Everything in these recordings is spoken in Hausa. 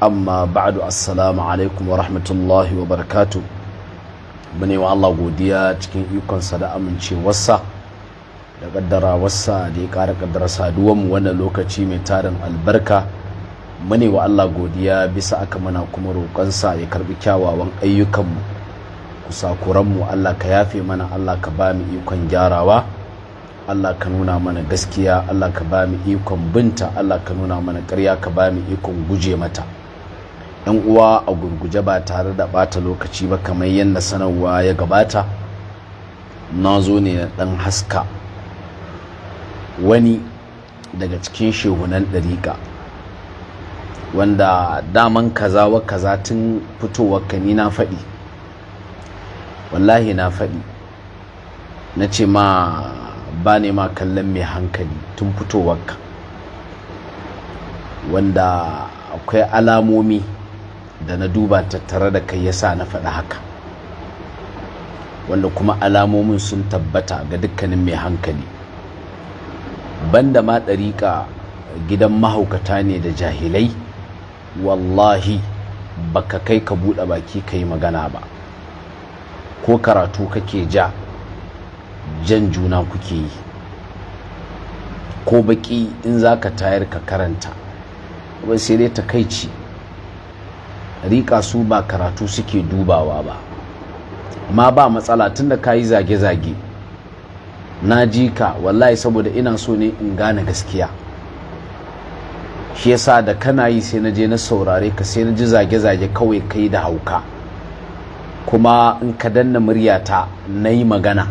amma ba'adu assalamu alaikum wa rahmatullahi wa barakatu bane wa Allah godiya cikin ikonsa da amincewarsa da kaddara wasa da ya kara kaddara saduwar mu wannan lokaci mai tarin albarka mune wa Allah godiya bisa aka mana kuma roƙonsa ya karbi kyawawan ayyukanmu mu Allah ka yafe mana Allah ka ba mu ikon gyarawa Allah ka nuna mana gaskiya Allah ka ba mu ikon binta Allah ka nuna mana ƙarya ka ba mu ikon guje mata 'yan uwa a gurguje ba tare da bata lokaci ba kamar yadda sanarwa ya gabata na zo ne na ɗan haska wani daga cikin shehunan dariƙa. wanda daman kaza wa kaza tun fitowar ka ni na faɗi wallahi na faɗi na ce ma ba ne ma kallon mai hankali tun fitowar ka wanda akwai alamomi da na duba tattare da kai yasa na faɗa haka wanda kuma alamomin sun tabbata ga dukkanin mai hankali banda ma ɗariƙa gidan mahaukata ne da jahilai wallahi baka kai ka buɗe baki ka yi magana ba ko karatu kake ja jan juna kuke yi ko baƙi in za ka tayar ka karanta ba sai dai ta takaici rika su ba karatu suke dubawa ba Ma ba matsala tunda kayi zage-zage na ji ka wallahi saboda ina so ne in gane gaskiya shi yasa da kana yi sai na je na saurare ka sai na ji zage-zage kawai kai da hauka kuma in ka danna muryata na yi magana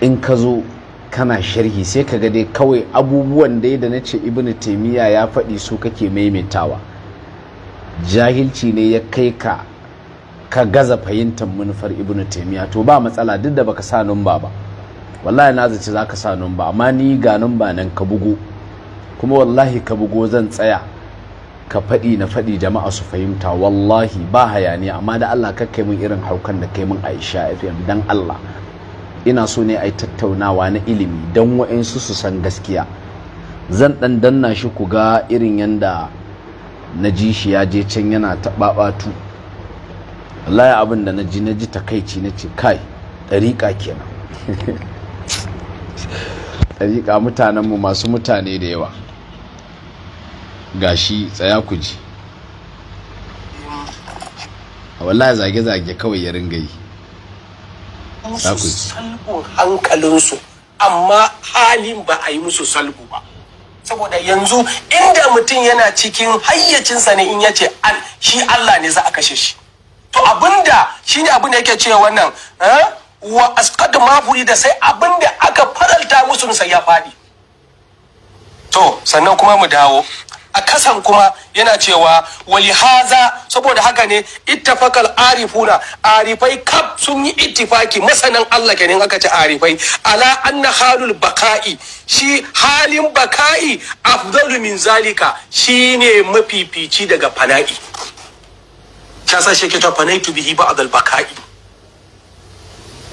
in ka zo kana sharhi sai ka gade dai kawai abubuwan dai da na ce ibnu taimiyya ya faɗi su kake maimaitawa jahilci ne ya kai ka ka gaza fahimtar manufar ibn taimiyya to ba matsala duk da baka sa numba ba wallahi na zaci za ka sa numba amma ni ga numba nan ka bugo kuma wallahi ka bugo zan tsaya ka faɗi na faɗi jama'a su fahimta wallahi ba hayaniya amma da Allah ka kai mun irin haukan da kai mun Aisha FM dan Allah ina so ne a yi tattaunawa na ilimi don wa'insu su san gaskiya zan ɗan danna shi ku ga irin yanda na ji shi ya je can yana taɓaɓatu Allah ya abin da na ji na ji takaici na ce kai ɗariƙa kenan ɗariƙa mutanenmu masu mutane da yawa gashi tsaya ku ji wallahi zage-zage kawai ya ringa yi musu salbu hankalinsu amma halin ba a yi musu salbu ba saboda yanzu inda mutum yana cikin hayyacinsa ne in ya ce shi Allah ne za a kashe shi to abinda shi ne abin da yake cewa wannan eh, wa asqad ma da sai abinda aka faralta musu sai ya faɗi to sannan kuma mu dawo a kasan kuma yana cewa wali haza saboda haka ne ittafakal arifuna arifai kaf sun yi ittifaki masanan Allah kenan aka ce arifai ala anna halul baka'i shi halin baka'i afdalu min zalika shine mafifici daga fana'i kasa shi ke ta fanaitu bihi ba'd al baka'i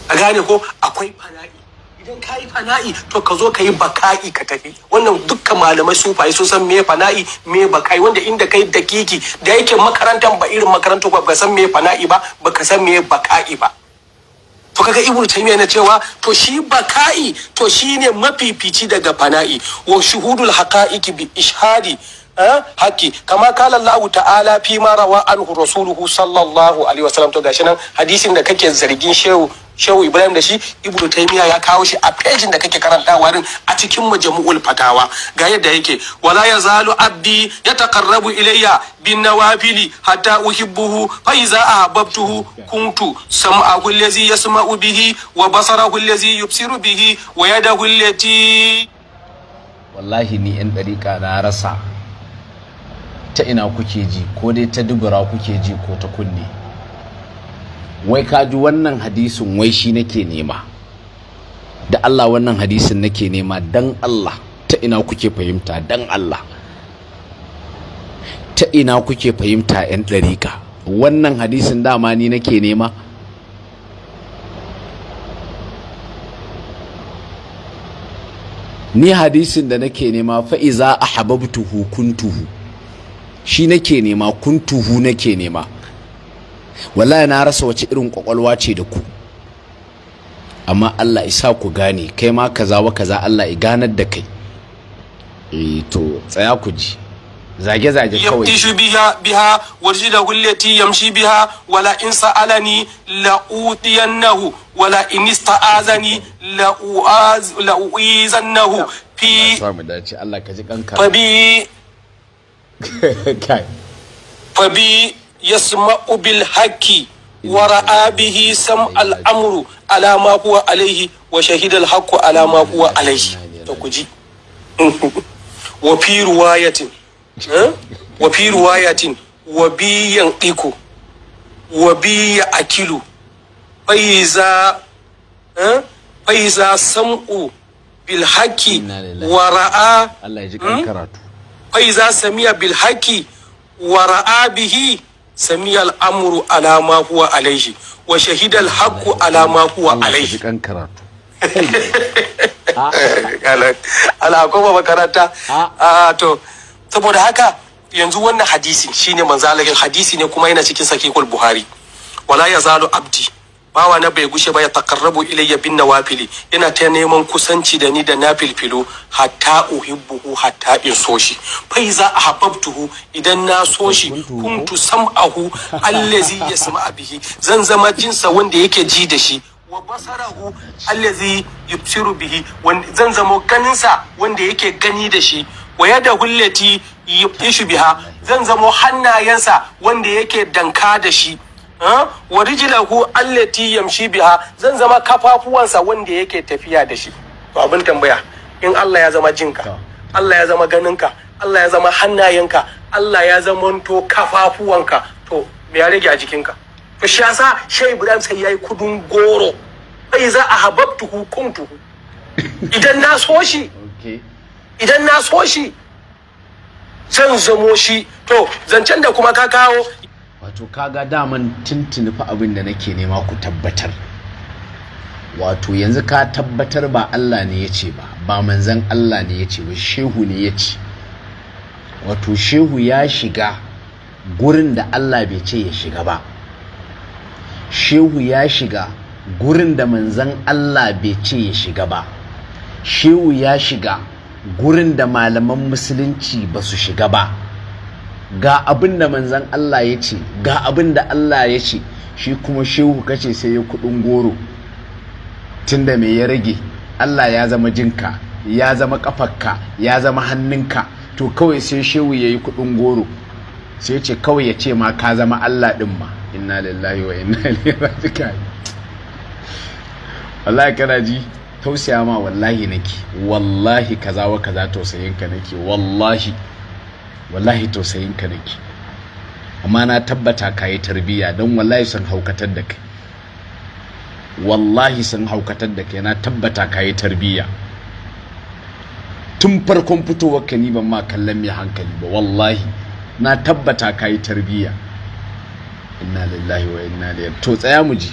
a gane ko akwai fana'i idan ka yi fana'i to ka zo ka yi baka'i ka tafi wannan dukkan malamai fa'i sun san me fana'i me baka'i wanda inda kai dakiki da yake makarantar ba irin makarantar ba ka san me fana'i ba ba ka san me baka'i ba to kaga ibnu taymiya na cewa to shi baka'i to shine mafifici daga fana'i wa shuhudul haqa'iqi bi ishadi eh, haki kama kala Allah ta'ala fi ma rawa anhu rasuluhu sallallahu alaihi wasallam to gashi nan hadisin da kake zargin shehu shehu ibrahim da shi ibnu taymiya ya kawo shi a pejin da kake karantawa din a cikin majmu'ul fatawa ga yadda yake wala yazalu abdi yataqarrabu ilayya bin nawafili hatta uhibbuhu fa iza ahabbtuhu kuntu sam'ahu allazi yasma'u bihi wa basarahu allazi yubsiru bihi wa yadahu allati wallahi ni yan dariƙa na rasa ta ina kuke ji ko dai ta dubura kuke ji ko ta kunne wai kaji wannan hadisin wai shi nake nema da Allah wannan hadisin nake nema dan Allah ta ina kuke fahimta dan Allah ta ina kuke fahimta 'yan ɗariƙa wannan hadisin dama ni nake nema ni hadisin da nake nema fa'iza a hababtuhu kuntuhu shi nake nema kuntuhu nake nema wallahi na rasa wace irin kwakwalwa ce da ku amma Allah isa ku gane kai ma kaza wa kaza Allah ya ganar da kai eh to tsaya ku ji zage zage kawai yamshi biha biha wajida kullati yamshi biha wala in sa'alani la utiyannahu wala in ista'azani la uaz la uizannahu fi samu dace Allah ka ji kanka fabi fabi yasma'u bil haqqi wa ra'a bihi sam al amru ala ma huwa alayhi wa shahida al haqqu ala ma huwa alayhi to kuji wa fi riwayatin eh? wa fi riwayatin wa bi yanqiku wa bi akilu faiza eh? faiza sam'u bil haqqi wa ra'a Allah ya ji hmm? karatu faiza samia bil haqqi wa ra'a bihi sami al'amuru alama kuwa alaihi wa shahidal haqqu alama kuwa alaihi ala makaranta a to saboda haka yanzu wannan hadisi shine manzo hadisi ne kuma yana cikin sahihul buhari wala yazalu abdi bawa na bai gushe ba ya takarrabu ilayya bin nawafili yana ta neman kusanci da ni da nafilfilo hatta uhibbuhu hatta in so shi fa za ahabbtuhu idan na so shi kuntu sam'ahu allazi yasma'u bihi zan zama jinsa wanda yake ji da shi wa basarahu allazi yubsiru bihi zan zama ganinsa wanda yake gani da shi wa yada hullati yushu biha zan zama hannayensa wanda yake danka da shi wa rijlahu allati yamshi biha zan zama kafafuwansa wanda yake tafiya da shi to abin tambaya in Allah ya zama jinka Allah ya zama ganinka Allah ya zama hannayenka Allah ya zama to kafafuwanka to me ya rage a ka. to shi yasa Shay Ibrahim sai yayi kudun goro ai za a habbtu kuntuhu idan na so shi idan na so shi zan zamo shi to zancen da kuma ka kawo wato kaga daman tuntuni fa abin da nake nema ku tabbatar wato yanzu ka tabbatar ba Allah ne ya ce ba ba manzan Allah ne ya ce ba shehu ne ya ce wato shehu ya shiga gurin da Allah bai ce ya shiga ba shehu ya shiga gurin da manzan Allah bai ce ya shiga ba shehu ya shiga gurin da malaman musulunci ba su shiga ba ga abin da manzan Allah ya ce ga abin da Allah ya ce shi kuma shehu kace sai ya kudin goro tunda me ya rage Allah ya zama jinka ya zama kafarka ya zama hannunka to kawai sai shehu ya yi kudin goro sai ce kawai ya ce ma ka zama Allah din ma inna lillahi wa inna ilaihi raji'un wallahi kana ji tausaya ma wallahi nake wallahi kaza wa kaza tausayin ka nake wallahi wallahi tausayin ka nake amma na tabbata ka yi tarbiyya don wallahi sun haukatar da kai wallahi sun haukatar da kai na tabbata ka yi tarbiyya tun farkon fitowar ka ni ban ma kallon mai hankali ba wallahi na tabbata ka yi tarbiyya inna lillahi wa inna ilaihi to tsaya mu ji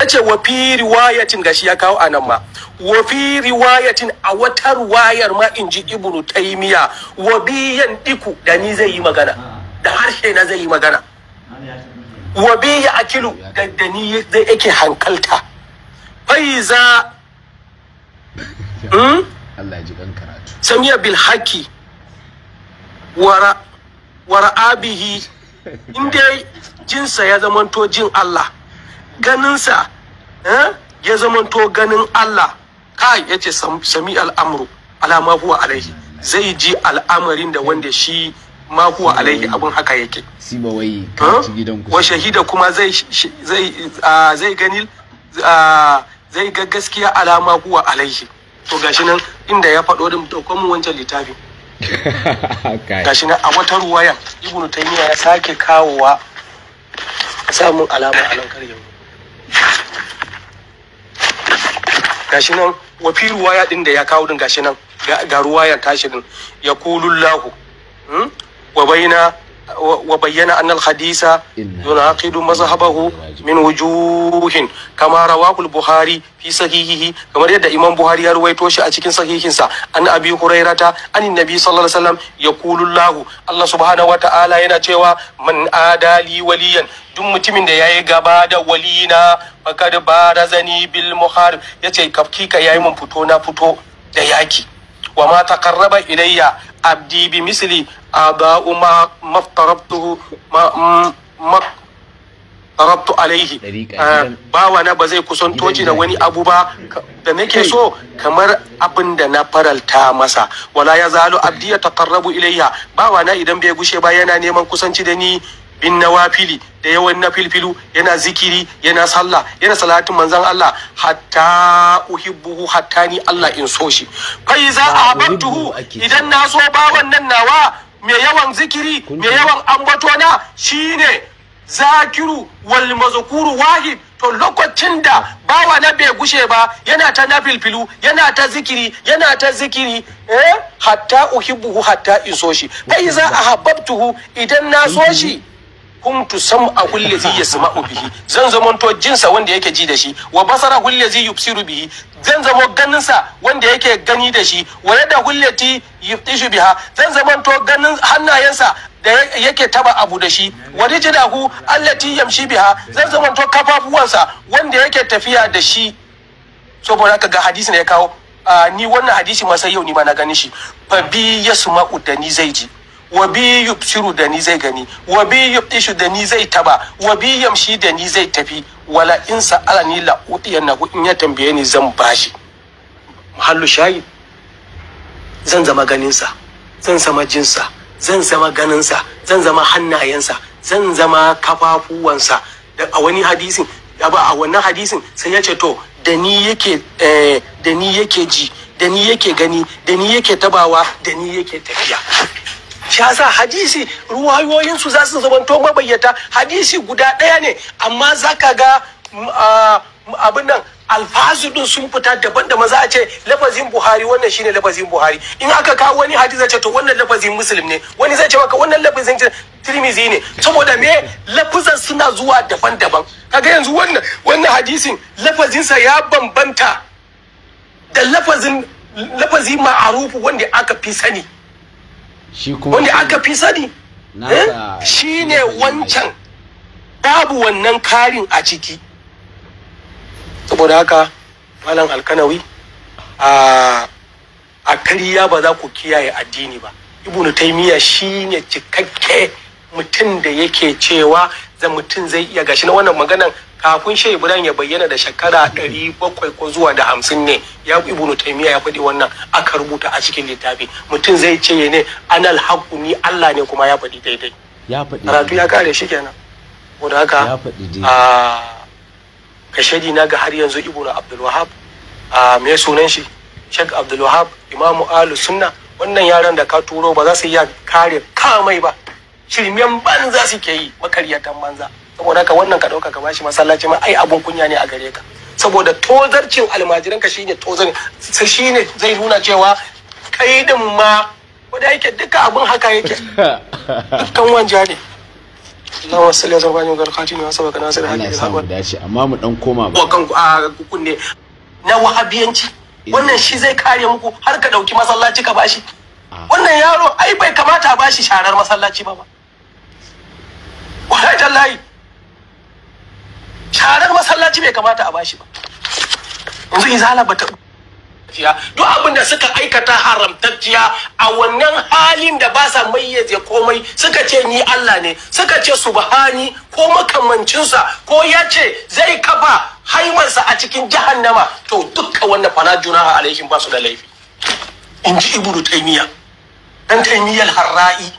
yace wa fi riwayatin gashi ya kawo anan ma wa fi riwayatin a wata riwayar ma inji ibnu taymiya wa biyan diku da ni zai yi magana da harshe na zai yi magana wa biya akilu da ni zai yake hankalta faiza hmm? Allah ji wara wara abihi inda jinsa ya zamanto jin Allah ganinsa eh, ya zamanto ganin Allah kai ya ce sami al’amuru alama huwa alaihi zai ji al'amarin da wanda shi ma huwa alaihi abin haka yake eh? wa shahida kuma zai ah, gani ah, zai ga gaskiya alama huwa alaihi to gashi nan inda ya faɗo din mutakon mu wancan littafi gashi nan a wata ruwayan ibnu taymiya ya sake kawowa samun alama a nan gashi nan wa fi ruwaya din da ya kawo din gashi nan ga ya tashi din ya kulullahu hmm? wa baina وبين أن الحديث يناقض مذهبه من وجوه كما رواه البخاري في صحيحه كما يدى إمام بخاري يروي توشي أتكين سا أن أبي هريرة أن النبي صلى الله عليه وسلم يقول الله الله سبحانه وتعالى ينتوى من آدى لي وليا duk mutumin da ya ولينا فقد بارزني بالمخار fakad كفكيك يا إمام فتونا فتو دياكي وما تقرب mun fito بمثلي adau ma maftarabtuhu ma alaihi bawa na ba zai kusantoci da wani abu ba da nake so kamar abin da na faralta masa wala ya zalo abdi ya taqarrabu ilayya wa na idan bai gushe ba yana neman kusanci da ni bin nawafili da yawan na filfilu yana zikiri yana sallah yana salatin manzan Allah hatta uhibbuhu hatta ni Allah in so shi fa iza ahabtuhu idan na so bawan nan nawa mai yawan zikiri mai yawan ambato na shine zakiru wal mazkuru wahid to lokacin da bawa na bai gushe ba yana ta na filfilu yana ta zikiri yana ta zikiri eh hatta uhibbuhu hatta iso shi za a ahabbtuhu idan na so shi kuntu sam'ahu allazi ma'u bihi zan to jinsa wanda yake ji da shi wa basarahu zai yubsiru bihi zan zama ganinsa wanda yake gani da shi wa yada hullati yuftishu biha zan to ganin hannayensa da yake taba abu da shi wa rijlahu allati yamshi biha zan to kafafuwansa wanda yake tafiya da shi saboda haka ga hadisi ne ya kawo ni wannan hadisi ma sai yau ni ma na ganin shi fa bi yasma'u da ni zai ji wa bi yubsiru da ni zai gani wa bi yubtishu da ni zai taba wa bi yamshi da ni zai tafi wala in sa'alani la na in ya tambaye ni zan bashi mahallu shayi zan zama ganinsa zan zama jinsa zan zama ganinsa zan zama hannayensa zan zama kafafuwansa a wani hadisin a wannan hadisin sai ya ce to da ni yake eh, da ni yake ji da ni yake gani da ni yake tabawa da ni yake tafiya shi yasa hadisi ruwayoyin su za su to mabayyata hadisi guda ɗaya ne amma zaka ga mm, mm, abin nan alfazu din sun fita daban da maza a ce lafazin buhari wannan shine lafazin buhari in aka kawo wani hadisi zai ce to wannan lafazin muslim ne wani zai ce maka wannan lafazin tirmizi ne saboda me lafazan suna zuwa daban-daban kaga yanzu wannan wannan hadisin lafazinsa ya bambanta da lafazin lafazi ma'arufu wanda aka fi sani wanda aka fi sani eh? shi ne wancan babu wannan karin a ciki saboda haka malam alkanawi a kariya ba za ku kiyaye addini ba ibnu taimiyya shi ne cikakke mutum da yake cewa za mutum zai iya gashi na wannan maganan kafin shi ibrahim ya bayyana da shekara ɗari bakwai ko zuwa da hamsin ne ya ibnu taimiyya ya faɗi wannan aka rubuta a cikin littafi mutum zai ce ne anal haqqu ni allah ne kuma ya faɗi daidai ya faɗi karatu ya kare shi kenan saboda haka a ah, kashedi na ga har yanzu ibnu abdul wahab a ah, me sunan shi shek abdul imamu Alu sunna wannan yaran da ka turo ba za su iya kare kamai ba shirmen banza suke yi makaryatan banza saboda haka wannan ka dauka ka bashi masallaci ma ai abun kunya ne a gare ka saboda tozarcin almajiran ka shine tozar shine zai nuna cewa kai din ma da yake duka abun haka yake dukkan wanja ne na wasu lezar bani garkati ne wasu baka nasiru hakiki Allah ya samu dace amma mu dan koma ba kan kunne na wahabiyanci wannan shi zai kare muku har ka dauki masallaci ka bashi ah. wannan yaro ai bai kamata a bashi sharar masallaci ba ba wallahi tallahi sharar masallaci bai kamata a bashi ba yanzu izala bata duk abin da suka aikata haramtacciya a wannan halin da ba sa mayyaje komai suka ce ni Allah ne suka ce subhani ko makamancinsa ko ya ce zai kafa haimansa a cikin jahannama to dukka wannan fana junaha alaihim ba su da laifi in ji ibnu taymiya dan taymiyal harra'i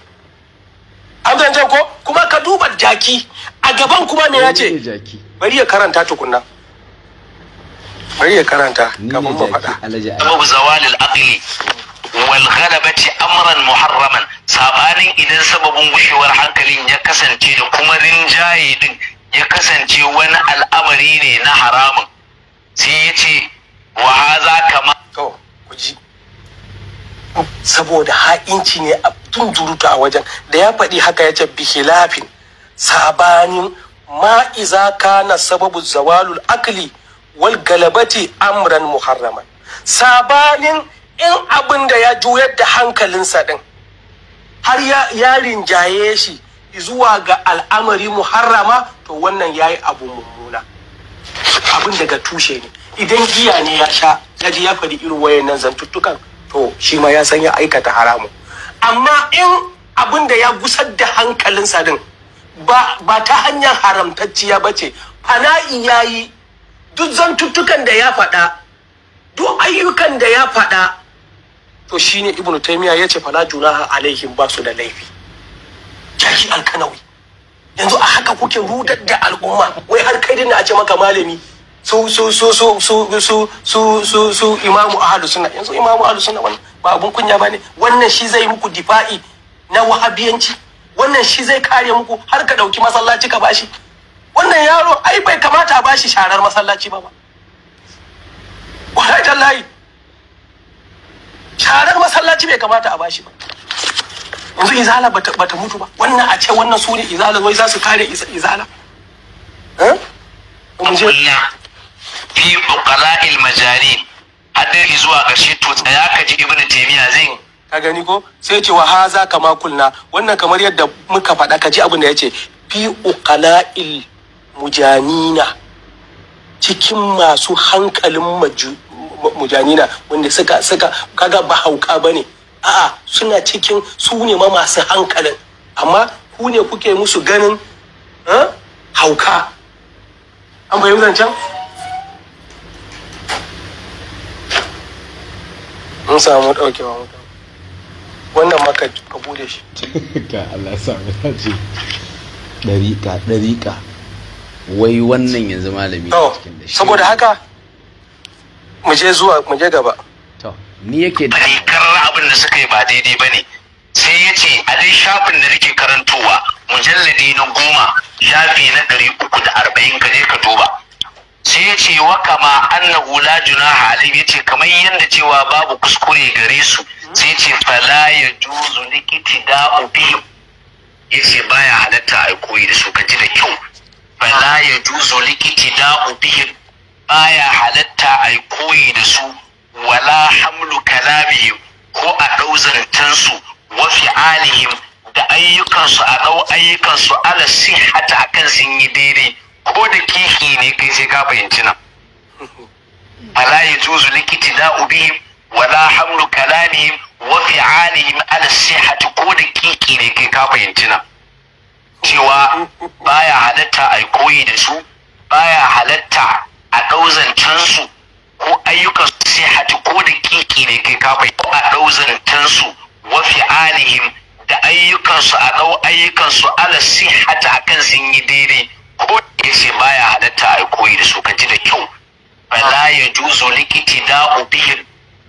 an zance ko kuma ka duba jaki a gaban kuma me ya ce bari ya karanta tukunna bari ya karanta kamar ba faɗa babu zawalil aqli wal ghalabati amran muharraman sabanin idan sababin gushewar hankalin ya kasance da kuma rinjaye din ya kasance wani al'amari ne na haramun sai ya ce wa haza kama to ku ji saboda ha'inci ne a tun duruta a wajen da ya faɗi haka ya ce bihilafin sabanin ma iza kana sababu zawalul akli wal galabati amran muharraman sabanin in abin da ya juyar da hankalinsa ɗin har ya rinjaye shi zuwa ga al'amari muharrama to wannan ya yi abu mummuna abin daga tushe ne idan giya ne ya sha ya ji ya faɗi irin wayannan zantuttukan to shi ma ya san ya aikata haramun amma in abin da ya gusar da hankalin din ba, ba ta hanyar haramtacciya ba ce fana'i ya yi duk zantuttukan da ya faɗa duk ayyukan da ya faɗa to shine ibnu taimiya ya ce fala juna alaihim ba su da laifi jahi alkanawi yanzu a haka kuke rudar da al'umma wai har kai dinna a ce maka malami su su su su su su su su su imamu ahlus sunna yanzu imamu ahlus sunna wannan ba abun kunya bane wannan shi zai muku difa'i na wahabiyanci wannan shi zai kare muku har ka dauki masallaci ka bashi wannan yaro ai bai kamata a bashi sharar masallaci ba ba wallahi tallahi sharar masallaci bai kamata a bashi ba yanzu izala bata mutu ba wannan a ce wannan su ne izala wai za su kare izala eh fi uqala'il majarin hadari zuwa ƙarshe to tsaya ka ji ibn taymiya zai ka gani ko sai ce wa haza kama kulna wannan kamar yadda muka faɗa ka ji abin da ya ce fi uqala'il mujanina cikin masu hankalin mujanina wanda suka suka kaga ba hauka bane a'a suna cikin su ne ma masu hankalin amma ku ne kuke musu ganin eh, hauka an fahimtar can in samu daukewa mutum wannan maka ka bude shi ka Allah ya samu dace dariƙa dariƙa wai wannan yanzu malami cikin da shi saboda haka mu je zuwa mu je gaba to ni yake da karar abin da suka yi ba daidai bane sai ya ce a dai shafin da nake karantowa mujalladi na goma shafi na ɗari uku da arba'in ka je ka duba sai ya ce wa kama annahu la junaha alayhi ce kamar yadda cewa babu kuskure gare su sai ce fala ya juzu likiti da ya ce baya halatta a koyi da su kaji da kyau fala ya juzu likiti da biyu baya halatta a koyi da su wala hamlu kalami ko a ɗau su "Wafi alihim" da ayyukansu a ɗau ayyukansu ala sihata akan sun yi daidai ko da kiki ne kai sai ka fahimci nan fala juzu likiti da ubi wala hamlu kalamihim wa fi'alihim ala sihhati ko da kiki ne kai ka fahimci nan cewa baya halatta a koyi da su baya halatta a ɗauzancan su ko ayyukan sihhati ko da kiki ne kai ka fahimci a ɗauzancan su wa fi'alihim da su a ayyukan su ala sihhati akan sun yi daidai ko ya baya halatta a koyi da su ka ji da kyau Bala ya juzo likiti da Ba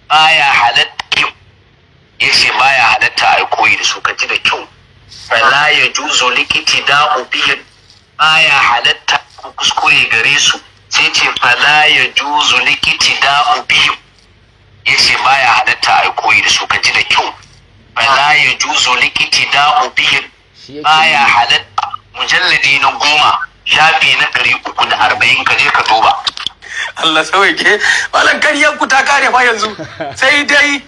baya halatta kyau ya baya halatta a koyi da su ka ji da kyau Bala ya juzo likiti da Ba baya halatta kuskure gare su sai ce fala ya juzo likiti da ubiyi yace ba baya halatta a koyi da su ka ji da kyau Bala ya juzo likiti da Ba baya halatta mujalladi na goma shafi na ɗari uku da arba'in ka je ka duba. Allah ke. malam karyan ku ta kare fa yanzu sai dai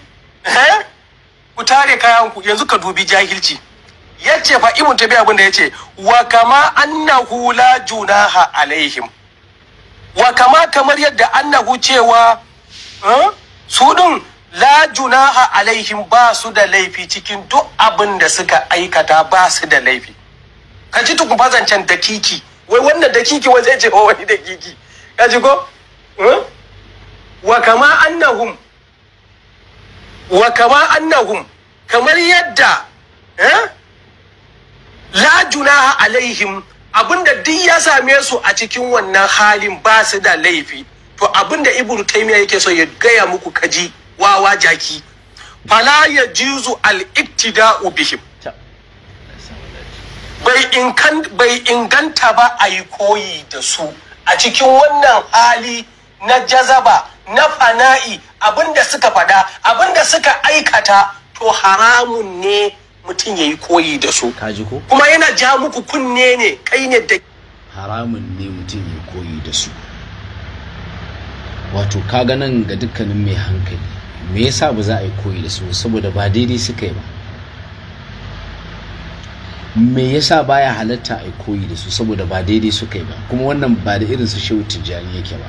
eh, ku tare kayan ku yanzu ka dubi jahilci ya ce fa ta tabi abin da ce wa kama annahu la junaha alaihim wa kama kamar yadda annahu cewa eh, su din la junaha alaihim ba su da laifi cikin duk abin da suka aikata ba su da laifi ka ci tukun fazancen dakiki wai wannan dakiki wai zai ce wa oh, wani dakiki ka ji ko hmm? wa kama annahum wa kama annahum kamar yadda eh? la junaha alaihim abinda duk ya same su a cikin wannan halin ba su da laifi to abinda ibnu taymiya yake so ya gaya muku kaji wawa jaki fala yajuzu al ibtidau bihim bai inganta ba a yi koyi da su a cikin wannan hali na jazaba na fana'i abinda suka faɗa abinda suka aikata to haramun ne mutum ya yi koyi da su kuma yana ja muku kunne ne kai ne da haramun ne mutum ya koyi da su wato kaga nan ga dukkanin mai hankali me yasa ba za a yi koyi da su saboda ba daidai suka yi ba me yasa baya halatta a koyi da su saboda ba daidai suka yi ba kuma wannan ba da irin su shehu tijjani yake ba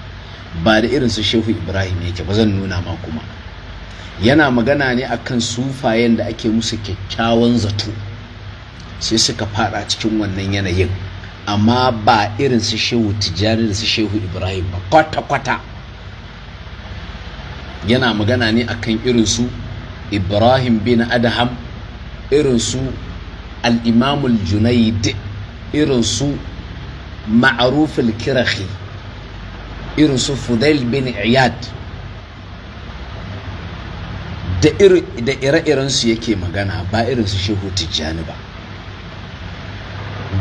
ba da irin su shehu ibrahim yake ba zan nuna ma kuma yana magana ne akan sufayen da ake musu kyakkyawan zato sai suka fada cikin wannan yanayin amma ba irin su shehu tijjani da su shehu ibrahim ba kwata-kwata yana magana ne akan irin su ibrahim bin adham irin su al'imamul junaid irin su ma'arufin kirahi irin su bin iyad da ire-irensu yake magana ba irin su shehu tijjani ba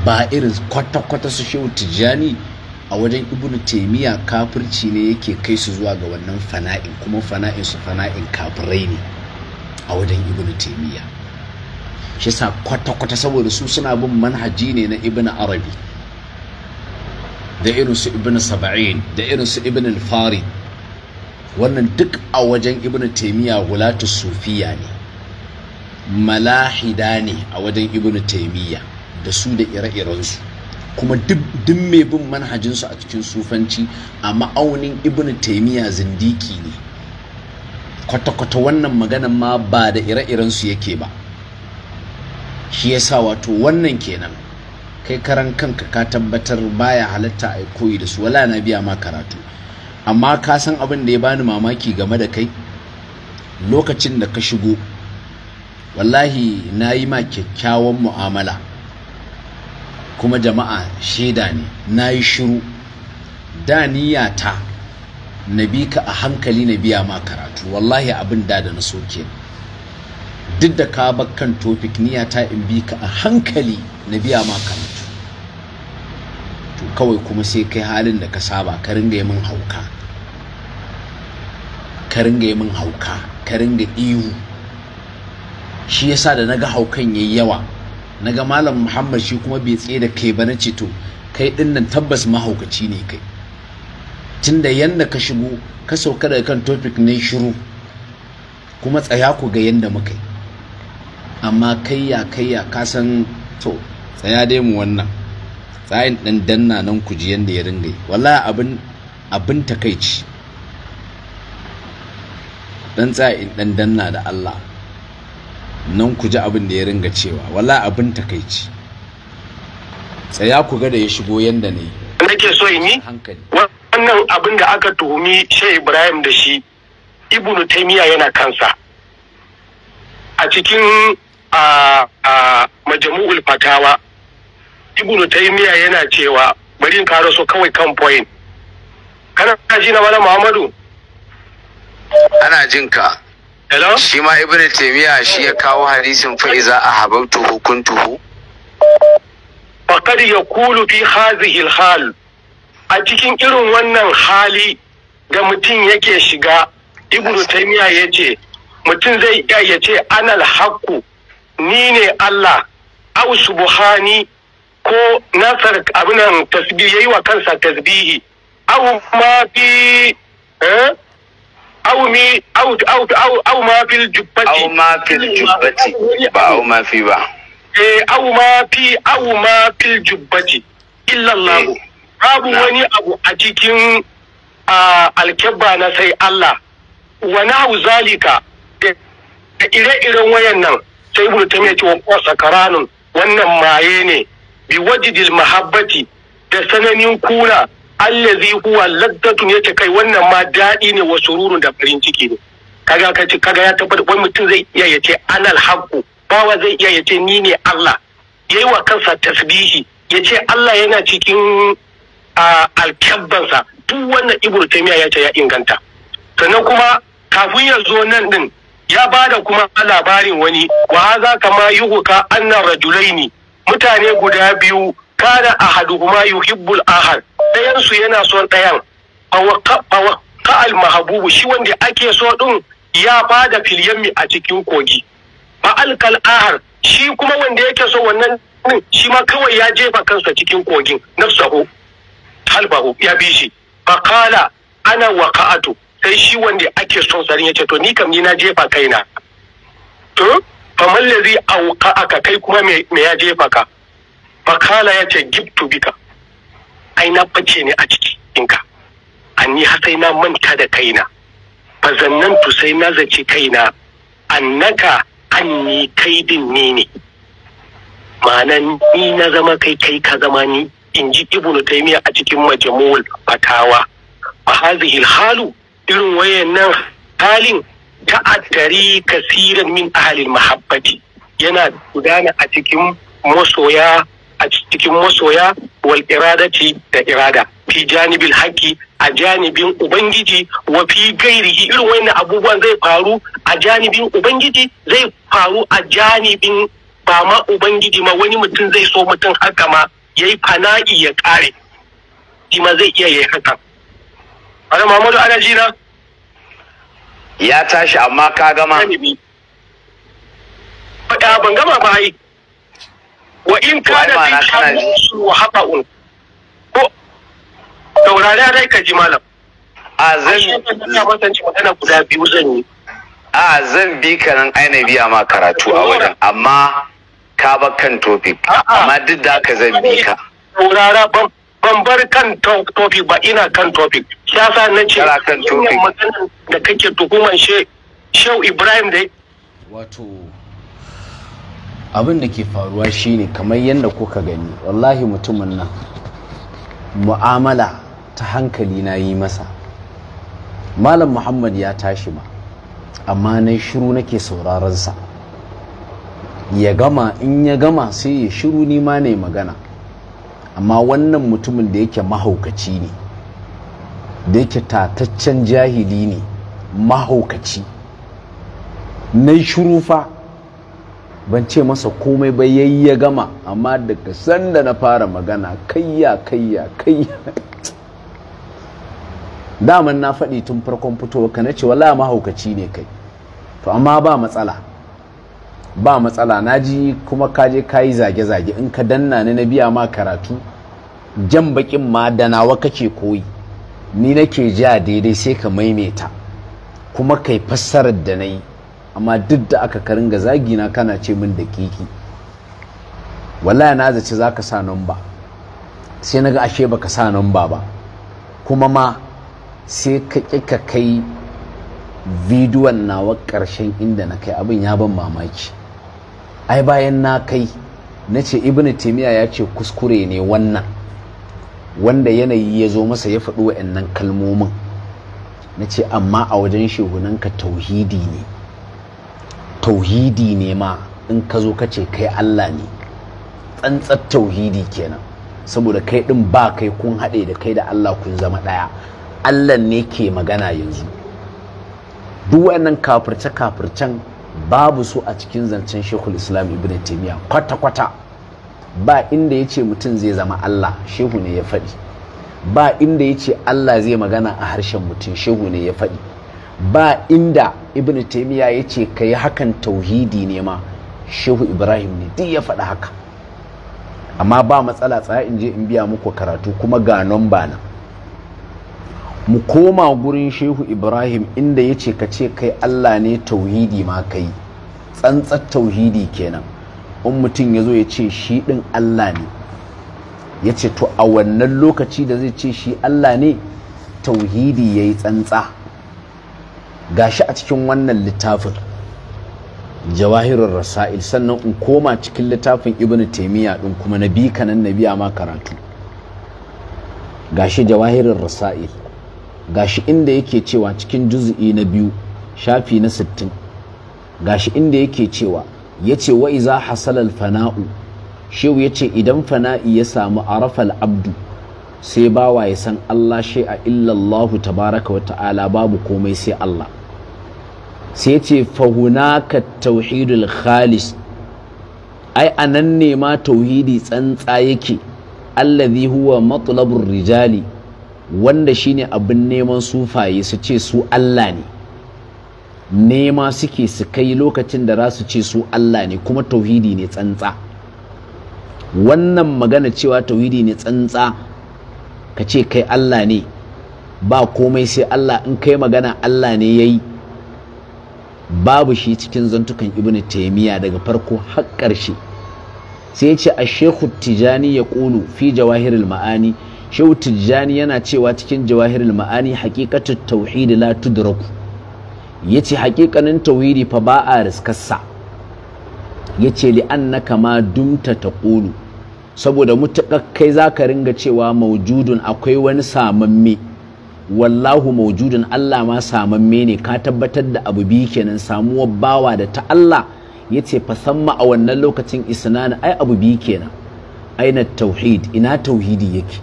ba irin kwata-kwata su shehu tijjani a wajen ibnu taimiyya kafirci ne yake kai su zuwa ga wannan fana'in kuma fana'in su fana'in kafirai ne a wajen ibnu taimiyya shi sa kwata-kwata saboda su suna bin manhaji ne na ibn arabi da irin su ibn saba'in da irin su ibn alfari wannan duk a wajen ibn taimiyya wulatu sufiya ne malahida ne a wajen ibn taimiyya da su da ire-irensu kuma duk mai bin manhajinsu a cikin sufanci a ma'aunin ibn taimiyya zindiki ne kwata-kwata wannan maganan ma ba da ire-irensu yake ba shi yasa wato wannan kenan kai karan kanka ka tabbatar baya halatta a koyi da su wala na biya ma karatu amma ka san abin da ya bani mamaki game da kai lokacin da ka shigo wallahi na yi ma kyakkyawan mu'amala kuma jama'a shaida ne na yi shiru da ta na bi ka a hankali na biya ma karatu wallahi abin da da na so kenan duk da ka bakkan topic niyya ta in bi ka a hankali na biya ma mutu to kawai kuma sai kai halin da ka saba ka ringa yi min hauka ka ringa yi hauka ka ringa ihu shi yasa da naga haukan yayi yawa naga malam Muhammad shi kuma bai tsaye da kai ba na ce to kai nan tabbas mahaukaci ne kai tunda yanda ka shigo ka sauka daga kan topic ne shiru kuma tsaya ku ga yanda muka yi amma kayya kayya ka san to tsaya dai mu wannan tsayin dan danna nan ku ji yanda ya ringa yi wallahi abin abin takaici dan tsayin dan danna da Allah nan ku ji abin da ya ringa cewa wallahi abin takaici tsaya ku ga da ya shigo yanda ne nake so in yi wannan abin da aka tuhumi Sheikh Ibrahim da shi Ibn Taymiyyah yana kansa a cikin a a majamu'ul fatawa ibnu taymiya yana cewa bari in karo so kawai kan point kana kaji na malam muhammadu ana jin ka hello shi ma ibnu taymiya shi ya kawo hadisin fa iza ahabtu hukuntu faqad yaqulu fi hadhihi al a cikin irin wannan hali da mutum yake shiga ibnu taymiya yace mutum zai iya ya ce anal haqqu ni ne Allah au subhani ko nasar abinan tasbih yayi wa kansa tasbihi au ma fi eh au mi au au au au ma fi jubbati au ma fi jubbati ba au ma fi ba eh au ma fi au ma fi jubbati illa Allah eh, babu wani abu a cikin alkebba na sai Allah wa nahu zalika da ire-iren wayannan sai ibnu taymiya ce wa kosa karanun wannan maye ne bi wajidil mahabbati da sananin kuna allazi huwa laddatun yace kai wannan ma daɗi ne wa sururun da farin ciki ne kaga kace kaga ya tabbata wani mutum zai iya yace anal haqqu bawa zai iya yace ni ne Allah yayi wa kansa tasbihi yace Allah yana cikin alkabbansa duk wannan ibnu ya yace ya inganta sannan kuma kafin ya zo nan din ya bada kuma labarin wani wa haza kama yuhuka anna rajulaini mutane guda biyu hadu kuma yi hibbul Ɗayansu ɗayansu yana son ɗayan fawakka al mahabubu shi wanda ake so ɗin ya bada filyammi a cikin kogi fa ahar shi kuma wanda yake so wannan shi ma kawai ya jefa kansa cikin kogin nafsahu halbahu ya bi shi fa ana waqa'atu sai shi wanda ake son sarin ya ce to ni kam ni na jefa kaina to faman lazi auka aka kai kuma me ya jefa ka fakala ya ce gibtu bika ai na bace ne a An anni hasai na manta da kaina fazannantu sai na zaci kaina annaka anni kaidin ni ne ma'anan ni na zama kai kai ka zama ni in ji ibnu taymiya a cikin majmu'ul fatawa fa hazihi halu irin wayannan halin ta'attari kasiran min ahalin mahabbati yana gudana a cikin masoya a cikin masoya wal iradati da irada fi janibil haƙƙi a janibin ubangiji wa fi gairihi irin wayannan abubuwan zai faru a janibin ubangiji zai faru a janibin ba ma ubangiji ma wani mutum zai so mutum haka ma yayi fana'i ya kare shi ma zai iya yayi haka Ana Muhammadu ana jina? ya tashi amma ka gama ban gama ba yi wa in ka da su wa haka un ko taurari dai ka ji malam a zan magana guda biyu zan yi a zan bi ka nan aina biya ma karatu a wajen amma ka ba kan topic amma duk da ka zan bi ka taurara ban ban bar kan topic ba ina kan topic siyasa na ce maganar da kake tuhuman shehu ibrahim da wato abin da ke faruwa shine kamar yadda kuka gani wallahi mutumin nan mu'amala ta hankali na yi masa malam muhammad ya tashi ba, amma na shiru nake sauraron sa ya gama in ya gama sai ya shiru ni ma ne magana amma wannan mutumin da yake mahaukaci ne da yake tataccen jahili ne mahaukaci na shurufa ban ce masa komai ba yayi ya gama amma daga sanda na fara magana kayya kayya kayya daman na faɗi tun farkon fitowa ka na ce wala mahaukaci ne kai to amma ba matsala ba matsala na ji kuma kaje kayi zage-zage in ka danna ni na biya ma karatu jan bakin ma da nawa kake koyi ni nake ja daidai sai ka maimaita kuma kai fassarar da na yi amma duk da aka ka ringa zagina kana ce min da kiki wallahi na zaci za ka sa namba sai naga ashe baka sa namba ba kuma ma sai ka ƙi kai bidiyon nawa ƙarshen inda na kai abin ya ban mamaki ai bayan na kai na ce ibn taimiyya ya ce kuskure ne wannan wanda yanayi ya zo masa ya faɗi wa'annan kalmomin na ce amma a wajen ka tauhidi ne tauhidi ne ma in ka zo ka ce kai Allah ne tsantsar tauhidi kenan saboda kai ɗin ba kai kun haɗe da kai da Allah kun zama ɗaya Allah ne ke magana yanzu duk wa'annan kafirce-kafircen babu su a cikin zancen shekul islam ibn taimiyya kwata-kwata ba inda ya ce mutum zai zama Allah shehu ne ya faɗi ba inda ya ce Allah zai magana a harshen mutum shehu ne ya faɗi ba inda ibn taimiyya ya ce ka yi hakan tauhidi ne ma shehu ibrahim ne duk ya faɗi haka amma ba matsala tsaya in je in biya muku karatu kuma ga nan na mu koma gurin shehu ibrahim inda ya ce ka ce kai allah ne tauhidi ma kai tsantsar tauhidi kenan in mutum ya zo ya ce shi ɗin Allah ne ya ce to a wannan lokaci da zai ce shi Allah ne tauhidi ya yi tsantsa gashi a cikin wannan littafin jawahirar rasa'il sannan in koma cikin littafin Ibn taimiyya ɗin kuma na bi kanan na biya ma karatu gashi jawahirar rasa'il gashi inda yake cewa cikin juzu'i na biyu shafi na sittin gashi inda yake cewa yace wa iza hasala fana'u shehu yace idan fana'i ya samu arafal abdu sai bawa ya san Allah shi a illallahu tabaraka wa ta'ala babu komai sai Allah sai yace fa hunaka tauhidul khalis ai nan ne ma tauhidi tsantsa yake allazi huwa matlabur rijali wanda shine abin neman sufaye su ce su Allah ne nema suke su kai lokacin da za ce su Allah ne kuma tauhidi ne tsantsa wannan magana cewa tauhidi ne tsantsa ka ce kai Allah ne ba komai sai Allah in kai magana Allah ne yayi babu shi cikin zantukan ibn taimiyya daga farko har ƙarshe sai ya ce a shehu tijani ya ƙulu fi jawahirul ma'ani shehu tijjani yana cewa cikin jawahirul ma'ani hakikatar tauhidi la tudraku ya ce haƙiƙanin tauhidi fa ba a riskarsa ya ce li'annaka ma dumta ta ƙulu saboda mutuƙar kai za ka ringa cewa maujudun akwai wani samamme wallahu maujudun Allah ma samamme ne ka tabbatar da abu biyu kenan samuwar bawa da ta Allah ya ce fa a wannan lokacin isnana ai abu biyu kenan ina Tauhidi. ina tauhidi yake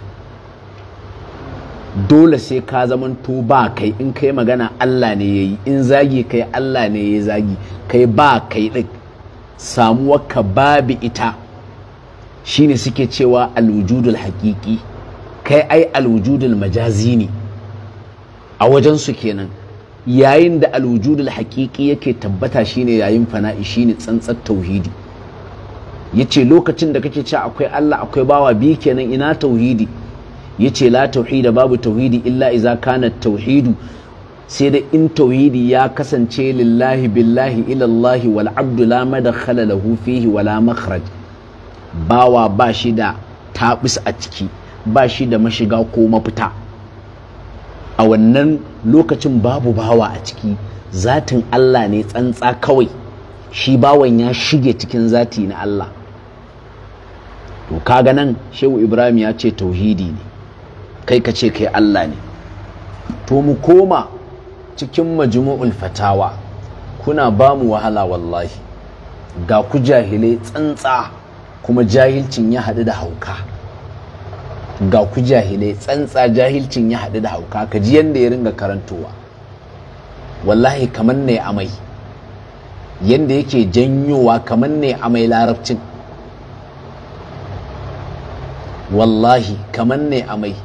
dole sai ka zamanto ba kai in kai magana Allah ne yayi in zagi kai Allah ne yayi zagi kai ba kai din samuwarka babu ita shine suke cewa alwujudul haqiqi kai ai alwujudul majazi ne a wajen su kenan yayin da alwujudul haqiqi yake tabbata shine yayin fana'i shine tsantsar tauhidi yace lokacin da kake cewa akwai Allah akwai bawa bi kenan ina tauhidi yace la tauhida babu tauhidi illa iza kana tauhidu sai da in tauhidi ya kasance lillahi billahi ilallahi wal abdu la madkhala lahu fihi wala makhraj bawa ba shi da tabis a ciki ba shi da mashiga ko mafita a wannan lokacin babu bawa a ciki zatin Allah ne tsantsa kawai shi bawan ya shige cikin zati na Allah to kaga nan shehu ibrahim ya ce tauhidi ne kai ka ce kai Allah ne to mu koma cikin majmu'ul fatawa kuna ba mu wahala wallahi ga ku jahilai tsantsa kuma jahilcin ya haɗu da hauka ga ku jahilai tsantsa jahilcin ya haɗu da hauka ka ji yadda ya ringa karantowa wallahi kamar ne amai yadda yake janyowa kamar ne amai larabcin wallahi kamar ne amai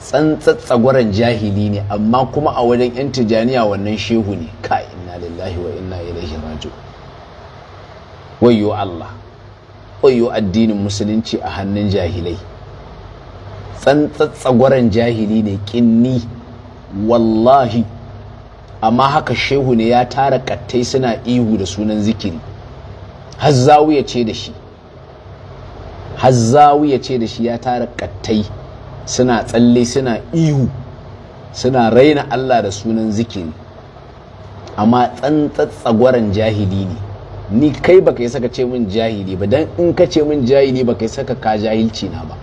tsantsatsagwaran jahili ne amma kuma a wajen 'yan tijaniya wannan shehu ne ka inna lillahi wa inna ilaihi wayo Allah wayo addinin musulunci a hannun jahilai tsantsatsagwaran jahili ne kinni wallahi amma haka shehu ne ya tara kattai suna ihu da sunan zikiri Hazzawu ya ce da shi hazzawu ya ce da shi ya tara kattai suna tsalle suna ihu suna raina Allah da sunan zikiri amma tsantsatsagwaran jahili ne ni kai baka yi saka ce min jahili ba don in ka ce min jahili baka yi saka ka jahilci na ba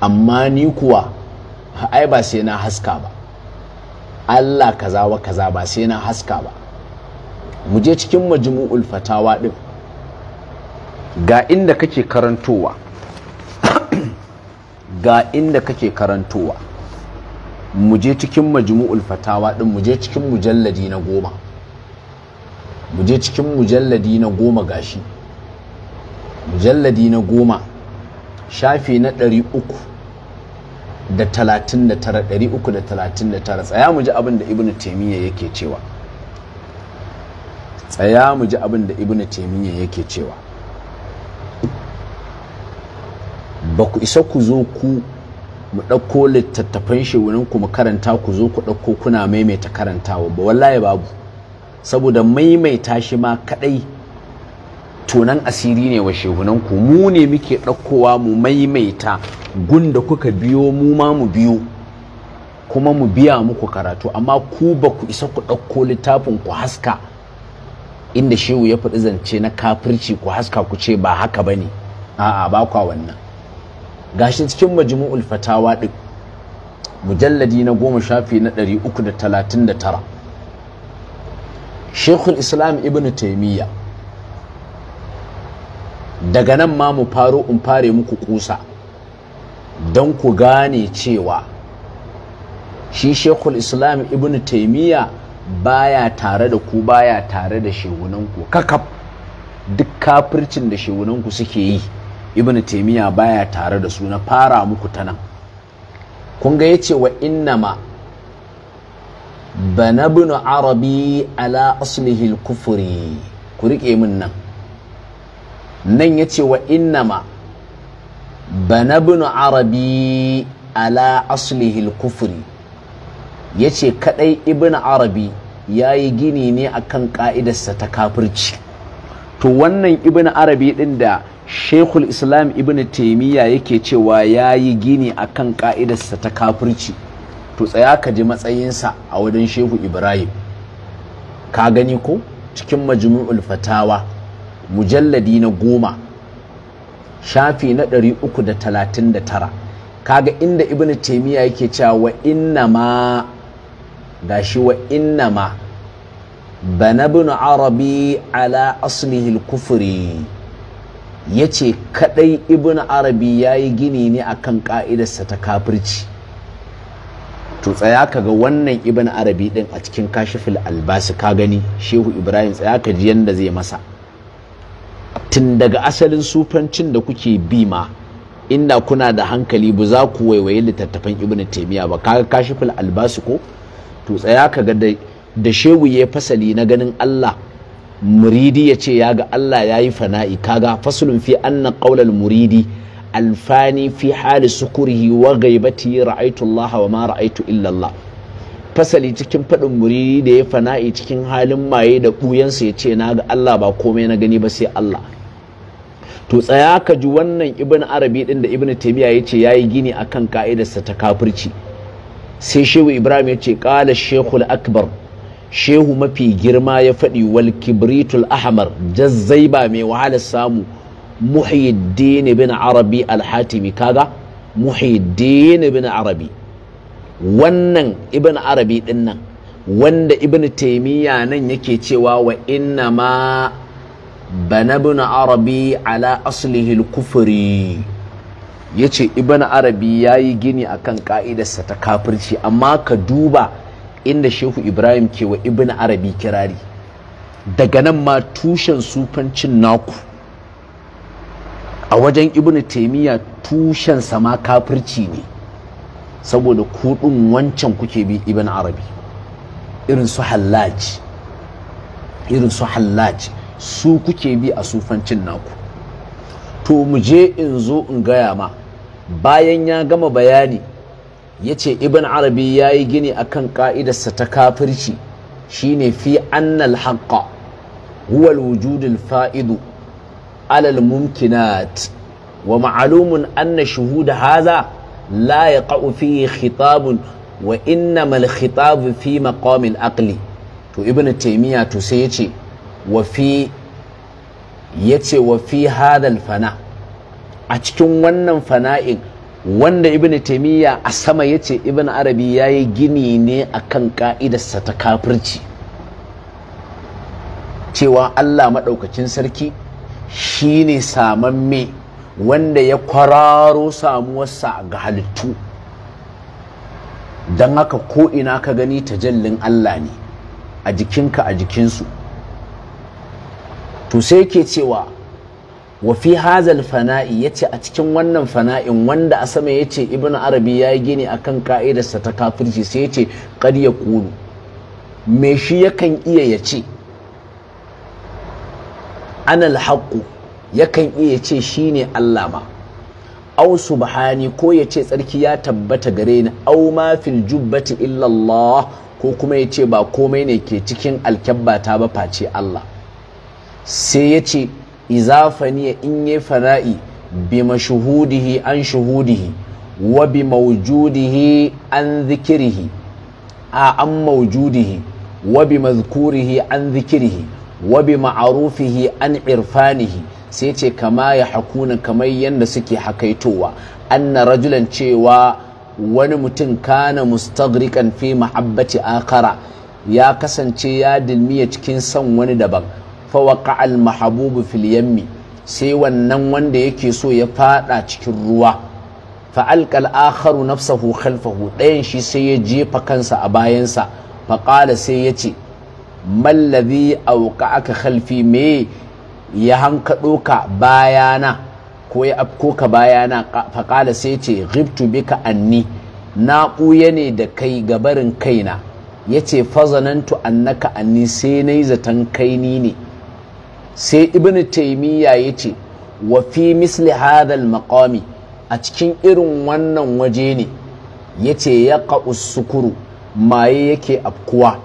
amma ni kuwa ai ba sai na haska ba Allah kaza wa kaza ba sai na haska ba mu je cikin majmu'ul fatawa din ga inda kake karantowa ga inda kake karantowa mu je cikin majmu'ul fatawa din mu je cikin mujalladi na goma mu je cikin mujalladi na goma gashi mujalladi na goma shafi na ɗari uku da talatin da tara ɗari uku da talatin da tara tsaya mu ji abin da ibnu taimiyya yake cewa tsaya mu ji abin da ibnu taimiyya yake cewa ba ku isa ku zo ku mu ɗauko littattafan shi ku mu karanta ku zo ku ɗauko kuna maimaita karantawa ba wallahi babu saboda maimaita shi ma kaɗai tonan asiri ne wa shehunan ku mu ne muke ɗaukowa mu maimaita gun da kuka biyo mu ma mu biyo kuma mu biya muku karatu amma ku ba ku isa ku ɗauko littafin ku haska inda shehu ya faɗi zance na kafirci ku haska ku ce ba haka ba ne a'a ba kwa wannan gashi cikin majmu'ul fatawa din mujalladi na goma shafi na 339 shekul islam ibn taimiyya daga nan ma mu faro in fare muku kusa don ku gane cewa shi shekul islam ibn taimiyya baya tare da ku baya tare da shehunanku kakaf duk kafircin da shehunanku suke yi ibn taimiyya baya tare da su na fara muku ta nan kun ga yace wa innama bana arabi ala aslihi kufuri ku riƙe min nan nan yace wa innama bana arabi ala aslihi kufuri yace kadai ibn arabi yayi gini ne akan ka'idarsa ta kafirci to wannan ibn arabi din da shekul islam ibn taimiyya yake cewa ya yi gini a kan ka'idarsa ta kafirci to tsaya ka ji matsayinsa a wajen shehu ibrahim ka gani ko cikin majmu'ul fatawa mujalladi na goma shafi na 339 kaga inda ibn taimiyya yake cewa wa inna ma gashi wa inna ma bana bin arabi ala aslihil kufuri ya ce kaɗai ibn arabi ya yi gini ne a kan ƙa'idarsa ta kafirci to tsaya ka ga wannan ibn arabi ɗin a cikin kashifil albasi ka gani shehu ibrahim tsaya ka ji yadda zai masa tun daga asalin sufancin da kuke bi ma inda kuna da hankali ba za ku waiwaye littattafan ibn taimiyya ba kaga kashifil albasi ko to tsaya ka ga da shehu ya fasali na ganin Allah muridi ya ce ya ga Allah ya yi fana'i kaga fasulun fi anna ƙaular muridi alfani fi hali sukurihi wa gaibati ra'aitu Allah wa ma ra'aitu illallah fasali cikin faɗin muridi da ya fana'i cikin halin maye da ɓuyansa ya ce na ga Allah ba komai na gani ba sai Allah to tsaya ka ji wannan ibn arabi ɗin da ibn taymiya ya ce yayi gini akan ka'idarsa ta kafirci sai shehu ibrahim ya ce qala shekul akbar shehu mafi girma ya faɗi wal kibritul ahmar jazzai ba mai wahalar samu muhyiddin bin arabi alhatimi kaga muhyiddin bin arabi wannan ibn arabi din nan wanda ibn taimiyya nan yake cewa wa inna ma bana bin arabi ala aslihi kufuri ya ce ibn arabi ya yi gini akan ka'idarsa ta kafirci amma ka duba inda shehu ibrahim ke wa ibn arabi kirari daga nan ma tushen sufancin naku a wajen ibn taimiyya tushen sama kafirci ne saboda kudin wancan kuke bi ibn arabi irin su hallaji irin su hallaji su kuke bi a sufancin naku to mu je in zo in gaya ma bayan ya gama bayani ya ce ibn arabi ya yi gini akan ƙa'idarsa ta kafirci shine fi annal haqqa huwa wujudul fa'idu alal mumkinat wa ma'alumun anna shuhuda haza la yaqa'u fihi khitabun wa innamal khitabu fi maqamil aqli to ibn taymiya to sai yace wa fi wa fi hadal fana a cikin wannan fana'in wanda ibn taimiyya a sama ya ce ibn arabi ya yi gini ne a kan ƙa'idarsa ta kafirci cewa allah maɗaukacin sarki shi ne saman me wanda ya kwararo samuwarsa ga halittu don haka ko'ina ka gani ta jallin allah ne a jikinka a jikinsu to sai ke cewa wa fi hazal fana'i ya ce a cikin wannan fana'in wanda a sama ya ce ibnu arabi ya yi gini a kan ka'idarsa ta kafirci sai ce ƙarya kulu me shi yakan iya ya ce? Anal alhaqu yakan iya ce shi ne Allah ma Au subhani ko ya ce tsarki ya tabbata gare ni Au ma fil jubbati illa ko kuma ya ce ba komai ne ke cikin alkyabbata ba face Allah sai ya ce. izafaniya in yi fana'i bi mashuhudihi an shuhudihi wa bi maujudihi an zikirihi a an maujudihi wa bi mazkurihi an zikirihi wa bi ma'arufihi an irfanihi sai ce kama ya hakuna kamar yadda suke hakaitowa anna rajulan cewa wani mutum kana mustagrikan fi muhabbati akara ya kasance ya dilmiya cikin son wani daban fawaka al mahabubu fil yammi sai wannan wanda yake so ya fada cikin ruwa fa alqal akharu nafsahu khalfahu ɗayan shi sai ya jefa kansa a bayansa fa qala sai ya ce ladhi awqa'aka khalfi me ya hankado ka bayana ko ya afko ka bayana fa qala sai ya ce ghibtu bika anni na kuye ne da kai gabarin kaina Yace, fazanantu annaka anni sai na yi zaton kai ni ne sai ibn taimiyya ya ce wa fi misli hadal maqami a cikin irin wannan waje ne ya ce ya sukuru maye yake afkuwa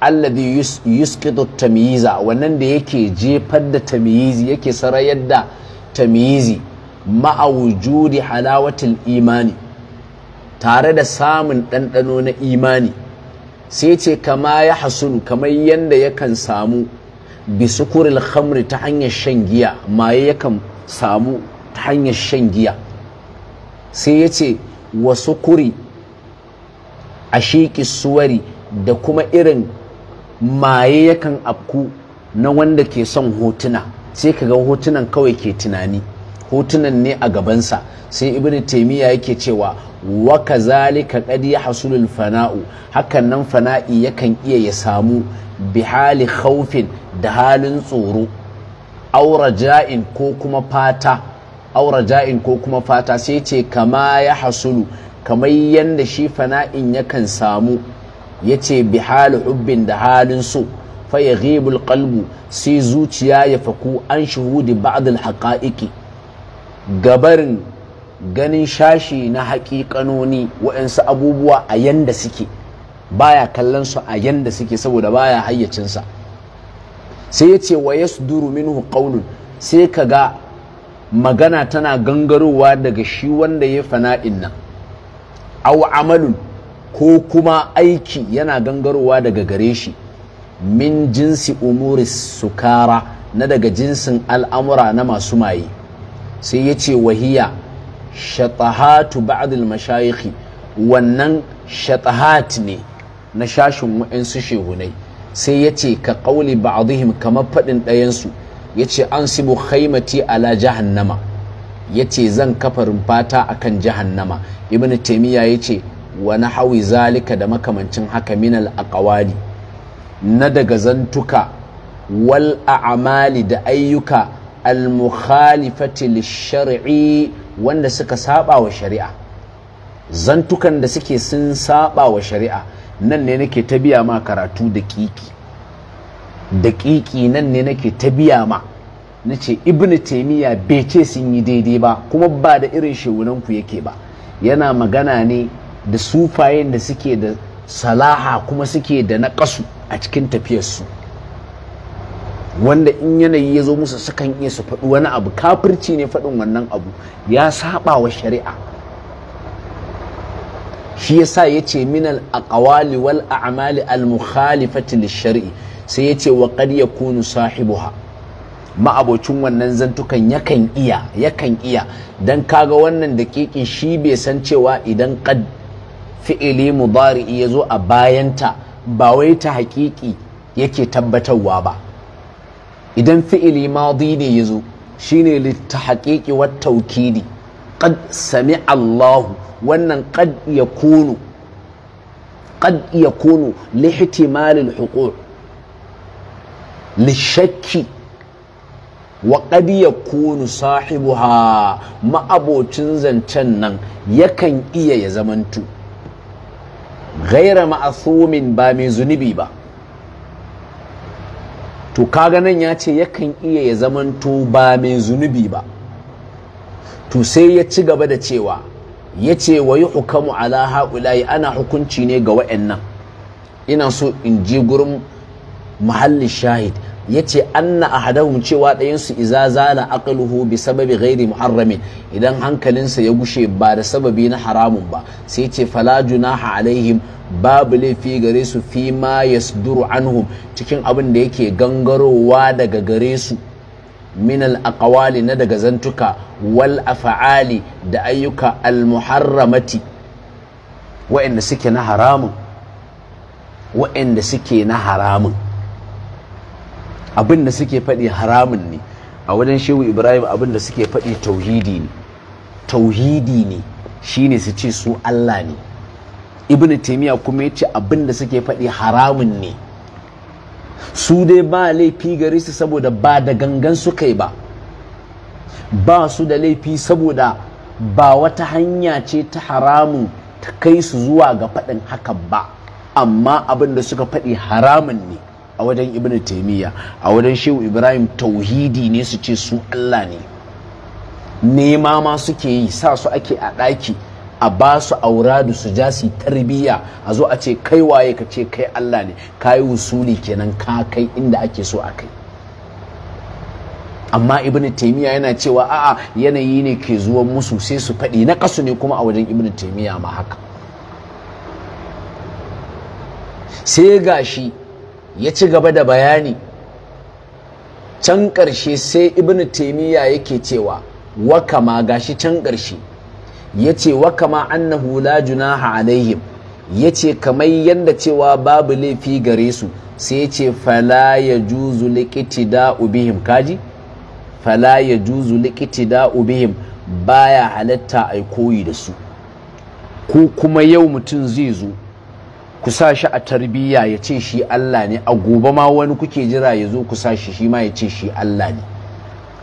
alladhi yusqitu tamyiza wannan da yake jefar da tamyizi yake sarayar da tamyizi ma'a wujudi halawatul imani tare da samun ɗanɗano na imani sai ce kama ya hasunu kamar yadda yakan samu bisukuril khamri ta hanyar shan giya maye yakan samu ta hanyar shan giya sai ya ce wa sukuri a shiƙi suwari da kuma irin maye yakan afku na wanda ke son hotuna sai ka ga hotunan kawai ke tunani hotunan ne a gabansa sai ibn taimiyya yake cewa wa kazalika qad yahsulul fana'u hakan nan fana'i yakan iya ya samu bi hali da halin tsoro aura ja'in ko kuma fata aura ja'in ko kuma fata sai ce kama ya hasulu kamar yadda shi fana'in yakan samu ya ce bi hali hubbin da halin so fa ya ghibul qalbu sai zuciya ya faku an shuhudi ba'dul haqa'iqi gabarin ganin shashi na haƙiƙanoni waɗansu abubuwa a yanda suke baya kallon su a yanda suke saboda baya hayyacinsa sai ya ce wa yasduru minhu qaulun sai ka ga magana tana gangarowa daga shi wanda ya fana'in nan aw amalun ko kuma aiki yana gangarowa daga gare shi min jinsi umuri sukara na daga jinsin al'amura na masu maye sai ya ce wahiya shatahatu ba'dil mashayikhi wannan shatahat ne na shashin waɗansu shehunai. sai ya ce ka ƙauli zuhim kamar faɗin ɗayansu ya ce an sibu haimati ala jahannama ya ce zan kafa rumfata akan jahannama ibn taimiyya ya ce wani hawi zalika da makamancin haka minal aqwali na daga zantuka wal a'mali da ayyuka al mukhalifati lishari'i wanda suka saba shari'a zantukan da suke sun saba wa shari'a nan ne nake ta biya ma karatu da kiki da kiki nan ne nake ta biya ma na ce ibn taimiyya bai ce sun yi daidai ba kuma ba da irin shewunanku yake ba yana magana ne da sufayen da suke da salaha kuma suke da na kasu a cikin tafiyarsu wanda in yanayi ya zo musu sukan iya su faɗi wani abu kafirci ne faɗin wannan abu ya saba wa shari'a shi ya yace minal aqwali wal a'mali al mukhalifati shar'i sai ya ce wa qad yakunu sahibuha ma'abocin wannan zantukan yakan iya yakan iya dan kaga wannan daƙiƙin shi bai san cewa idan qad fi'ili mudari'i yazo a bayanta ba wai ta haƙiƙi yake tabbatarwa ba idan fi'ili madi ne yazo shine ta haƙiƙi wat taukidi قد سمع الله ونن قد يكون قد يكون لاحتمال الحقوق للشك وقد يكون صاحبها ما أبو تنزن تنن يكن إيا يزمنتو غير معصوم بامي زنبي با تو كاغنن ياتي يكن ce yakan iya با, zamanto ba mai to sai ya ci gaba da cewa ya ce wa yi hukamu ala haƙulayi ana hukunci ne ga wa'annan ina so in je gurin mahallin shahid ya ce an na anna hadahun cewa ɗayansu iza zala aqluhu bi sababi ghairi muharramin idan hankalinsa ya gushe ba da sababi na haramun ba sai ce fala junaha alaihim babu laifi gare su fi ma yasduru anhum cikin abin da yake gangarowa daga gare su Minal al na daga zantuka wal af'ali da ayyuka al-muharramati wa'anda suke na haramun wa'anda suke faɗi haramun ne a wajen shehu ibrahim abin da suke faɗi tauhidi ne tauhidi ne shine su ce su allah ne ibn taimiyya kuma ya ce abinda da suke faɗi haramun ne su dai ba laifi gare su saboda ba da gangan su yi ba ba su da laifi saboda ba wata hanya ce ta haramun ta kai su zuwa ga faɗin hakan ba amma abin da suka faɗi haramun ne a wajen ibn taimiyya a wajen shehu ibrahim tauhidi ne su ce su allah ne nema ma suke yi sa su ake a ɗaki a ba su auradu su ja su tarbiyya a zo a ce kai waye ka ce kai Allah ne ka yi wusuli kenan ka kai inda ake so a kai amma ibnu taimiyya yana cewa a'a yanayi ne ke zuwa musu sai su faɗi na kasu ne kuma a wajen ibnu taimiyya ma haka sai gashi ya ci gaba da bayani can ƙarshe sai ibnu taimiyya yake cewa waka ma gashi can ƙarshe Ya ce, wa kama annahu la junaha alaihim ce, kamar yadda cewa babu laifi gare su sai yace fala likiti da ubihim kaji fala yajuzu liqtida'u ubihim baya halatta a koyi da su ko kuma yau mutum zai zo ku sa shi a tarbiyya ya ce shi Allah ne a gobe ma wani kuke jira ya zo ku sa shi shi ma ya ce shi Allah ne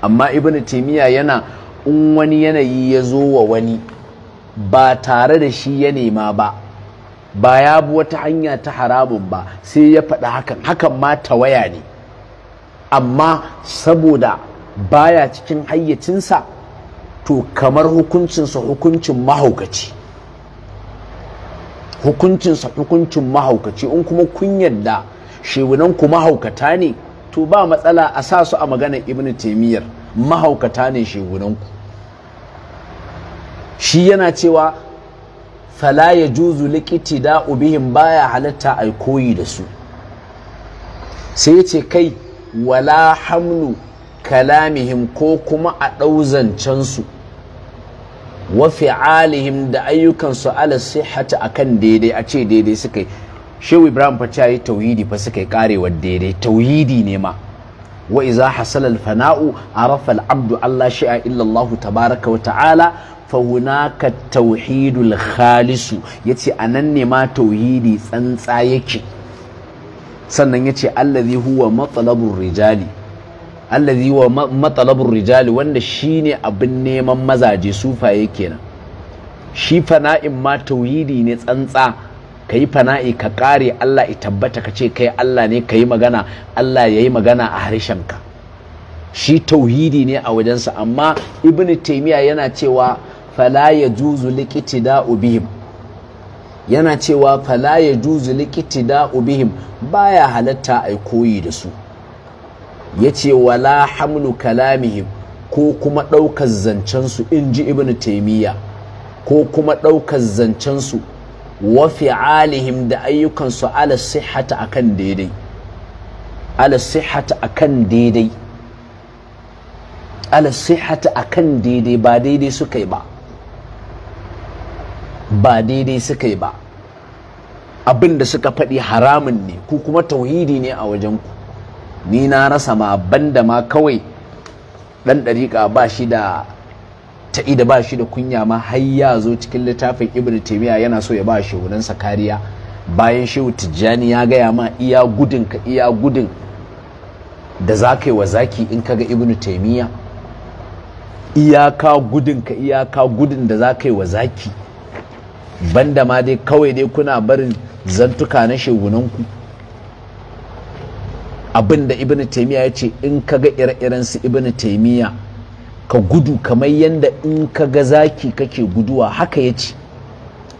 amma ibnu taymiya yana in wani yanayi ya zo wa wani ba tare da shi ya nema ba ba ya bi wata hanya ta haramun ba sai ya faɗi hakan hakan ma tawaya ne amma saboda baya cikin hayyacinsa to kamar hukuncinsa hukuncin mahaukaci hukuncinsa hukuncin mahaukaci in kuma kun yadda ku mahaukata ne to ba matsala a sa su a maganar ibnu temiyar mahaukata ne ku shi yana cewa fala ya juzu likiti da ubihin baya halatta a koyi da su sai ya ce kai wala hamlu kalamihim ko kuma a ɗauzancensu wa fi'alihim da ayyukansu ala sihhata akan daidai a ce daidai suka yi shehu ibrahim fa ya yi tauhidi fa suka yi karewa daidai tauhidi ne ma wa iza hasala fana'u arafa al abdu allah shi'a illallahu tabaraka wa ta'ala ka tauhidul khalisu ya ce a nan ne ma tauhidi tsantsa yake sannan ya ce allazi huwa matsalabun rijali allazi huwa matsalabun rijali wanda shi ne abin neman mazaje sufaye kenan shi fana'in ma tauhidi ne tsantsa ka yi fana'i ka kare. allah ya tabbata ka ce kai allah ne ka yi magana allah ya yi magana a harshen ka. shi tauhidi ne a wajensa amma ibn taimiya yana cewa fala ya juzu likiti da ubihim yana cewa fala ya juzu likiti da ubihim baya halatta a koyi da su ya ce wala hamlu kalamihim ko kuma ɗaukar zancensu in ji ibn taimiyya ko kuma ɗaukar zancensu wa alihim da ayyukansu ala a akan daidai ala a akan daidai ala akan daidai ba daidai suka yi ba ba daidai suka yi ba abin da suka faɗi haramun ne ku kuma tauhidi ne a wajenku ni na rasa ma banda ma kawai ɗan ɗariƙa ba shi da ta'ida ba shi da kunya ma har ya zo cikin littafin ibn taimiyya yana so ya ba shi wurinsa kariya bayan shehu tijjani ya gaya ma iya gudun ka iya gudun da za ka yi wa zaki in ka ga ibn taimiyya iyaka gudun ka iyaka gudun da za ka yi wa zaki banda ma dai kawai dai kuna barin zantuka na shegunanku abinda ibn taimiyya ya ce in ka ga ire-iren su ibn taimiyya ka gudu kamar yadda in ka ga zaki kake guduwa haka ya ce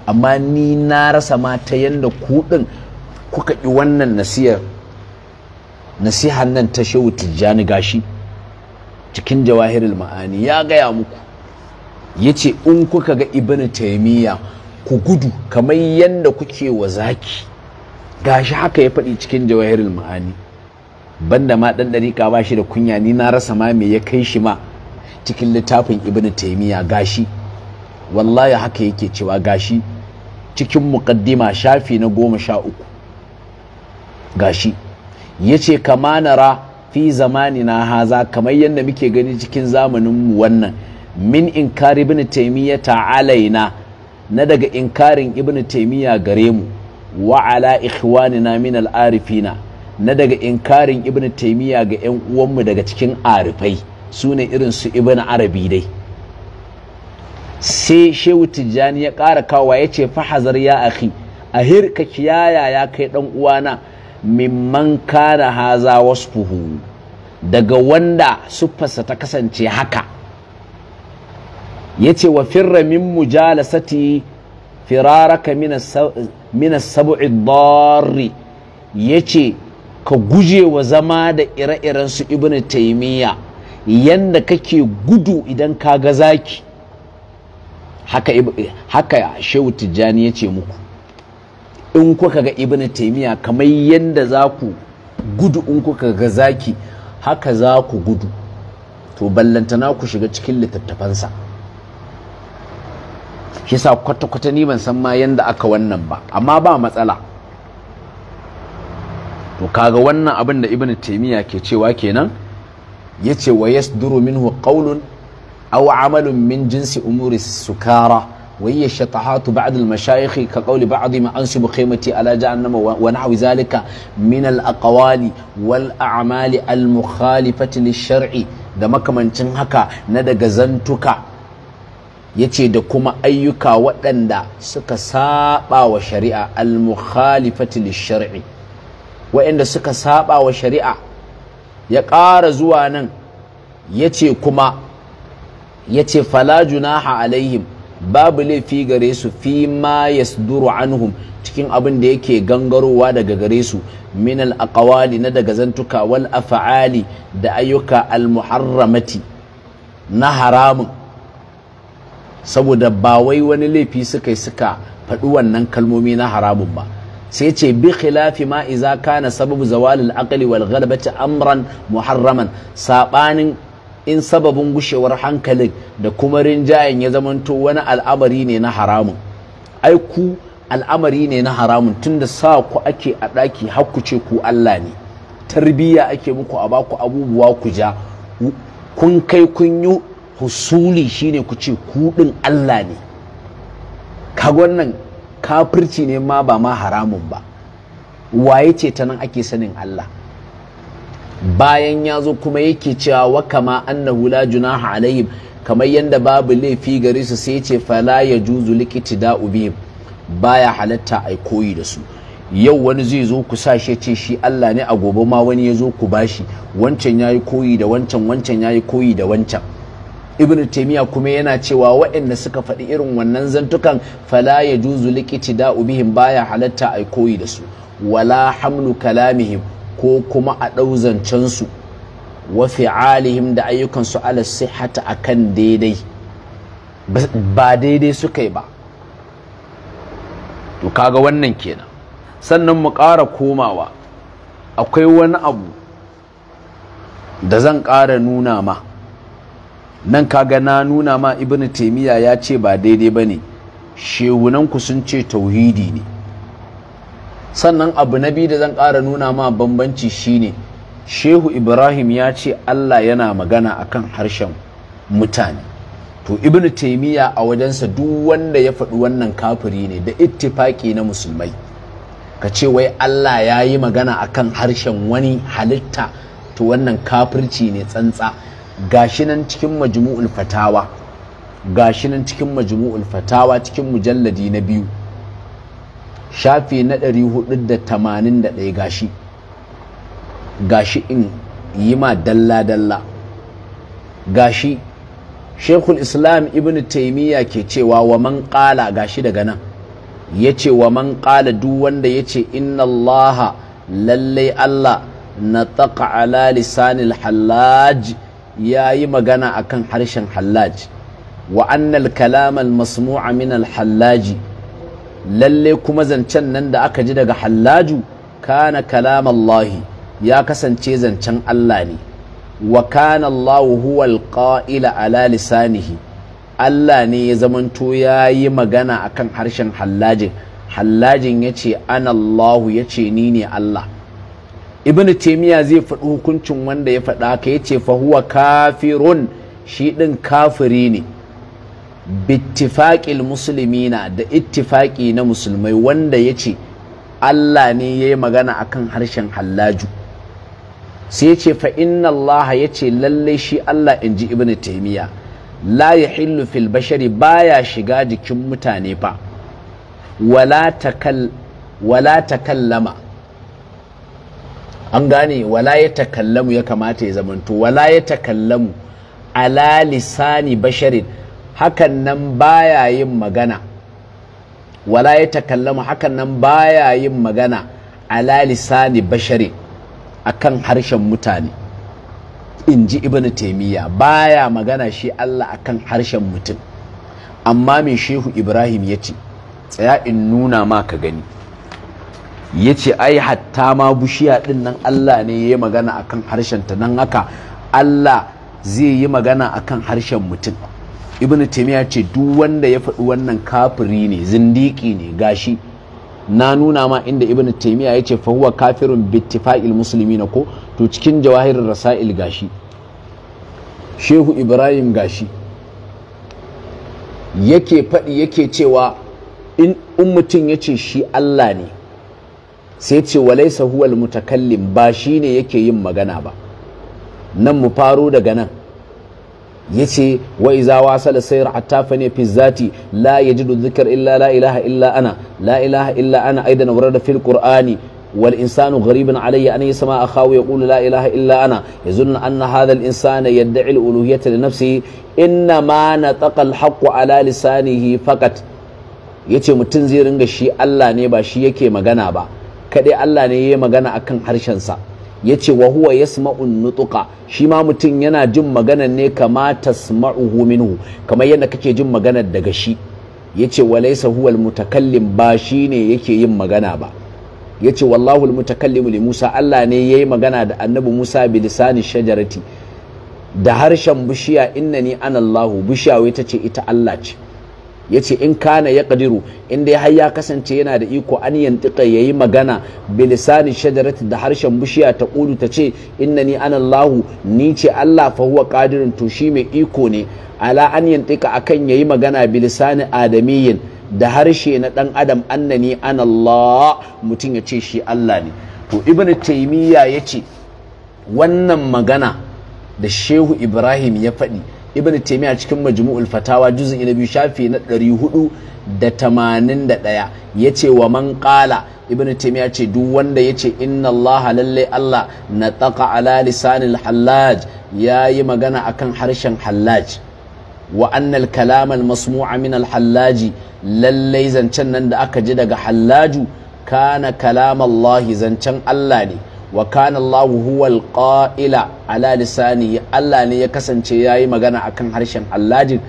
amma ni na rasa mata ta yadda kuɗin kuka ƙi wannan nasiyar nasihar nan ta shehu tijjani gashi cikin jawahirul ma'ani ya gaya muku ya ce in kuka ga ibn taimiyya ku gudu kamar yadda kuke wa zaki gashi haka ya faɗi cikin jawahirul ma'ani banda ma ɗan ɗariƙa ba shi da kunya ni na rasa ma me ya kai shi ma cikin littafin ibnu taimiya gashi wallahi haka yake cewa gashi cikin muƙaddima shafi na goma sha uku gashi ya ce kama nara zamani na haza kamar yadda muke gani cikin zamaninmu wannan min in kari ibnu taimiya ta'alaina na daga inkarin ibn taimiyya gare mu wa ala na min al'arifina arifina na daga inkarin ibn taimiyya ga yan uwanmu daga cikin arifai su ne irin su ibn arabi dai sai shehu tijjani ya ƙara kawa ya ce fahazar ya akhi a hirka kiyaya ya kai ɗan uwana mimman kana haza wasfuhu daga wanda siffarsa ta kasance haka yace wa firra min mujalasati firaraka min as-sab'i ad-darri yace ka guje wa zama da ire-iren su ibnu taymiya yanda kake gudu idan ka ga zaki haka haka shehu tijjani yace muku in kuka ga ibnu taymiya kamar yanda za ku gudu in kuka ga zaki haka za ku gudu to ballantana ku shiga cikin littattafansa Kisa kwata-kwata ni ban san ma yanda aka wannan ba amma ba matsala to kaga wannan abin da ibnu taymiya ke cewa kenan yace wa yasduru minhu qawlun aw amalun min jinsi umuri sukara wa hiya shatahatu ba'd al mashayikh ka qawli ba'd ma ansibu khaymati ala jahannama wa nahwi zalika min al aqwali wal a'mali al mukhalifati lish shar'i da makamancin haka na daga zantuka yace da kuma ayyuka waɗanda suka saba wa shari'a al-mukhalifati lish-shar'i waɗanda suka saba wa shari'a ya ƙara zuwa nan yace kuma yace fala junaha alaihim babu laifi gare su fi ma yasduru anhum cikin abin da yake gangarowa daga gare su min al na daga zantuka wal af'ali da ayyuka al-muharramati na haramun saboda ba wai wani laifi suka yi suka faɗi wannan kalmomi na haramun ba sai ce bi khilafi ma iza kana sababu zawalil aqli wal ghalabati amran muharraman sabanin in sababin gushewar hankalin da kuma rinjayen ya zamanto wani al'amari ne na haramun ai ku al'amari ne na haramun tunda sa ku ake a ɗaki har ku ce ku Allah ne tarbiyya ake muku a baku abubuwa ku ja kun kai kun yi husuli shine ku ce kuɗin Allah ne kaga wannan kafirci ne ma ba ma haramun ba waye ce ta nan ake sanin Allah bayan ya zo kuma yake cewa wa kama annahu la junaha alaihim kamar yadda babu laifi gare su sai ce fala ya juzu likiti da ubihim baya halatta ai koyi da su yau wani zai zo ku sashe ce shi Allah ne a gobe ma wani ya zo ku bashi wancan yayi koyi da wancan wancan yayi koyi da wancan ibn taimiya kuma yana cewa waɗanda suka faɗi irin wannan zantukan fala ya juzu likiti da ubihin baya halatta a koyi da su wala hamlu kalamihim ko kuma a ɗauzancen su, wa fi'alihim da ayyukansu ala sihhata akan daidai ba daidai suka yi ba to kaga wannan kenan sannan mu ƙara komawa akwai wani abu da zan ƙara nuna ma nan kaga na nuna ma Ibn taimiyya ya ce ba daidai ba ne shehunanku sun ce tauhidi ne sannan abu na biyu da zan ƙara nuna ma bambanci shine shehu ibrahim ya ce allah yana magana akan harshen mutane to Ibn taimiyya a wajensa duk wanda ya faɗi wannan kafiri ne da ittifaki na musulmai ka ce wai allah ya yi magana akan harshen wani halitta to wannan kafirci ne tsantsa gashi nan cikin majmu'ul fatawa gashi nan cikin majmu'ul fatawa cikin mujalladi na biyu shafi na 481 gashi gashi in yi ma dalla-dalla gashi shekul islam ibn taimiyya ke cewa wa man ƙala gashi daga nan ya ce wa man ƙala duk wanda ya ce inna allaha lallai allah na taƙa ala lisanin halaji ya yi magana a kan harshen hallaj wa annal kalamal masmu'a min hallaji lalle kuma zancen nan da aka ji daga hallaju kana kalamallahi ya kasance zancen Allah ne wa kana Allahu huwal a ala lisanihi Allah ne ya zamanto ya yi magana akan harshen hallajin hallajin ya ce anallahu ya ce ni ne Allah ibn taimiya zai faɗi hukuncin wanda ya faɗa ka ya ce fahuwa kafirun shi ɗin kafiri ne bittifaƙil musulmina da ittifaƙi na musulmai wanda ya ce Allah ne ya yi magana a kan harshen hallaju sai ya ce fa'inna Allah ya ce lallai shi Allah in ji ibn taimiya la ya hillu fil bashari baya shiga jikin mutane fa wala takallama an gane wala ya takallamu ya kamata ya zamanto wala ya takallamu ala lisani basharin hakan nan baya yin magana wala ya takallamu hakan nan baya yin magana ala lisani basharin akan harshen mutane in ji ibn taimiyya baya magana shi Allah akan harshen mutum amma mai shehu ibrahim ya ce tsaya in nuna ma ka gani ya ce ai hatta ma bushiya din nan Allah ne ya yi magana a kan ta, nan haka Allah zai yi magana a kan harshen mutum ibn taimiyya ce duk wanda ya faɗi wannan kafiri ne zindiki ne gashi na nuna ma inda ibn taimiyya ya ce fahuwa kafirin bittifa'il musulmi na ko to cikin jawahirin rasa'il gashi shehu ibrahim gashi yake faɗi yake cewa in mutum ya ce shi allah ne sai ce walaisa huwa mutakallim ba shi ne yake yin magana ba nan mu faro daga nan ya ce wa iza wasala sayar attafa ne fizzati la ya ji dukkan illa la ilaha illa ana la ilaha illa ana ai da nawar da fil qur'ani wal insanu gharibin alayya an kawo ya yaqul la ilaha illa ana yazun anna hadha al insana yadda il uluhiyyah da nafsi inna ma nataqa al haqq ala lisanihi faqat yace mutum zai ringa shi Allah ne ba shi yake magana ba kaɗai Allah ne ya magana akan harshensa ya ce wa huwa yasma'un shi ma mutum yana jin maganar ne kama tasma'uhu minhu kamar yadda kake jin maganar daga shi ya ce wa laysa huwa almutakallim ba shi ne yake yin magana ba ya ce wallahu almutakallimu li Musa Allah ne yayi magana da annabi Musa bi lisani shajarati da harshen bishiya innani ana Allahu bishiya wai ce ita Allah ce ya ce in kana ya kadiru, in dai har ya kasance yana da iko an yantika ya yi magana bilisani shajarat da harshen bishiya ta ƙulu ta ce ni an Allahu ni ce Allah fa huwa ƙadirin to shi mai iko ne ala an yantika akan ya yi magana bilisani adamiyin da harshe na ɗan adam ni an Allah mutum ya ce shi Allah ne to ibn taymiya ya ce wannan magana da shehu ibrahim ya faɗi ibn taymiya cikin majmu'ul fatawa juz'in na biyu shafi na ya yace wa man qala ibn taymiya ce duk wanda yace inna allaha Lallai allah na taqa ala lisanil hallaj yayi magana akan harshen hallaj wa annal kalamal masmu'a min hallaji lallai zancen nan da aka ji daga hallaju kana kalamallahi zancen allah ne wa kana Allah huwal qa'ila ala lisani Allah ne ya kasance yayi magana akan harshen Allajin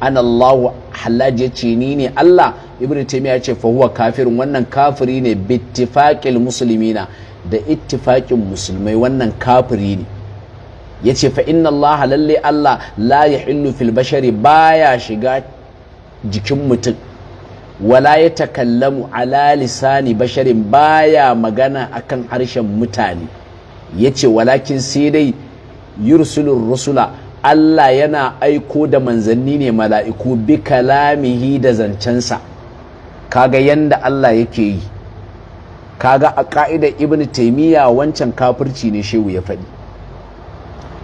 Anallahu Allah halaji ya ni ne Allah Ibn Taymiyyah ya ce fa huwa kafirin wannan kafiri ne bittifaqil muslimina da ittifaqin musulmai wannan kafiri ne yace fa inna Allah lalle Allah la yahillu fil bashari baya shiga jikin mutum wala ya takalla takallamu ala lisani basharin baya magana akan harshen mutane Ya yace walakin sai dai yursulu rusula Allah yana aiko da manzanni ne mala'iku bi kalamihi da zancensa kaga yanda Allah yake yi kaga a ka'ida ibn taimiyya wancan kafirci ne shehu ya faɗi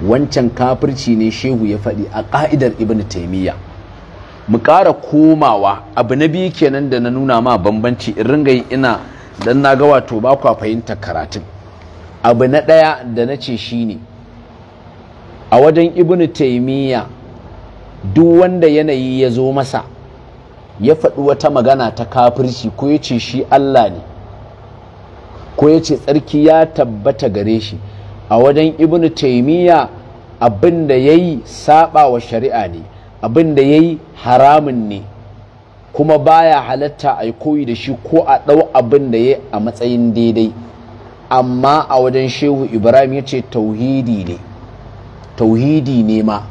wancan kafirci ne shehu ya faɗi a ka'idar ibn taimiyya mu ƙara komawa abu na biyu kenan da na nuna ma bambanci in ringa ina dan na ga wato ba kwa fahimtar karatun abu na ɗaya da na ce shi ne. a wajen ibnu taimiyya duk wanda yanayi ya zo masa ya faɗi wata magana ta kafirci ko ya ce shi Allah ne ko ya ce tsarki ya tabbata gare shi a wajen ibnu taimiyya abin da ya yi saɓa wa shari'a ne abin da ya yi haramun ne kuma baya halatta a yi koyi da shi ko a ɗau abin da ya yi a matsayin daidai amma a wajen shehu ibrahim ya ce tauhidi ne tauhidi ne ma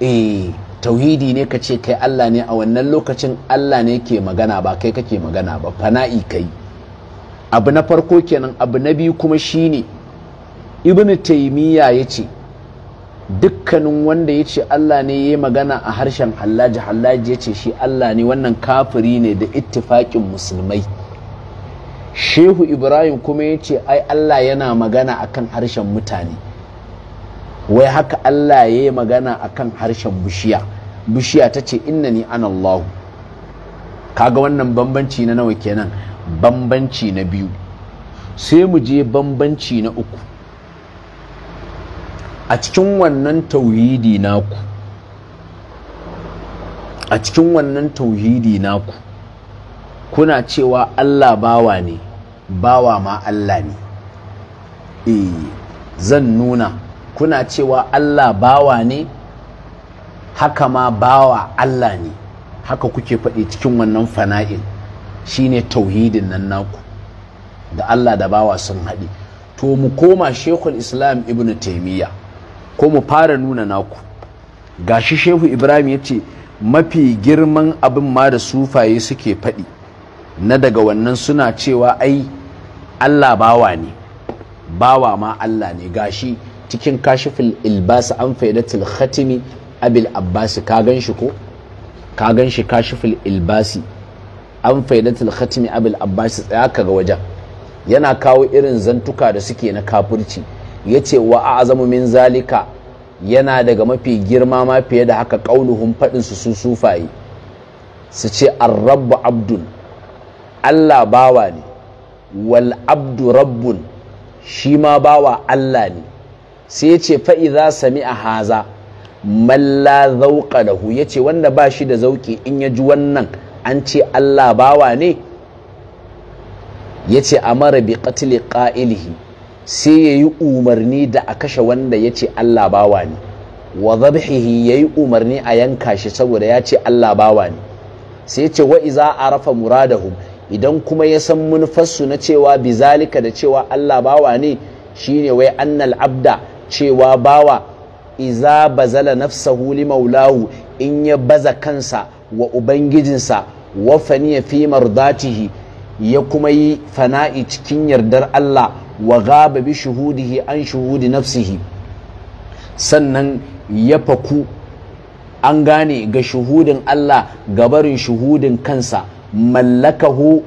eh tauhidi ne ka ce kai allah ne a wannan lokacin allah ne ke magana ba kai kake magana ba fana'i kai abu na farko kenan abu na biyu kuma shine ibn taimiyya ya ce dukkanin wanda ya ce Allah ne ya magana a harshen hallaji hallaji ya ce shi Allah ne wannan kafiri ne da ittifaƙin musulmai shehu ibrahim kuma ya ce ai Allah yana magana akan harshen mutane wai haka Allah ya yi magana akan harshen bishiya bishiya ta ce inna ni an Allah kaga wannan bambanci na nawa kenan bambanci na biyu sai mu je bambanci na uku a cikin wannan tauhidi naku a cikin wannan tauhidi naku kuna cewa Allah bawa ne bawa ma Allah ne eh zan nuna kuna cewa Allah bawa ne haka ma bawa Allah ne haka kuke faɗi cikin wannan fana'in shine tauhidin nan naku da Allah da bawa sun haɗi to mu koma shekul islam ibn taimiyya ko mu fara nuna naku gashi shehu ibrahim ya ce mafi girman abin ma da sufaye suke faɗi na daga wannan suna cewa ai allah bawa ne bawa ma allah ne gashi cikin kashifin ilbasa an faidatul khatimi abil abbasi ka gan shi ko ka gan shi kashifin ilbasi an faidatul khatimi abil abbasi tsaya ka ga wajen yana kawo irin zantuka da suke na kafurci. ya ce wa azamu min zalika yana daga mafi girma ma fiye da haka ƙaunuhun faɗinsu su sufaye su ce arrabbu abdun allah bawa ne wal abdu rabbun shi ma bawa allah ne sai ya ce fa'iza sami a haza malla zauƙa dahu ya ce wanda ba shi da zauƙi in ya ji wannan an ce allah bawa ne ya ce mara bi ƙatili ƙa'ilihi sai ya yi umarni da a kashe wanda ya ce Allah bawa ne wa zabhihi ya yi umarni a yanka shi saboda ya ce Allah bawa ne sai ya ce wa iza rafa muradahum idan kuma ya san munfassu na cewa bizalika da cewa Allah bawa ne shine wai annal abda cewa bawa iza bazala nafsahu li maulahu in ya baza kansa wa ubangijinsa wa faniya fi mardatihi ya kuma yi fana'i cikin yardar Allah wa gaba bi shuhudihi an shuhudi nafsihi sannan ya faku an gane ga shuhudin Allah gabarin shuhudin kansa mallakahu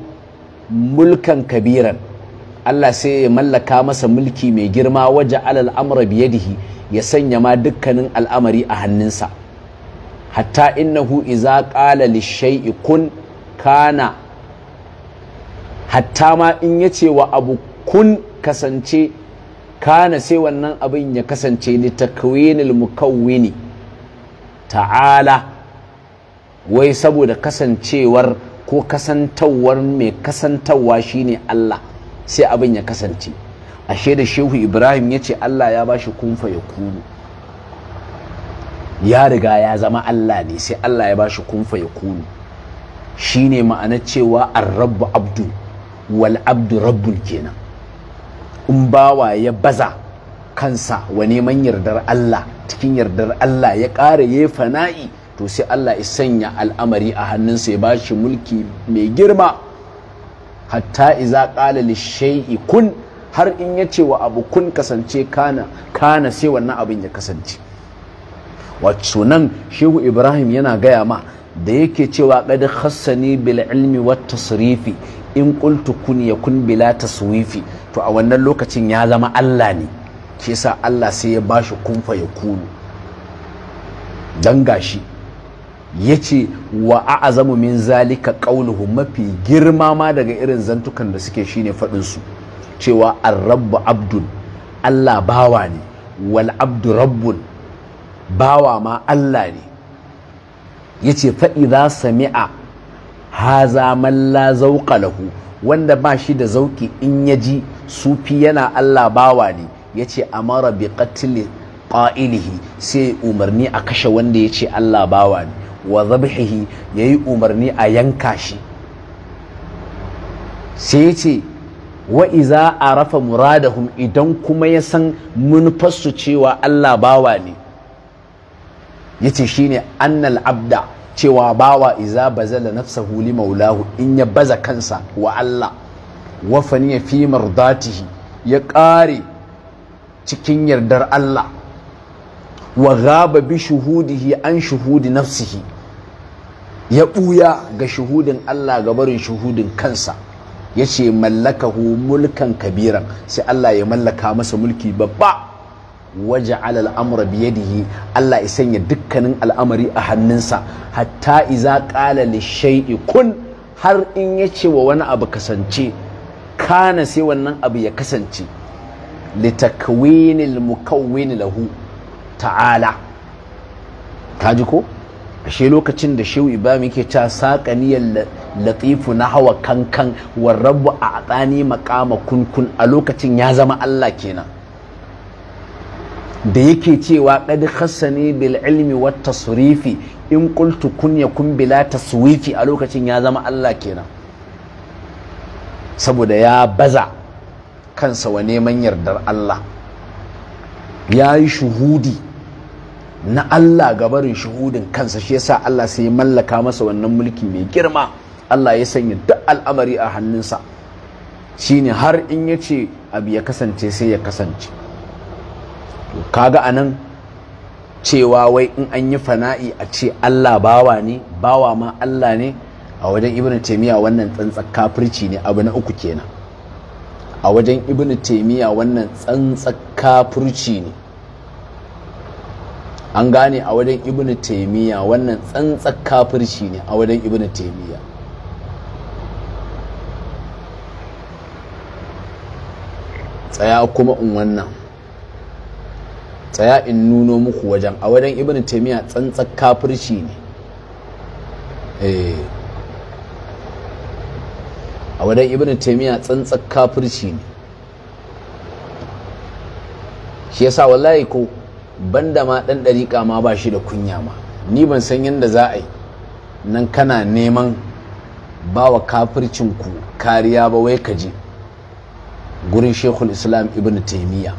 mulkan kabiran Allah sai ya mallaka masa mulki mai girma waje alal amra biyadihi ya sanya ma dukkanin al'amari a hannunsa hatta innahu iza qala lishay'i kun kana hatta ma in yace wa abu kun kasance kana sai wannan abin ya kasance ni takwinil mukawwini ta'ala wai saboda kasancewar ko kasantawar mai kasantawa shine Allah sai abin ya kasance ashe da shehu ibrahim ya ce Allah ya bashi kunfa ya kunu ya riga ya zama Allah ne sai Allah ya bashi kunfa ya kunu shine ma'ana cewa ar-rabbu abdu wal abdu rabbul kenan in bawa ya baza kansa wa neman yardar Allah cikin yardar Allah ya ƙara ya fana'i to sai Allah ya sanya al'amari a hannunsa ya ba shi mulki mai girma hatta iza ƙala lishai'i kun har in ya ce wa abu kun kasance kana kana sai wannan abin ya kasance wato nan shehu ibrahim yana gaya ma da yake cewa ƙadi khassani bil ilmi wat tasrifi in qultu kun yakun bila suwifi to a wannan lokacin ya zama Allah ne ke sa Allah sai ya ba shi kunfa ya kunu dan gashi ce wa a'azamu min zalika ƙauluhu mafi girma ma daga irin zantukan da suke shi ne su cewa an rabbu abdun Allah bawa ne wal abdu rabbun bawa ma Allah ne yace za su sami'a haza man la zauqa lahu wanda ba shi da zauki in yaji ji sufi yana Allah bawa ne ya ce amara bi Katile qa'ilihi sai umarni a kashe wanda ya ce Allah bawa ne wa ya yayi umarni a yanka shi sai ya ce wa iza arafa muradahum idan kuma ya san munfassu cewa Allah bawa ne yace shine annal abda cewa bawa iza bazala nafsa huli maulahu in ya baza kansa wa Allah wa faniya fi mardatihi ya ƙare cikin yardar Allah wa gaba bi shuhudihi an shuhudi nafsihi ya ɓuya ga shuhudin Allah ga barin shuhudin kansa ya ce mallakahu mulkan kabiran sai Allah ya mallaka masa mulki babba waje al'amura yi, Allah ya sanya dukkanin al'amari a hannunsa hatta iza ƙala lishai'i kun har in ya ce wa wani abu kasance kana sai wannan abu ya kasance litakwinil mukawwin lahu ta'ala ji ko ashe lokacin da shehu ibrahim yake ta saƙaniyar latifu na hawa kankan warrabu a tsani makama kunkun a lokacin ya zama Allah kenan da yake cewa qad ne bil ilmi wata tasrifi in qultu kun yakun bila taswifi a lokacin ya zama Allah kenan saboda ya baza kansa wa neman yardar Allah ya yi shuhudi na Allah ga barin shuhudin kansa shi yasa Allah sai ya mallaka masa wannan mulki mai girma Allah ya sanya duk al'amari a hannunsa shine har in yace abu ya kasance sai ya kasance to kaga anan cewa wai in an yi fana'i a ce Allah bawa ne bawa ma Allah ne a wajen ibn taymiya wannan tsantsar kafirci ne abu na uku kenan a wajen ibn taymiya wannan tsantsar kafirci ne an gane a wajen ibn taymiya wannan tsantsar kafirci ne a wajen ibn taymiya tsaya kuma in wannan tsaya in nuno muku wajen a wajen ibn taimiyya tsantsar kafirci ne eh. a wajen ibn taimiyya tsantsar kafirci ne shi yasa wallahi ko da ma dan dariƙa ma ba shi da kunya ma ni ban san yadda za a yi nan kana neman ba wa kafircinku kariya ba wai ka je gurin shekul islam ibn taimiyya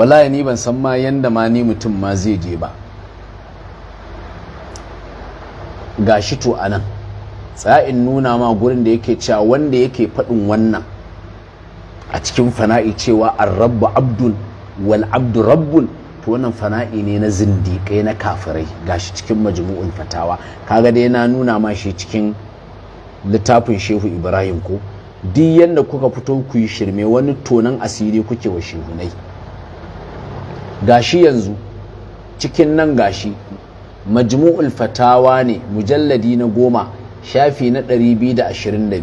wallahi ni ban san ma yanda ma ni mutum ma zai je ba gashi to a anan tsa'in nuna ma gurin da yake cewa wanda yake faɗin wannan a cikin fana'i cewa arrabbu abdun wal abdu rabbun to wannan fana'i ne na zindiƙai na kafirai gashi cikin majmu'in fatawa kaga dai na nuna ma shi cikin littafin shehu ibrahim ko duk yanda kuka fito ku yi shirme wani tonan asiri kuke wa shehunai gashi yanzu cikin nan gashi majmu'ul fatawa ne mujalladi na goma shafi na 222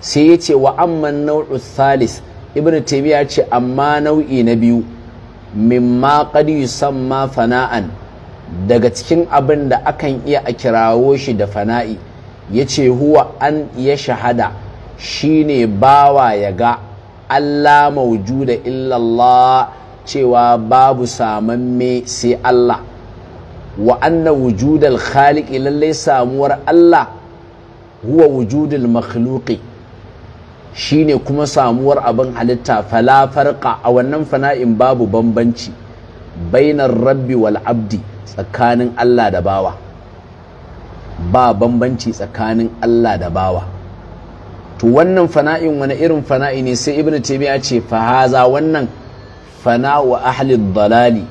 sai ya ce wa amman nau'u Salis, ibn taymiya ce amma nau'i na biyu mimma qad yusamma fana'an daga cikin abin da akan iya a kirawo shi da fana'i ya ce huwa an ya shahada shine bawa ya ga Allah maujuda illallah cewa babu samamme sai Allah wa anna wujudal khaliqi lallai samuwar Allah huwa wujudul makhluqi shine kuma samuwar abin halitta fala farqa a wannan fana'in babu bambanci bainar rabbi wal abdi tsakanin Allah da bawa ba bambanci tsakanin Allah da bawa to wannan fana'in wani irin fana'i ne sai ibnu taymiya ce fa haza wannan fana wa ahlid dalali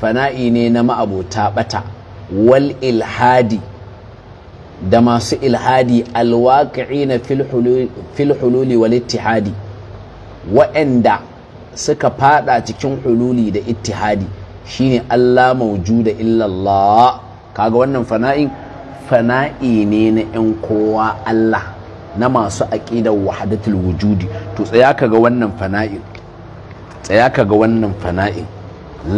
fana'i ne na ma'abota bata wal ilhadi da masu ilhadi alwaƙi na filhululi wal ittihadi wa'anda suka fada cikin hululi da ittihadi shine Allah maujuda illallah kaga wannan fana'in fana'i ne na 'yan kowa Allah na masu aƙidar wahadatul wujudi to tsaya kaga wannan fana'in tsaya ka ga wannan fana'in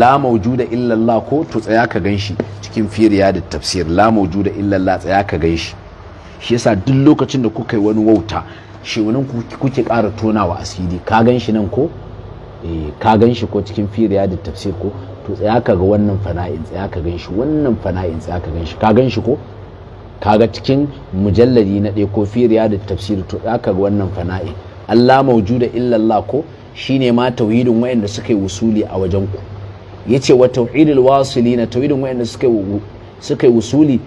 la maujuda illallah ko to tsaya ka gan shi cikin firiya da tafsir la maujuda illallah tsaya ka gan shi shi yasa duk lokacin da kuka yi wani wauta shi wani kuke ƙara tonawa asiri ka gan shi nan ko eh, ka gan shi ko cikin firiya da tafsir ko to tsaya ka ga wannan fana'in tsaya ka gan shi wannan fana'in tsaya ka gan shi ka gan shi ko kaga cikin mujalladi na ɗaya ko firiya da tafsir to tsaya ka ga wannan fana'in Allah maujuda illallah ko shine ma tauhidin wayanda suka yi wusuli a wajen ku yace wa tauhidul wasilina tauhidin wayanda suka yi suka yi wusuli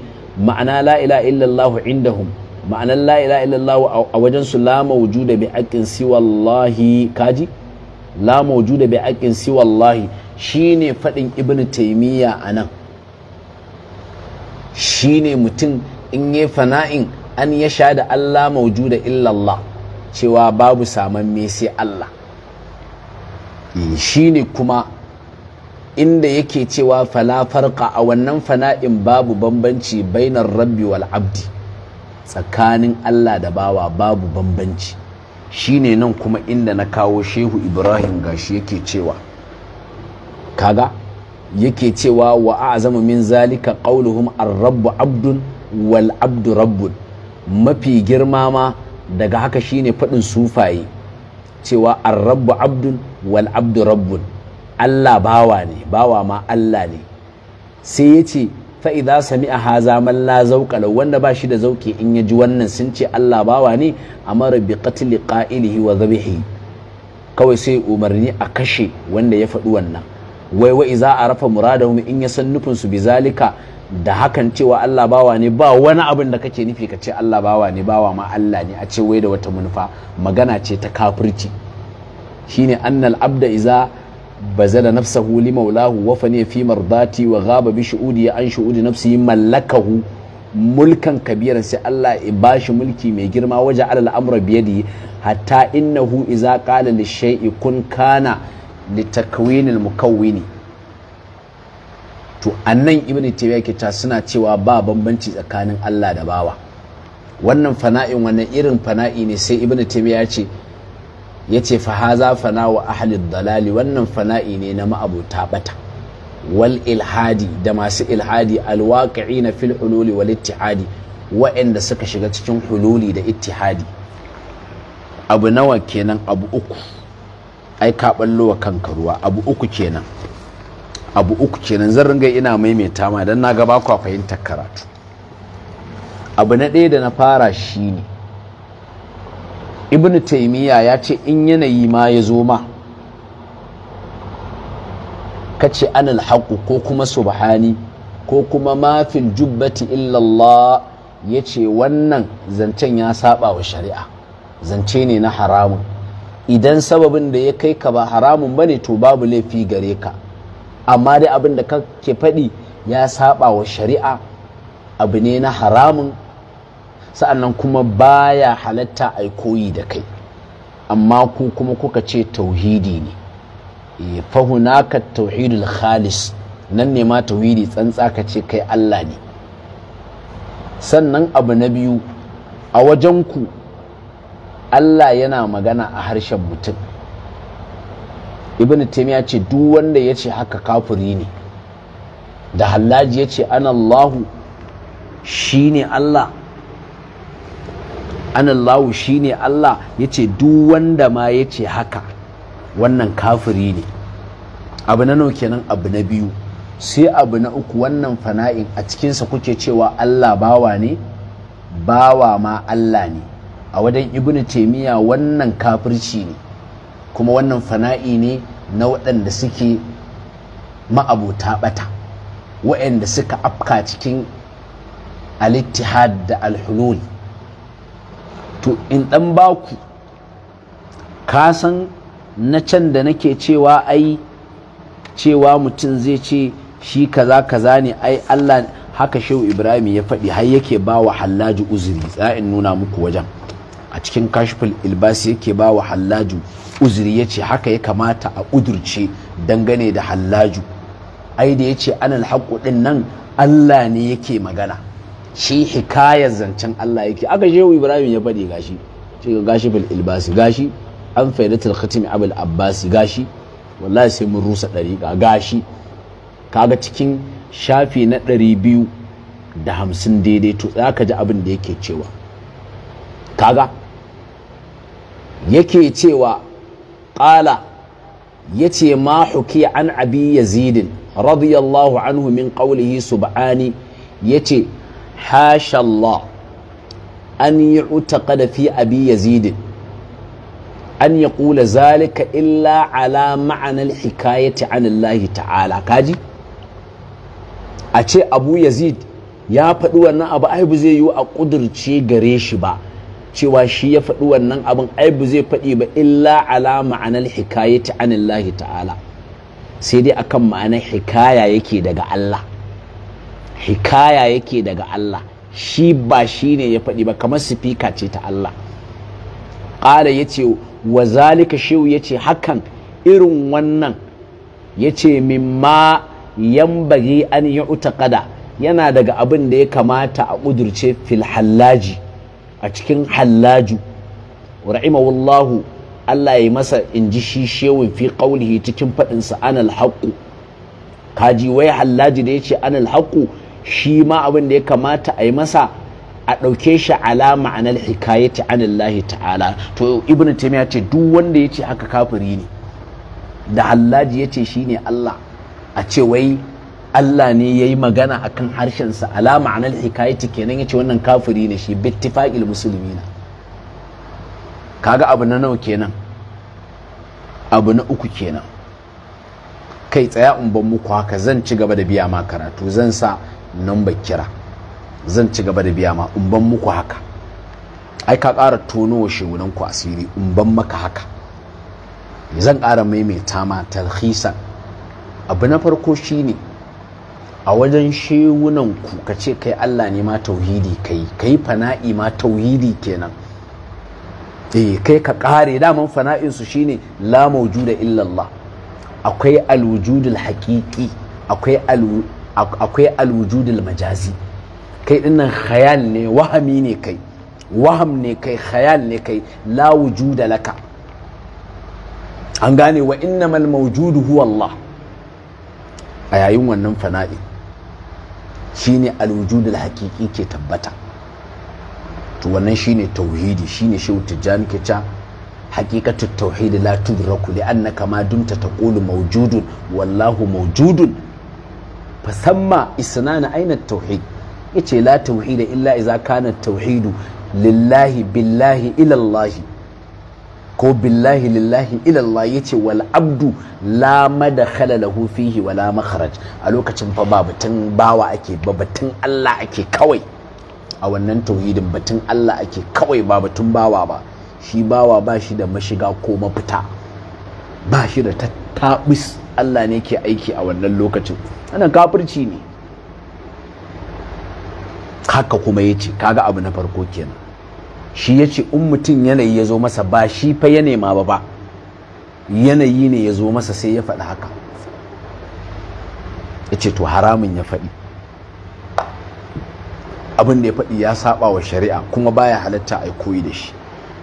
ma'ana la ilaha illallah indahum ma'ana la ilaha illallah a wajen su la mawjuda bi si wallahi, kaji la mawjuda bi si wallahi shine fadin ibnu taymiya anan shine mutum in yi fana'in an ya sha da Allah mawjuda illallah cewa babu saman me sai Allah shine kuma inda yake cewa fala farka a wannan fana'in babu bambanci bainar rabbi wal abdi tsakanin Allah da bawa babu bambanci shine nan kuma inda na kawo shehu ibrahim gashi yake cewa kaga yake cewa wa zama min zalika qauluhum ar-rabbu abdun wal abdu rabbun mafi girma ma daga haka shine faɗin sufaye cewa an rabbu abdun wal abdu rabbun Allah bawa ne bawa ma Allah ne sai ya ce fa idza sami'a haza man la wanda ba shi da zauki in ya ji wannan sun ce Allah bawa ne amara bi qatl qa'ilihi wa Zabihi. kawai sai umarni a kashe wanda ya faɗi wannan wai wa idza arafa muradahum in ya san nufin su bizalika da hakan cewa Allah bawa ne ba wani abin da kake nufi ka ce Allah bawa ne bawa ma Allah ne a ce wai da wata manufa magana ce ta kafirci shine annal abda iza bazala nafsahu li maulahu wa fani fi mardati wa ghaba bi shu'udi an shu'udi nafsihi mallakahu mulkan kabiran sai Allah ya bashi mulki mai girma waje alal amra biyadi hatta innahu iza qala li shay'i kun kana li takwinil mukawwini to annan ibn taymiya ke ta suna cewa ba bambanci tsakanin Allah da bawa wannan fana'in wannan irin fana'i ne sai ibn taymiya ya ce yace fa haza fana wa ahli dalali wannan fana'i ne na ma'abuta bata wal ilhadi da masu ilhadi waqi'ina fil hululi wal ittihadi wa'anda suka shiga cikin hululi da ittihadi abu nawa kenan abu uku ai ka ballo wa kanka ruwa abu uku kenan abu uku kenan zan ringa ina maimaita ma dan na gaba ku fahimtar karatu abu na ɗaya da na fara shi ne ibn taimiyya ya ce in yanayi ma ya zo ma ka ce anil haƙu ko kuma subhani ko kuma mafin jubbati illallah ya ce wannan zancen ya saba wa shari'a zance ne na haramun idan sababin da ya kai ka ba haramun bane to babu laifi gare ka amma dai abin da kake faɗi ya saba wa shari'a abu ne na haramun sa'annan kuma baya halatta a koyi da kai amma ku kuma kuka ce tauhidi ne eh, fahuna ka tauhidul khalis nan ne ma tauhidi tsantsa ka ce kai Allah ne sannan abu na biyu a wajen ku Allah yana magana a harshen mutum ibn taymiya ce duk wanda ya ce haka kafiri ne da hallaji ya ce anallahu ne Allah anallahu ne Allah ya ce duk wanda ma ya ce haka wannan kafiri ne abu na nau kenan abu na biyu sai abu na uku wannan fana'in a cikinsa kuke cewa Allah bawa ne bawa ma Allah ne a wajen ibn taimiyya wannan kafirci ne kuma wannan fana'i ne na waɗanda suke ma'abuta ɓata waɗanda suka afka cikin alittihad da alhulul to in ɗan baku ka san na can da nake cewa ai cewa mutum zai ce shi kaza kaza ne ai Allah haka shehu ibrahim ya faɗi har yake ba wa hallaju uzuri za'in nuna muku wajen a cikin kashful ilbasi yake ba wa hallaju uzuri ya ce haka ya kamata a udurce dangane da hallaju ai da ya ce anal haƙuɗin ɗin nan Allah ne yake magana shi hikayar zancen Allah yake aka shehu ibrahim ya faɗi gashi ce ga gashi bil ilbasi gashi an faidatul khatim abul abbasi gashi wallahi sai mun rusa ɗariƙa gashi kaga cikin shafi na ɗari biyu da hamsin daidai to za ka ji abin da yake cewa kaga yake cewa qala yace ma huki an abi yazidin radiyallahu anhu min qawlihi subhani yace hasha Allah an yu'taqada fi abi yazid an ya yaqula zalika illa ala ma'ana al-hikayati an ta'ala kaji a ce abu yazid ya faɗi wannan abu ai zai yi a ƙudurce gare shi ba cewa shi ya faɗi wannan abin ai ba zai faɗi ba illa ala ma'anar ta anillahi ta'ala sai dai akan ma'anar hikaya yake daga Allah hikaya yake daga Allah shi ba shi ne ya faɗi ba kamar sifika ce ta Allah ƙara ya ce wa zalika shehu ya ce hakan irin wannan ya ce mimma bagi an yi utakada yana daga abin da ya kamata a ƙudurce filhallaji a cikin hallaju rahimahullahu Allah ya masa in ji shi shewin fi qaulihi cikin faɗin sa anal kaji wai hallaji da ya ce anal haqqu shi ma abin da ya kamata a yi masa a ɗauke shi ala ma'anar hikayati lahi ta'ala to ibnu taimiyya ce duk wanda ya ce haka kafiri ne da hallaji shi ne Allah a ce wai Allah ne ya yi magana a kan harshensa ala ma'anar hikayati kenan ya ce wannan kafiri ne shi bittifaƙil musulmi na kaga abu na nawa kenan abu na uku kenan kai tsaya in ban muku haka zan ci gaba da biya ma karatu zan sa number kira zan ci gaba da biya ma in ban muku haka ai ka ƙara tono wa ku asiri in ban maka haka zan kara maimaita ma talhisan abu na farko shine a wajen shewunan ku ka ce kai Allah ne ma tauhidi kai kai fana'i ma tauhidi kenan eh kai ka kare daman fana'in su shine la mawjuda illa Allah akwai alwujudul haqiqi akwai al akwai alwujudul majazi kai dinnan khayal ne wahami ne kai waham ne kai khayal ne kai la wujuda laka an gane wa innamal mawjudu huwa Allah a yayin wannan fana'i shine alwujudul hakiki ke tabbata to wannan shine tauhidi shine shehu tijjani ke ca haqiqatut tauhid la tudraku li annaka ma dumta taqulu mawjudun wallahu mawjudun fasamma isnana aina tauhid yace la tauhida illa iza kana tauhidu lillahi billahi ilallahi ko billahi lillahi ilallah ya ce wal abdu la da lahu fihi wala makharaj a lokacin fa ba batun bawa ake ba batun Allah ake kawai a wannan tauhidin batun Allah ake kawai ba batun bawa ba shi bawa ba shi da mashiga ko mafita ba shi da tattabis Allah ne ke aiki a wannan lokacin ana kafirci ne haka kuma yace kaga abu na farko kenan shi ya ce in mutum yanayi ya zo masa ba shi fa ya nema ba ba yanayi ne ya zo masa sai ya faɗi haka ya ce to haramun ya faɗi abin da ya faɗi ya saɓa wa shari'a kuma baya halatta a koyi da shi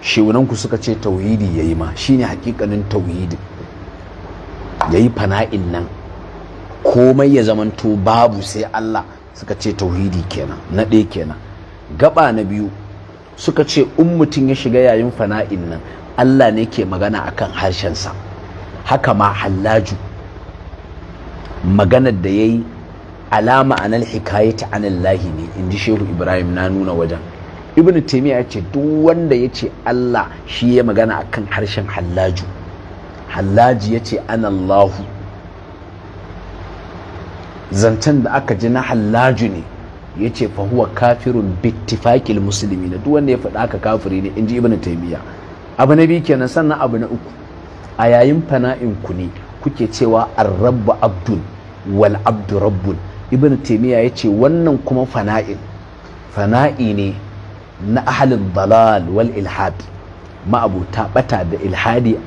shewunanku suka ce tauhidi ya yi ma shine hakikanin tauhidi ya yi fana'in nan komai ya zamanto babu sai Allah suka ce tauhidi kenan na ɗaya kenan gaba na biyu suka ce in mutum ya shiga yayin fana'in nan Allah ne ke magana akan harshensa haka ma hallaju maganar da ya yi alama anal hikayata anallahi ne in ji shehu ibrahim na nuna wajen ibn taimiyya ce duk wanda ya ce Allah shi ya magana akan harshen hallaju hallaji ya ce anallahu zancen da aka ji na hallaju ne ya ce fahuwa kafirun bittifakil musulmi na duk wanda ya faɗa aka kafiri ne in ji ibn taimiyya abu na biyu kenan sannan abu na uku a yayin fana'in ku ne kuke cewa arrabba abdul wal abdu rabbun ibn taimiyya ya ce wannan kuma fana'in fana'i ne na ahalin dalal wal ilhad ma'abuta bata da ilhadi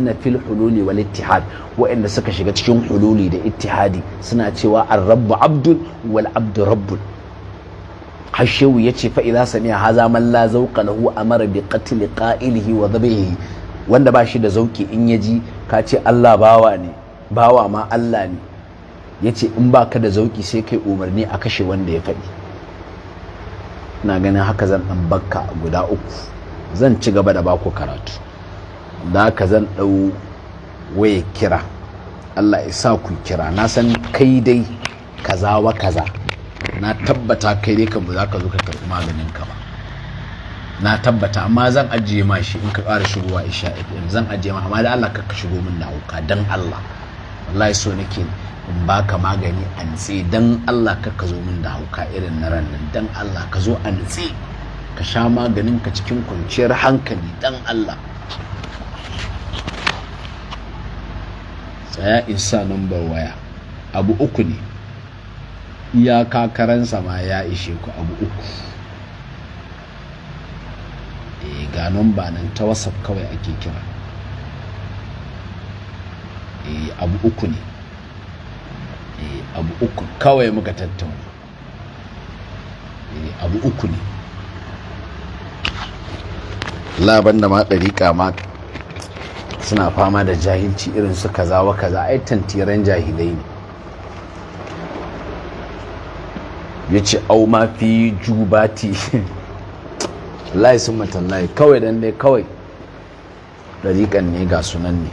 na fil hululi wal ittihad wa'anda suka shiga cikin hululi da ittihadi suna cewa ar-rabbu abdun wal abdu rabbun hashewu yace fa idza sami'a haza man la zawqa lahu amara bi qatl qa'ilihi wa dhabihi wanda ba shi da zauki in yaji ka ce Allah bawa ne bawa ma Allah ne yace in baka da zauki sai kai umarni a kashe wanda ya faɗi na ganin haka zan ɗan bakka guda uku zan ci gaba da baku karatu da haka zan ɗau waya kira Allah ya sa ku kira na san kai dai kaza wa kaza na tabbata kai dai kan za ka zo ka karɓi maganin ka ba na tabbata amma zan ajiye ma shi in ka ƙara shigowa isha fm zan ajiye ma amma da Allah ka shigo min nauka dan Allah wallahi so nake in baka magani a dan Allah ka ka zo min da hauka irin na ran nan dan Allah ka zo a nitse ka sha maganin ka cikin kwanciyar hankali dan Allah tsaya in sa waya abu uku ne iyaka karansa ma ya ishe ku abu uku e ga number nan ta whatsapp kawai ake kira e abu uku ne e abu uku kawai muka tattauna e abu uku ne laban da ma ɗariƙa ma suna fama da jahilci irin su kaza wa kaza ai tantiran jahilai ne ya ce au ma fi jubati lai sun lai kawai dan dai kawai ɗariƙan ne ga sunan ne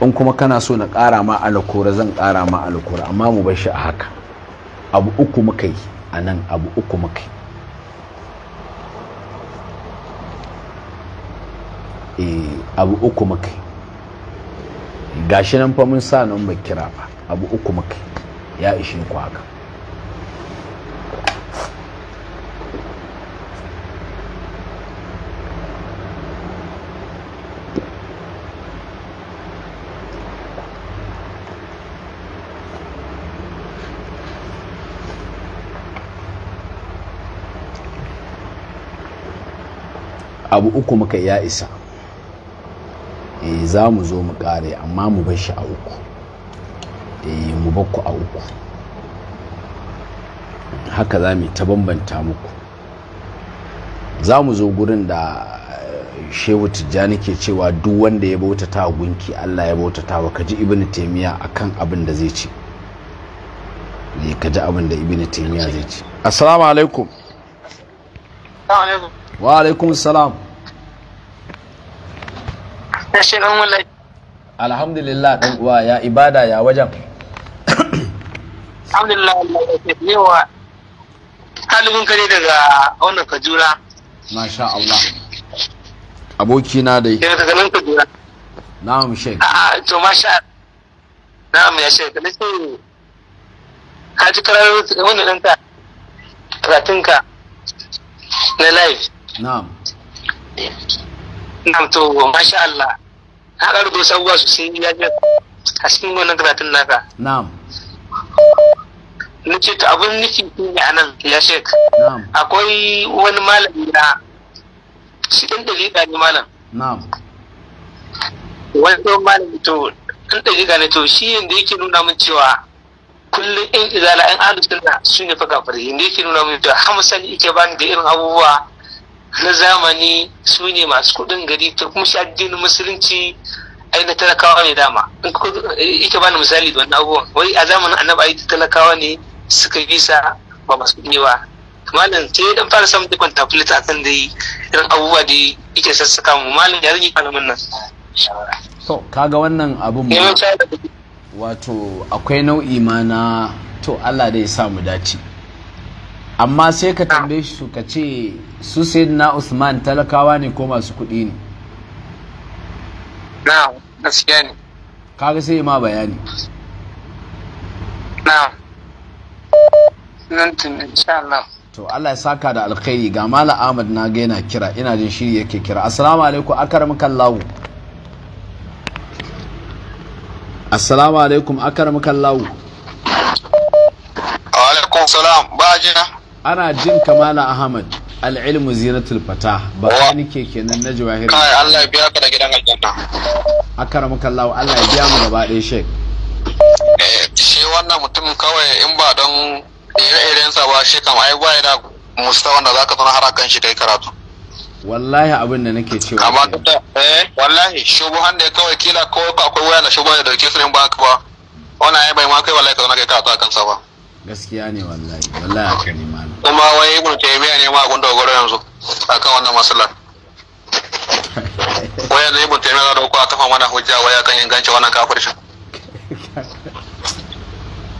in kuma kana so na ƙara ma alakura zan ƙara ma alakura amma mu bar shi a haka abu uku muka yi a nan abu uku muka yi E, abu uku muka gashi nan fa mun sa nan ba kira ba abu uku muka ya ishe ku haka abu uku muka ya isa Eh, za mu zo mu kare amma mu bar shi a uku eh, mu ku a uku haka za mu ta bambanta muku za mu zo gurin da eh, shehu tijjani ke cewa duk wanda ya bauta ta gunki allah ya bauta ta wa ji ibn taymiya akan abin da zai ce ne ji abin da ibnu taymiya zai ce assalamu alaikum wa alaikum salam wallahi alhamdulillah ɗan uwa ya ibada ya wajen alhamdulillah yawa halin kare daga wannan kajura masha Allah Aboki na dai daga nan kajura na'am shek a to masha na'am ya shek da ce. ka ji karar wannan ɗanka karatunka na live na'am na'am to masha Allah ka ƙara da wasu abubuwa sosai ya ji a cikin wannan karatun naka na'am na ce ta abin nufi ne a nan ya shek akwai wani malami na shi ɗan ɗaliƙa ne malam wani ɗan malami to ɗan ɗaliƙa ne to shi yadda yake nuna min cewa kullum yan izala yan ahlus sunna su ne fa kafirai inda yake nuna min cewa hamsan yake bani da irin abubuwa na zamani su ne masu kudin gari to kuma shi addinin musulunci ai na talakawa ne dama ita eh, bani misali da wani abubuwan wai a zamanin annabi ai talakawa ne suka bisa sa ba masu kudi ba malam sai dan fara samun dukkan tafilit a kan dai irin abubuwa da yake sassaka mu malam ya rage malamin nan to kaga wannan abun mu wato akwai nau'i ma na to Allah dai ya sa mu dace amma sai ka tambaye shi ka ce su na usman talakawa ne ko masu kuɗi ne na gaskiya ne kaga sai ma bayani na nan tun to Allah ya saka da alkhairi ga Malam Ahmad na ga yana kira ina jin shiri yake kira assalamu alaikum akarmakallahu assalamu alaikum akarmakallahu alaikum salam ba jina ana jin kamala ahmad al'ilmu zinatul fata ba ni ke kenan na jawahiri kai Allah ya biya ka da gidan aljanna akramaka Allah Allah ya biya mu gaba ɗaya shek eh, shi wannan mutum kawai in ba don ire-iren sa ba shi kam ai bai da musta wanda zaka ka har kan shi kai karatu wallahi abin da nake cewa amma eh wallahi shubuhan ne kawai kila ko akwai waya na shubuhan da dauke su baka ba Wani ba wannan ai bai ma kai wallahi ka zana kai karatu a sa ba gaskiya ne wallahi wallahi a ne kuma wai ibn taymiya ne ma gundo dogoro yanzu akan wannan masalar waya da ibn taymiya za da a kafa mana hujja waya kan inganci wannan shi?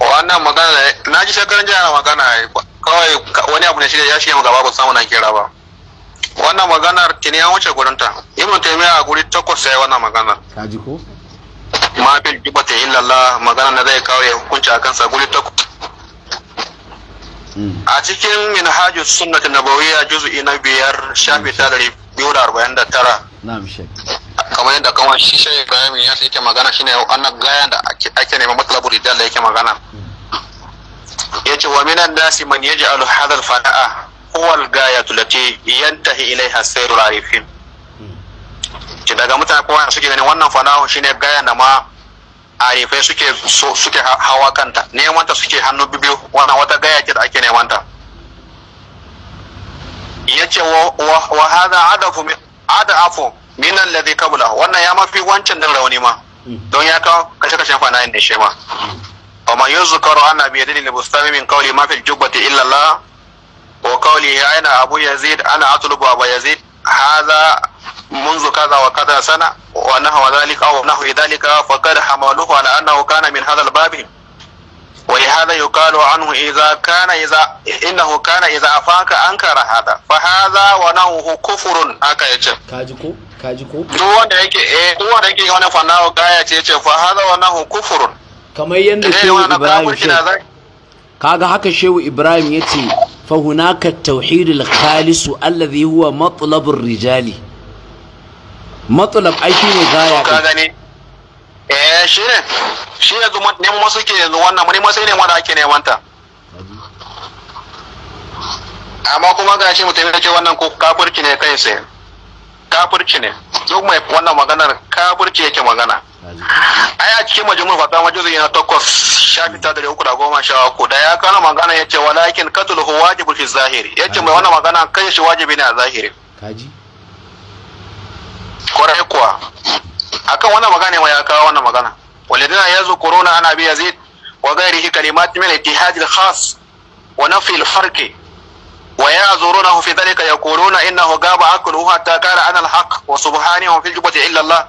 wannan magana na ji shekarun jiya na magana kawai wani abu ne shi ya shige gaba ba samu na kira ba wannan maganar kini an wuce gurinta ibn taymiya a guri takwas sai wannan maganar ma fil jibata illallah magana da zai kawo ya hukunci akan sa guri takwas a cikin minhajus sunnat nabawiyya juzu na biyar shafi ta dari biyu da arba'in da tara kamar yadda kamar shi shai ibrahim ya yake magana shi ne an gaya da ake neman matlabu ridal da yake magana hmm. ya ce wa minan nasi man yaj'alu hadha al-fana'a huwa al-gayatu lati ilai ilayha rarifin. ce hmm. daga mutane kowa suke ganin wannan shi ne gaya da ma arifai suke suke hawa kanta neman ta suke hannu bibi wannan wata gaya ce da ake neman ta yace wa hadha adafu adafu min alladhi qabla wannan ya mafi wancan din rauni ma hmm. don ya kawo kashe kashe fana ne da shi hmm. ma yuzkaru anna bi yadihi bustami min qawli ma fil jubbati illa Allah wa ya abu yazid ana atlubu abu yazid Haɗa mun zukada waƙa da sana. Waɗannan wanzami ka hau. Na yi da haka da Amadu hala an na kuka min haɗa babu. Wai haɗa yau ka na a ina kuka izo afanka an kara haɗa? Ka haɗa wa nan ku aka yace. Ka ji ko? wanda ake yi. Duk wanda ake yi wani fannawa kayayyace ce, ka haɗa wa nan ku Kamar yadda shehu Ibrahim shehu. haka shehu Ibrahim ya فهناك التوحيد kalisu الذي هو مطلب الرجال مطلب أي شيء غاية eh shi ne shi yanzu neman wasu ke yanzu wannan wani matsayi ne wanda ake neman ta amma kuma ga shi mutum ya wannan ko kafirci ne kai sai kafirci ne duk mai wannan maganar kafirci yake magana ai a cikin majalisar fata majalisar na takwas shafi ta dare uku da goma sha uku da ya kana magana yace walakin qatluhu wajibu fi zahiri Ya ce mai wannan magana kai shi wajibi ne a zahiri kaji kwarai kuwa akan wannan magana mai ya kawo wannan magana walidina korona ana bi yazid wa ghairihi kalimat min al-ittihad al-khas wa nafi al-farqi ويعذرونه في ذلك يقولون إنه غاب عقله حتى قال أنا الحق وسبحانه في الجبة إلا الله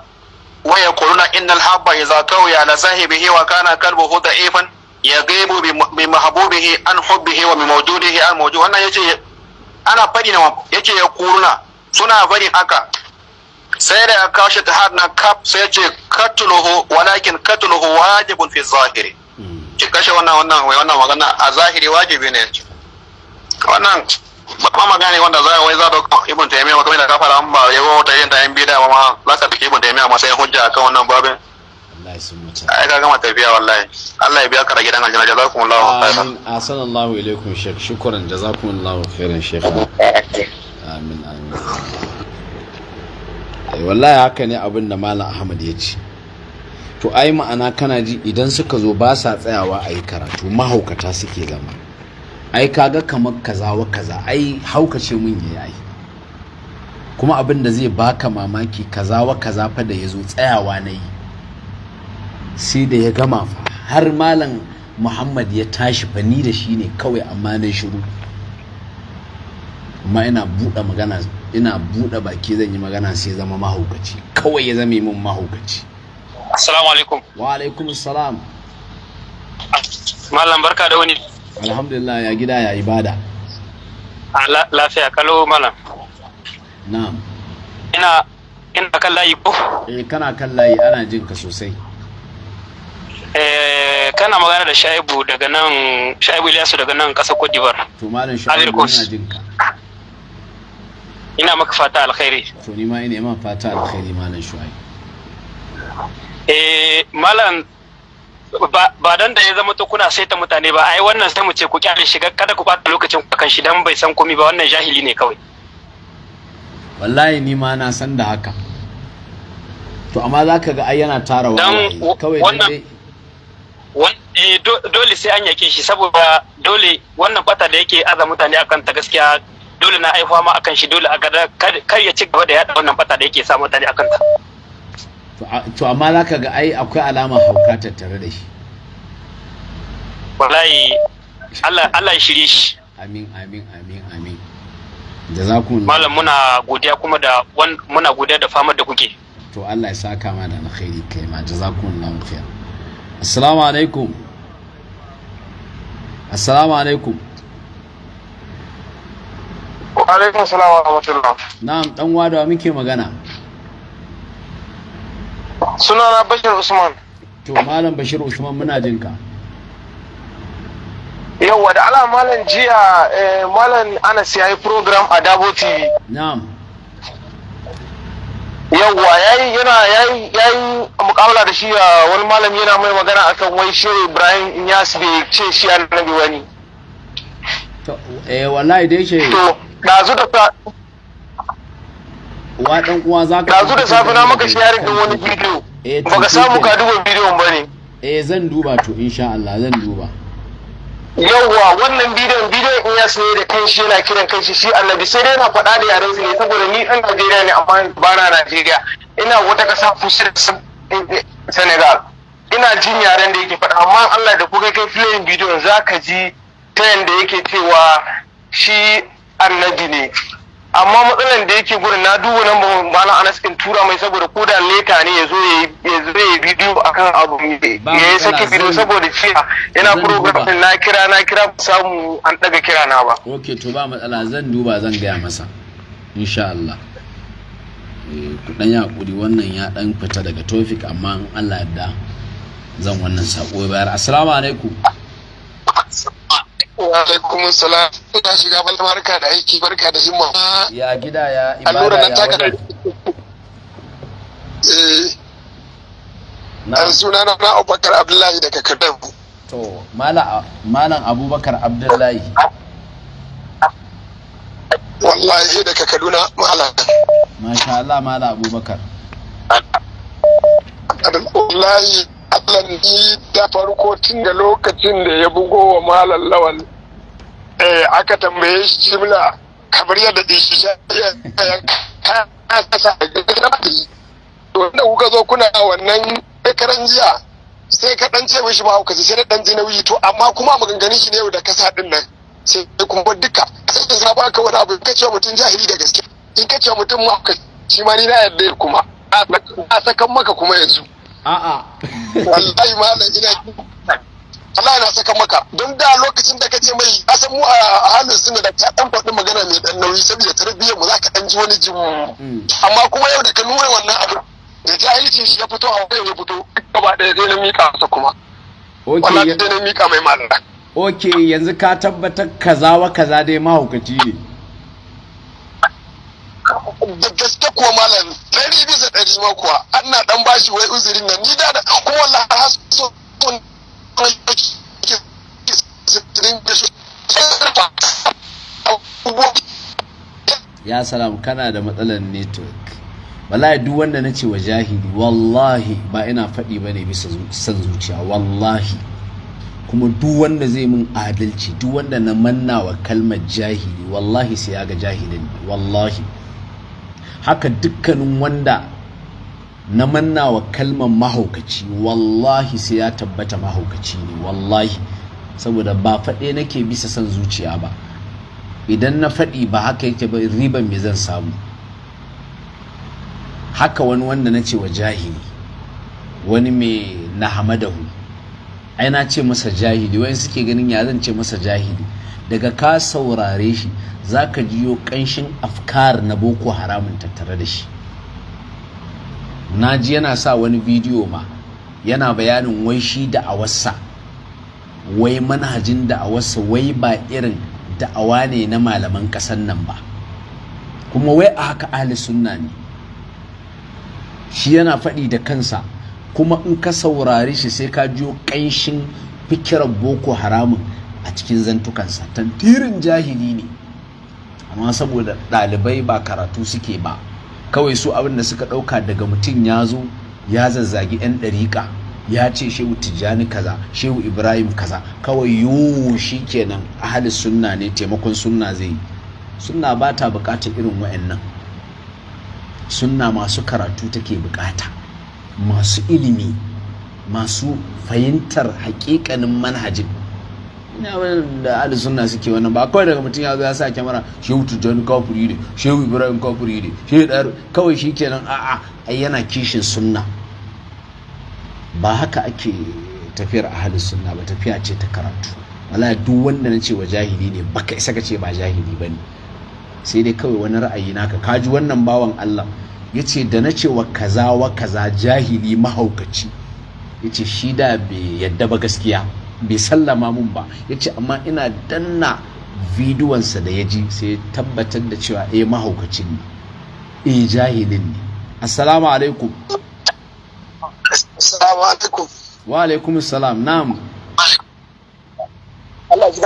ويقولون إن الحب إذا كوي على صاحبه وكان قلبه ضعيفا يغيب بمحبوبه عن حبه وبموجوده عن موجوده أنا يجي أنا فدينا يجي يقولون سنة فدي حقا سيرة أكاشة تحدنا كاب سيجي قتله ولكن قتله واجب في الظاهر كشة وانا وانا وانا وانا الظاهر واجب ينجي wannan babban magani wanda za wai za dauka ibn taimiyya ba kamar da kafa an ba yawa wata yin da yan da ba ma za ka dauki ibn taimiyya ma sai hujja kan wannan babin wallahi ai ka gama tafiya wallahi Allah ya biya ka da gidan aljanna jazakumullahu khairan asanallahu ah, ilaikum shek shukran jazakumullahu khairan shek amin amin eh, wallahi haka ne abin da malam ahmad ya ce to ai ma'ana kana ji idan suka zo ba sa tsayawa a yi karatu mahaukata suke zama ai kaga kamar kaza wa kaza ai haukace mun ya yi kuma abin da zai baka mamaki kaza wa kaza fa da yazo tsayawa yi, sai da ya gama fa har malam Muhammad ya tashi fa ni da shi ne kawai amma na shiru amma ina buɗe magana ina buɗe baki zan yi magana sai zama mahaukaci kawai ya zame min mahaukaci assalamu alaikum wa alaikum assalam malam barka da wani alhamdulillah ya gida ya ibada lafiya kalo malam na'am ina ina kan layi ko eh kana kan layi ana jin ka sosai eh kana magana da Shaibu daga nan Shaibu Ilyasu daga nan kasar Cote d'Ivoire to malam Shaibu ina jin ka ina maka fata alkhairi to ni ma ina ma fata alkhairi malam Shaibu eh malam ba dan da ya zama to kuna saita mutane ba ai wannan sai mu ce ku kyale shiga kada ku bata lokacin ku kan shi dan bai san komai ba wannan jahili ne kawai wallahi ni ma na san da haka to amma zaka ga ai yana tara wani kawai wannan eh, dole sai an yake shi saboda dole wannan bata da yake aza mutane akan ta gaskiya dole na aihuwa ma akan shi dole a gada kar ya ci gaba da yada wannan bata da yake sa mutane akan ta to amma za ka ga ai akwai alama hauka tattare da shi wallahi Allah Allah shirye shi amin amin amin amin da za ku malam muna godiya kuma da muna godiya da famar da kuke to Allah ya saka ma da alkhairi kai ma jazakumullahu khair assalamu alaikum assalamu alaikum wa alaikum assalamu wa rahmatullah na'am dan wadawa muke magana sunana bashir usman to malam bashir usman muna jin ka da ala malam jiya eh, malam anas ya yi program a dabo tv na'am ya yayi yana yayi yayi mukawala da shi a wani malam yana mai magana akan wai shi ibrahim inyas bai ce shi annabi wani eh wallahi dai shi to dazu da wa dan uwa za ka da safe maka sharing din wani bidiyo eh, ba ka samu ka duba bidiyon ba ne eh zan duba to insha Allah zan duba yawwa wannan bidiyon bidiyon in ya ne da shi yana kiran kan shi shi annabi sai dai yana faɗa da yaren ne saboda ni dan Najeriya ne amma ba na Najeriya ina wata kasa kusa da eh, eh, Senegal ina jin yaren da yake faɗa amma Allah da kuka kai filayin bidiyon za ka ji ta yanda yake cewa shi annabi ne amma matsalan da yake gurin na duba nan mana Anas in tura mai saboda ko da leta ne ya zo ya yi bidiyo akan abu ya yi saki bidiyo saboda cewa yana program na kira na kira samu an daga kira na ba ok to ba matsala zan duba zan gaya masa insha Allah eh, kudan ya kuri wannan ya dan fita daga tofik amma in Allah ya da zan wannan sako bayar assalamu alaikum wa alaikum salam ina shiga bala barka da aiki barka da himma ya gida ya ibada ya wannan eh na suna na Abubakar Abdullahi daga Kaduna to malam Abubakar Abdullahi wallahi daga Kaduna malam masha Allah malam Abubakar wallahi Allan da farko tun da lokacin da ya bugo wa malam lawal eh, aka tambaye shi jimla kamar yadda dishi ya kasa wanda kuka zo kuna wannan karan jiya sai ka dan ce shi ma ka sai dan ji nauyi to amma kuma maganganun shi ne yau da kasa din nan sai kuma duka sai ka zaba ka wani abu kace mutum jahili da gaske in ka kace mutum ma ka shi ma ni na yadda kuma a sakan maka kuma yanzu a'a wallahi malam ina Allah na saka maka don da lokacin da kace mai asan mu a halin suna da ta dan faɗi magana mai dan nauyi saboda tarbiyyar mu zaka dan ji wani jin mm. amma kuma yau da ka nuna wannan abu da jahilci shi ya fito a wajen ya fito gaba ɗaya zai na mika sa kuma wallahi zai na mika mai malam Ok, yanzu ka tabbatar kaza wa kaza dai mahaukaci ne. da gaske kuwa malam ɗari bisa ɗari ma kuwa ana ɗan bashi wai uzurin nan ni da kuma wallahi har so ya salam kana da matsalar network wallahi duk wanda na ce wa jahili wallahi ba ina faɗi ba ne bisa san zuciya wallahi kuma duk wanda zai min adalci duk wanda na manna wa kalmar jahili wallahi sai ya ga jahilin wallahi haka dukkanin wanda na manna wa kalmar mahaukaci wallahi sai ya tabbata mahaukaci ne wallahi saboda ba faɗe nake bisa son zuciya ba idan na faɗi ba haka yake ba riba me zan samu haka wani wanda na ce wa jahili wani mai na hamadahu ai na ce masa jahili wani suke ganin ya zan ce masa jahili daga ka saurare shi za ka jiyo ƙanshin afkar na boko haramun tattare da shi na ji yana sa wani bidiyo ma yana bayanin wai shi da awarsa wai manhajin da wai ba irin da'awa ne na malaman ƙasan nan ba kuma wai a haka ahli sunna ne shi yana faɗi da kansa kuma in ka saurare shi sai ka jiyo ƙanshin fikirar boko haramun a cikin zantukansa tantirin jahili ne amma saboda ɗalibai ba karatu suke ba kawai su abin da suka ɗauka daga mutum ya zo ya zazzagi 'yan ɗariƙa ya ce shehu tijjani kaza shehu ibrahim kaza kawai yiwu shi kenan ahali sunna ne taimakon sunna zai yi sunna ba ta bukatar irin wa'annan sunna masu karatu take bukata masu ilimi masu fahimtar haƙiƙanin manhajin Ina abin da ahli suna suke wannan ba kawai daga mutum ya zo ya sa kyamara shehu tijjani kafuri ne shehu ibrahim kafuri ne shehu ɗar kawai shi kenan a'a ai yana kishin sunna ba haka ake tafiyar halin sunna ba tafiya ce ta karatu wala duk wanda na ce wa jahili ne baka isa ka ce ba jahili ba ne sai dai kawai wani ra'ayi naka kaji wannan bawan allah ya ce da na ce wa kaza wa kaza jahili mahaukaci ya ce shi da bai yadda ba gaskiya bai sallama mun ba ya ce amma ina danna bidiyonsa da ya ji sai ya tabbatar da cewa eh mahaukacin ne eh jahilin ne assalamu alaikum assalamu alaikum wa alaikum salam na'am Allah ji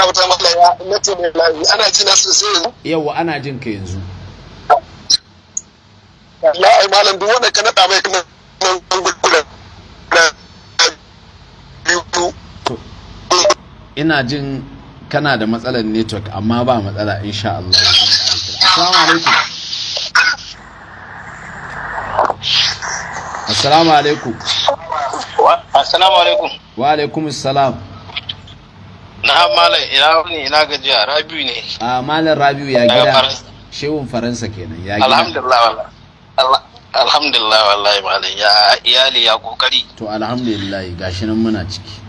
ana ji na sosai Yau yawa ana jin ka yanzu wallahi malam duk wanda ka nada mai kuma ina jin kana da matsalar network amma ba matsala insha Allah assalamu alaikum assalamu alaikum assalamu alaikum wa alaikum assalam na malam ina ne ina gajiya rabiu ne a malam rabiu ya gida shehun faransa kenan ya gida alhamdulillah alhamdulillah wallahi malam ya iyali ya kokari to alhamdulillah gashi nan muna ciki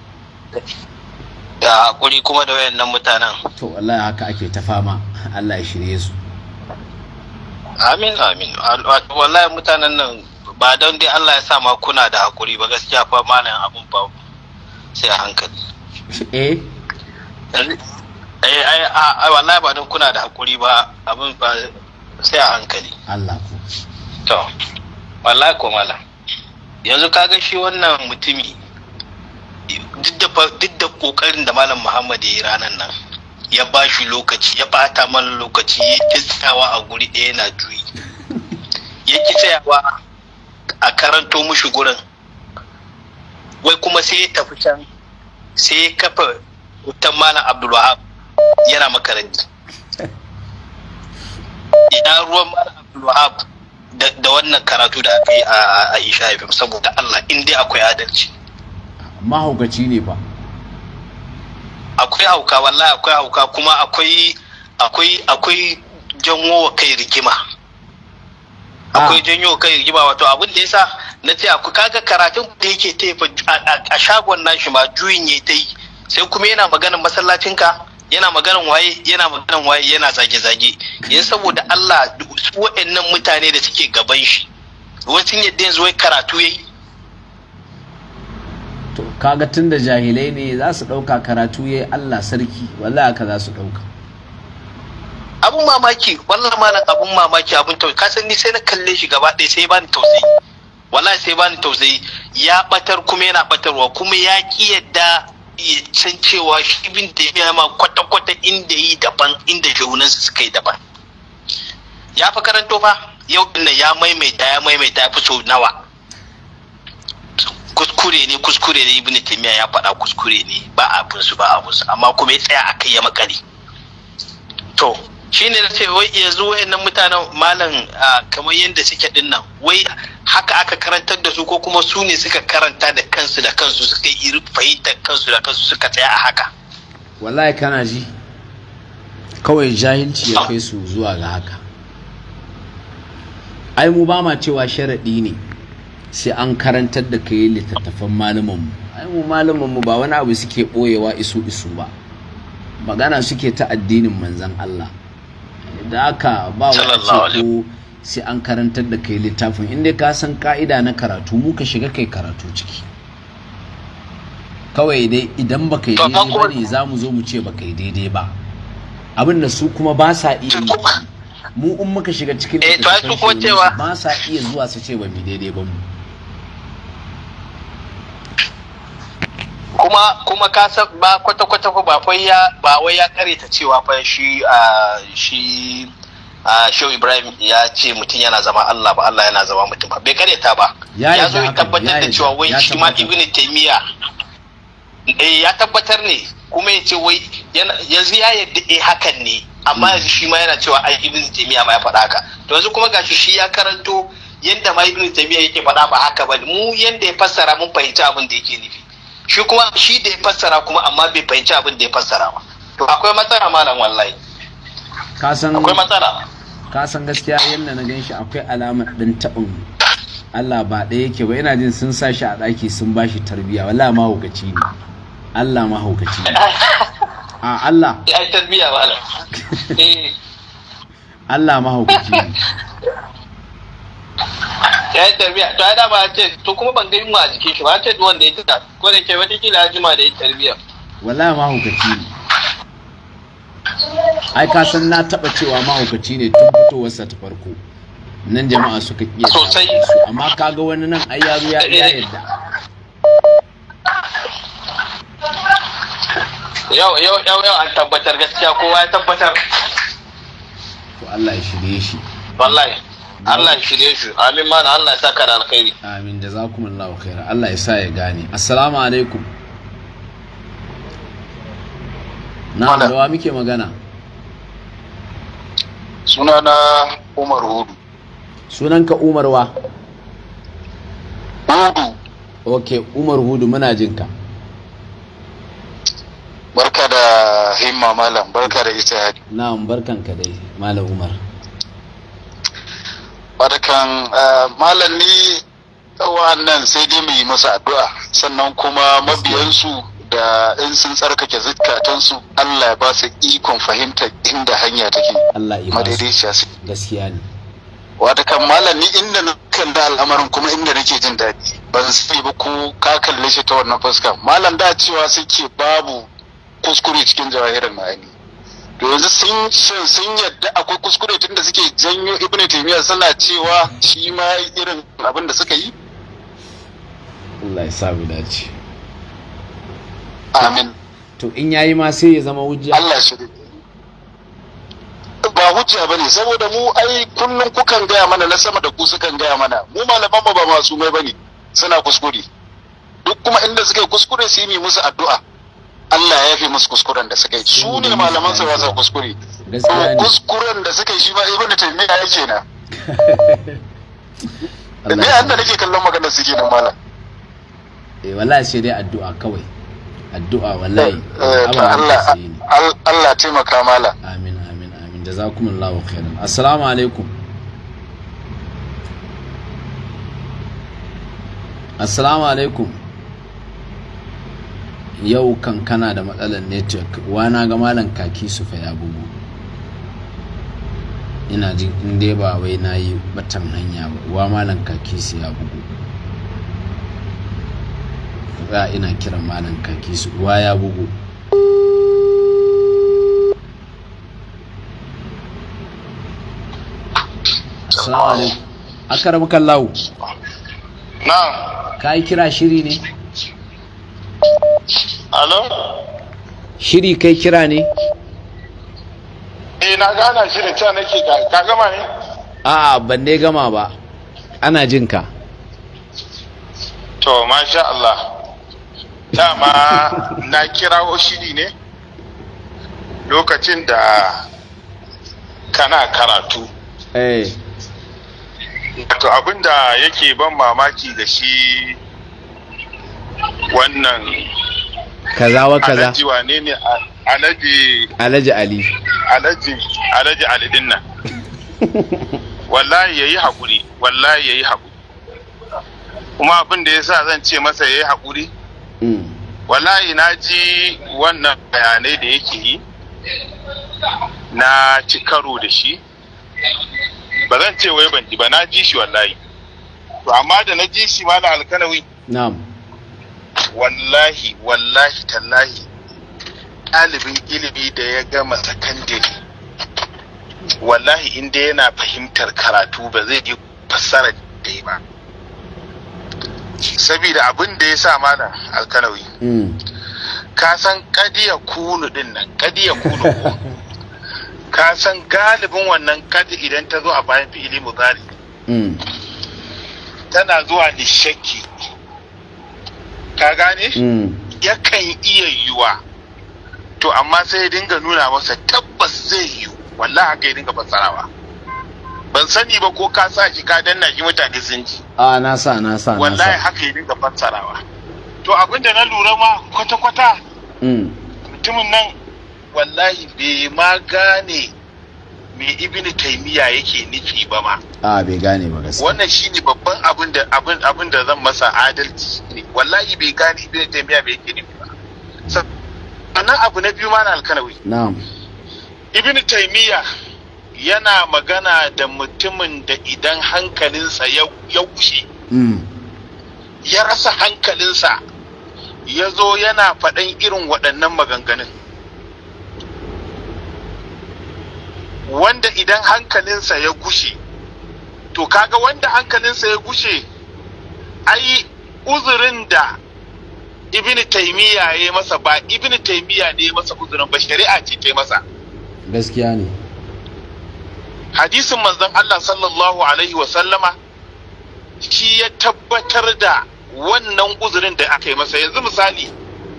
da hakuri kuma da wayannan mutanen to wallahi haka ake ta fama Allah ya shirye su amin amin wallahi mutanen nan ba don dai Allah ya sa ma kuna da hakuri ba gaskiya fa malam abun ba sai a hankali eh eh ai wallahi ba don kuna da hakuri ba abun ba sai a hankali Allah ku to wallahi ko malam yanzu kaga shi wannan mutumi duk da kokarin da malam muhammad ya yi ranar nan ya ba shi lokaci ya bata mana lokaci ya ki tsayawa a guri ɗaya na juyi ya ki tsayawa a karanto mushi gurin wai kuma sai ya tafi can sai ya kafa wutan malam abdulwahab yana makaranti ina ruwan malam abdulwahab da wannan karatu da aka yi a isha saboda allah in dai akwai adalci mahaukaci ne fa akwai hauka wallahi akwai hauka kuma akwai akwai akwai janwo wa kai rigima ah. akwai janyo kai rigima wato abin da yasa na ce akwai kaga karatun da yake ta a shagon nashi ma juyin ya ta yi sai kuma yana maganin masallacinka yana maganin waye yana maganin waye yana zage-zage yin saboda Allah waɗannan mutane da suke gaban shi wasu yadda yanzu wai karatu yayi to kaga da jahilai ne za su ɗauka karatu ya yi Allah sarki wallahi ka za su ɗauka abun mamaki wallah malam abun mamaki abun tausayi ka san ni sai na kalle shi gaba ɗaya sai bani tausayi wallahi sai bani tausayi ya batar kuma yana batarwa kuma ya ki yadda ya san cewa shi bin da ya ma kwata-kwata inda yi daban inda su suka yi daban ya fi karanto fa yau nan ya maimaita ya maimaita ya fi so nawa kuskure ne kuskure ne ibn taymiya ya faɗa kuskure ne ba abin su ba abin su amma kuma ya tsaya akai ya makare to shine na ce wai yanzu wayannan mutanen malam kamar yadda suke din nan wai haka aka karantar da su ko kuma su ne suka karanta da kansu da kansu suka yi fahimtar kansu da kansu suka tsaya a haka wallahi kana ji kawai jahilci ya ah. kai su zuwa ga haka ai mu ba ma cewa sharaɗi ne sai an karantar da kai littattafan malamanmu ai mu malamanmu ba wani abu suke ɓoyewa isu isu ba magana suke ta addinin manzan Allah da aka ba wani ko sai an karantar da kai littafin inda ka san ka'ida na karatu mu ka shiga kai karatu ciki kawai dai idan ba ka yi daidai ba ne za mu zo mu ce ba ka yi daidai ba abinda su kuma ba sa iya yi mu in muka shiga cikin eh, ba sa iya zuwa su ce ba mu daidai ba mu kuma kuma ka ba kwata kwata ba kwai ya ba wai ya kareta cewa fa shi a shi a Shehu Ibrahim ya ce mutum yana zama Allah ba Allah yana zama mutum ba bai ta ba ya zo ya tabbatar da cewa wai shi ma Ibn Taymiyyah eh ya tabbatar ne kuma ya ce wai yanzu ya yadda eh hakan ne amma hmm. yanzu shi ma yana cewa ai Ibn Taymiyyah ma ya faɗa haka to yanzu kuma gashi shi ya karanto yanda ma Ibn Taymiyyah yake faɗa ba haka ba mu yanda ya fassara mun fahimci abin da yake nufi shi kuma shi da ya fassara kuma amma bai fahimci abin da ya fassara ba to akwai matsala malam wallahi kasan akwai matsala san gaskiya yanda na gan shi akwai alamar din tabin Allah ba ɗaya yake ba ina jin sun sa shi a ɗaki sun ba shi tarbiyya wala ma hukaci ne Allah ma hukaci ne a Allah ya tarbiyya ba eh. Allah Allah ma hukaci ne ya yi tarbiya to ya da ba ce to kuma ban gani mu a jikin shi ba ce duk wanda ya tuna ko da ke wata kila jima da ya tarbiya wallahi ma hukaci ne ai ka san na taba cewa ma ne tun fitowarsa ta farko nan jama'a suka iya sosai amma ka ga wani nan ai ya ya yarda eh. yau yau yau yau an tabbatar gaskiya kowa ya tabbatar to Allah ya shirye shi wallahi Allah ya shirye shi amin mana Allah ya saka da alkhairi amin da za mallawa khaira Allah ya sa ya gane assalamu alaikum na da muke magana sunana Umar Hudu sunanka Umar wa Hudu ok Umar Hudu muna jinka barka da himma malam barka da ita na'am barkanka dai malam Umar wadakan eh, malam ni wa'annan sai dai mu yi masa addu'a sannan kuma mabiyansu da in sun tsarkake zukatansu Allah ya ba su ikon fahimta inda hanya take ba su gaskiya ne Wadakan malami inda na kan da al'amarin kuma inda nake jin daɗi ban sai ba ku ka kalle shi ta wannan fuska malam da cewa suke babu kuskure cikin jawahirin ma'ani to yanzu sun shin sun yadda akwai kuskure tun da suke janyo ibnu taymiya suna cewa shi ma irin abin da suka yi Allah ya sa mu dace amin to in yayi ma sai ya zama hujja Allah shi ba hujja bane saboda mu ai kullun kukan gaya mana na sama da ku sukan gaya mana mu malaman ba masu mai bane suna kuskure duk kuma inda suke kuskure su yi musu addu'a Allah ya fi musu kuskuren da suka yi su ne malaman su wasa kuskure kuskuren da suka yi shi ma ibnu taymiya ya ce na ne an da nake kallon maganar su kenan mala eh wallahi sai dai addu'a kawai addu'a wallahi eh, eh, Allah Allah taimaka mala amin amin amin jazakumullahu khairan assalamu alaikum assalamu alaikum yau kan kana da matsalar network wana ga malam kaki su fa ya bugu ina jin in dai ba wai na yi batan hanya ba wa malam kaki su ya bugu za ina kiran malam kaki su wa ya bugu Assalamu alaikum. Akaramu kallahu. Na. Ka yi kira shiri ne? Alo? Shiri kai kira ne? Eh na gana shi da can nake ka ka gama ne? A'a ban dai gama ba. Ana jin ka. To masha Allah. Dama na kirawo shiri ne lokacin da kana karatu. Eh. To abinda yake ban mamaki da shi wannan kaza wa kaza alhaji wa ne alaji alhaji ali alhaji alaji ali dinna wallahi yayi hakuri wallahi yayi hakuri kuma abin da yasa zan ce masa yayi hakuri mm. wallahi na ji wannan bayanai da yake yi na ci karo da shi ba zan ce wai ban ji ba na ji shi wallahi to amma da na ji shi malam alkanawi na'am wallahi wallahi tallahi ɗalibin ilimi da ya gama sakandare wallahi inda yana fahimtar karatu ba zai yi fassara da ba saboda abin da ya sa mana alkanawi hmm. ka san kadiya kunu din nan kadiya kunu ka san galibin wannan kadi idan ta zo a bayan fi'ili gari. Hmm. tana zuwa shakki ka gane mm. yakan iya yiwa to amma sai ya dinga nuna masa tabbas zai yi wallahi haka ya dinga fassarawa ban sani ba ko ka sa shi ka danna shi mutane sun ji a na sa na sa wallahi haka ya dinga fassarawa to abin da na lura ma kwata kwata mm. mutumin nan wallahi bai ma gane me ibn taymiya yake nufi ba ma a bai gane ba gaskiya wannan shine babban abin da abin abin da zan masa adalci ne wallahi bai gane ibn taymiya bai yake nufi ba sannan abu na biyu ma na alkanawi na'am ibn taymiya yana magana da mutumin da idan hankalinsa ya wuce hmm. ya rasa hankalinsa ya zo yana faɗan irin waɗannan maganganun wanda idan hankalinsa ya gushe to kaga wanda hankalinsa ya gushe ai uzurin da ibn taimiyya ya masa ba ibn taimiyya ne ya masa uzurin ba shari'a ce ta masa gaskiya ne hadisin manzon Allah sallallahu alaihi wa sallama shi ya tabbatar da wannan uzurin da aka yi masa yanzu misali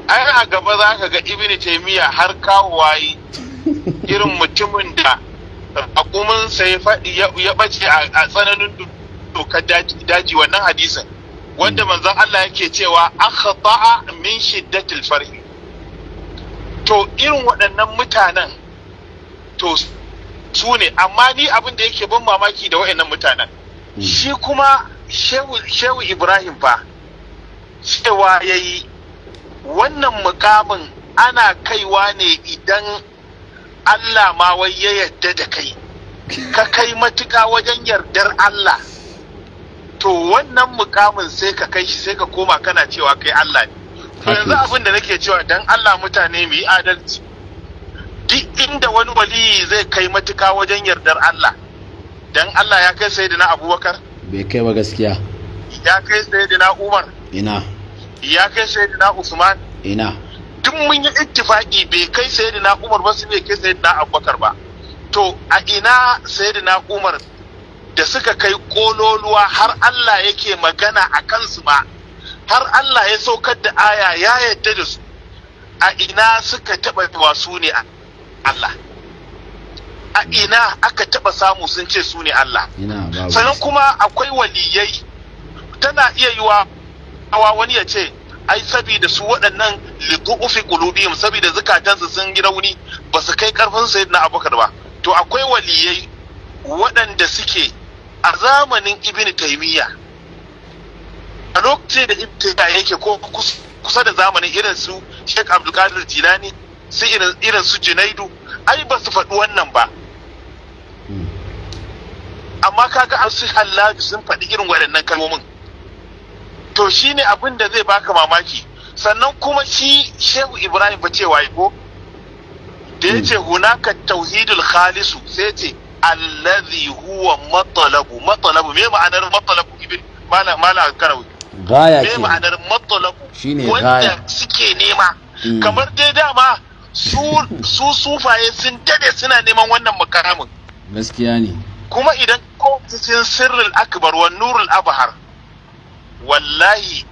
ai a gaba za ka ga ibn taimiyya har kawo wayi irin mutumin da akuminsa ya faɗi ya ɓace a tsananin dokar daji wannan hadisin wanda hmm. manzon Allah yake cewa an a min shiddatil farhi to irin waɗannan mutanen to su ne amma ni abin da yake ban mamaki da waɗannan mutanen hmm. shi kuma shehu ibrahim fa cewa ya yi wannan mukamin ana kaiwa ne idan Allah ma wai ya yarda da kai ka kai matuka wajen yardar Allah to wannan mukamin sai ka kai shi sai ka koma kana cewa kai Allah ne to yanzu abin da nake cewa dan Allah mutane mu yi adalci duk inda wani wali zai kai matuka wajen yardar Allah dan Allah ya kai sayyidina Abubakar bai kai ba gaskiya ya kai sayyidina Umar ina ya kai sayyidina Usman ina duk mun yi ittifaki bai kai sayyidina Umar ba su ne kai sayyidina Abubakar ba to a ina sayyidina Umar da suka kai kololuwa har Allah yake magana a kansu ma har Allah ya saukar da aya ya yadda da su a ina suka taɓa wasu ne Allah a ina aka taba samu sun ce su ne Allah sannan kuma akwai waliyai tana iya yiwa wani ya ce ai saboda su waɗannan ufi qulubihim saboda zukatansu sun yi rauni ba su kai karfin sayyidina abubakar ba to akwai waliyai waɗanda suke a zamanin ibn taimiyya a lokacin da ibn taimiyya yake ko kusa da zamanin irin su sheik abdulkadir jilani su irin su junaidu ai ba su faɗi wannan ba hmm. amma kaga an su hallabi sun faɗi irin waɗannan kalmomin to shi ne abin da zai baka mamaki sannan kuma shi shehu ibrahim ba cewa ko da ya ce hunaka tauhidul khalisu sai ce allazi huwa matsalabu matsalabu me ma'anar matsalabu ibn mala mala karawi gaya ce me ma'anar matsalabu shine gaya wanda suke nema hmm. kamar dai dama su su sufaye sun dade suna neman wannan makaramin gaskiya ne kuma idan ko cikin sirrul akbar wa nurul abhar wallahi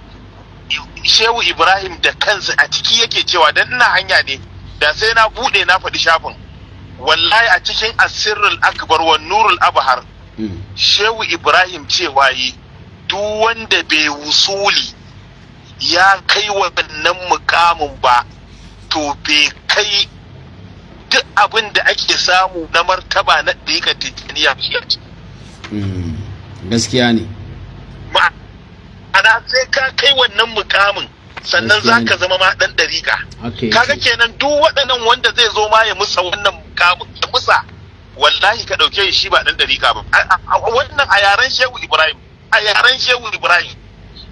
shehu ibrahim da kansa a ciki yake cewa dan ina hanya ne da sai na bude na faɗi shafin wallahi a cikin asirin akbar wa nurul abhar hmm. shehu ibrahim cewa yi duk wanda bai wusuli ya kai wa wannan mukamin ba to bai kai duk abin da ake samu na martaba na ɗiƙa tijjaniya hmm. gaskiya ne ana sai ka kai wannan mukamin sannan za ka zama ma ɗan ɗariƙa kaga kenan duk waɗannan wanda zai zo ma ya musa wannan mukamin ya musa wallahi ka ɗauke shi ba ɗan ɗariƙa ba wannan a yaren shehu ibrahim a yaren shehu ibrahim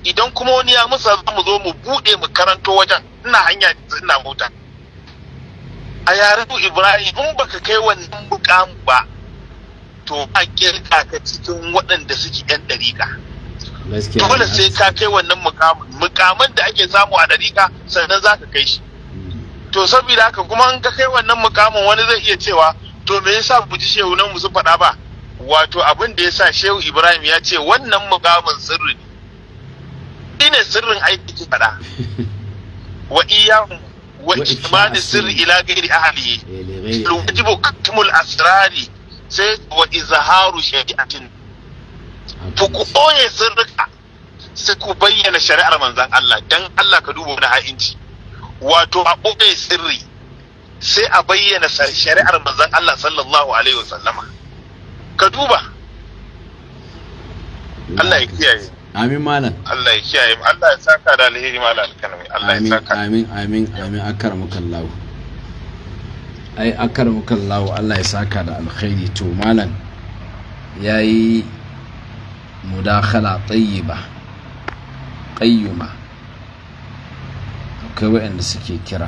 idan kuma wani ya musa za mu zo mu buɗe mu karanto wajen ina hanya ina mota a yaren ibrahim in baka kai wannan mukamin ba to a kirka ka cikin waɗanda suke ɗan ɗariƙa dole sai ka kai wannan mukamin da ake samu a dariƙa sannan za ka kai shi mm. to saboda haka kuma in ka kai wannan mukamin wani zai iya cewa to me yasa ku ji shehu nan musu faɗa ba wato abin da yasa shehu ibrahim ya ce wannan mukamin sirri ne ne sirrin aiki faɗa wa iyamu wa ikmani sirri ila gairi ahlihi eh, wajibu katmul asrari sai wa izharu shay'atin to ku sun rika sai ku bayyana shari'ar manzan Allah dan Allah ka duba na ha'inci wato a ɓoye sirri sai a bayyana shari'ar manzan Allah sallallahu alaihi wasallama ka duba Allah ya kiyaye amin malam Allah ya kiyaye Allah ya saka da alheri malam alkanami Allah ya saka amin amin amin akarmakallahu ai akarmakallahu Allah ya saka da alkhairi to malam yayi mudakhala tayyiba qayyuma akwai waɗanda suke kira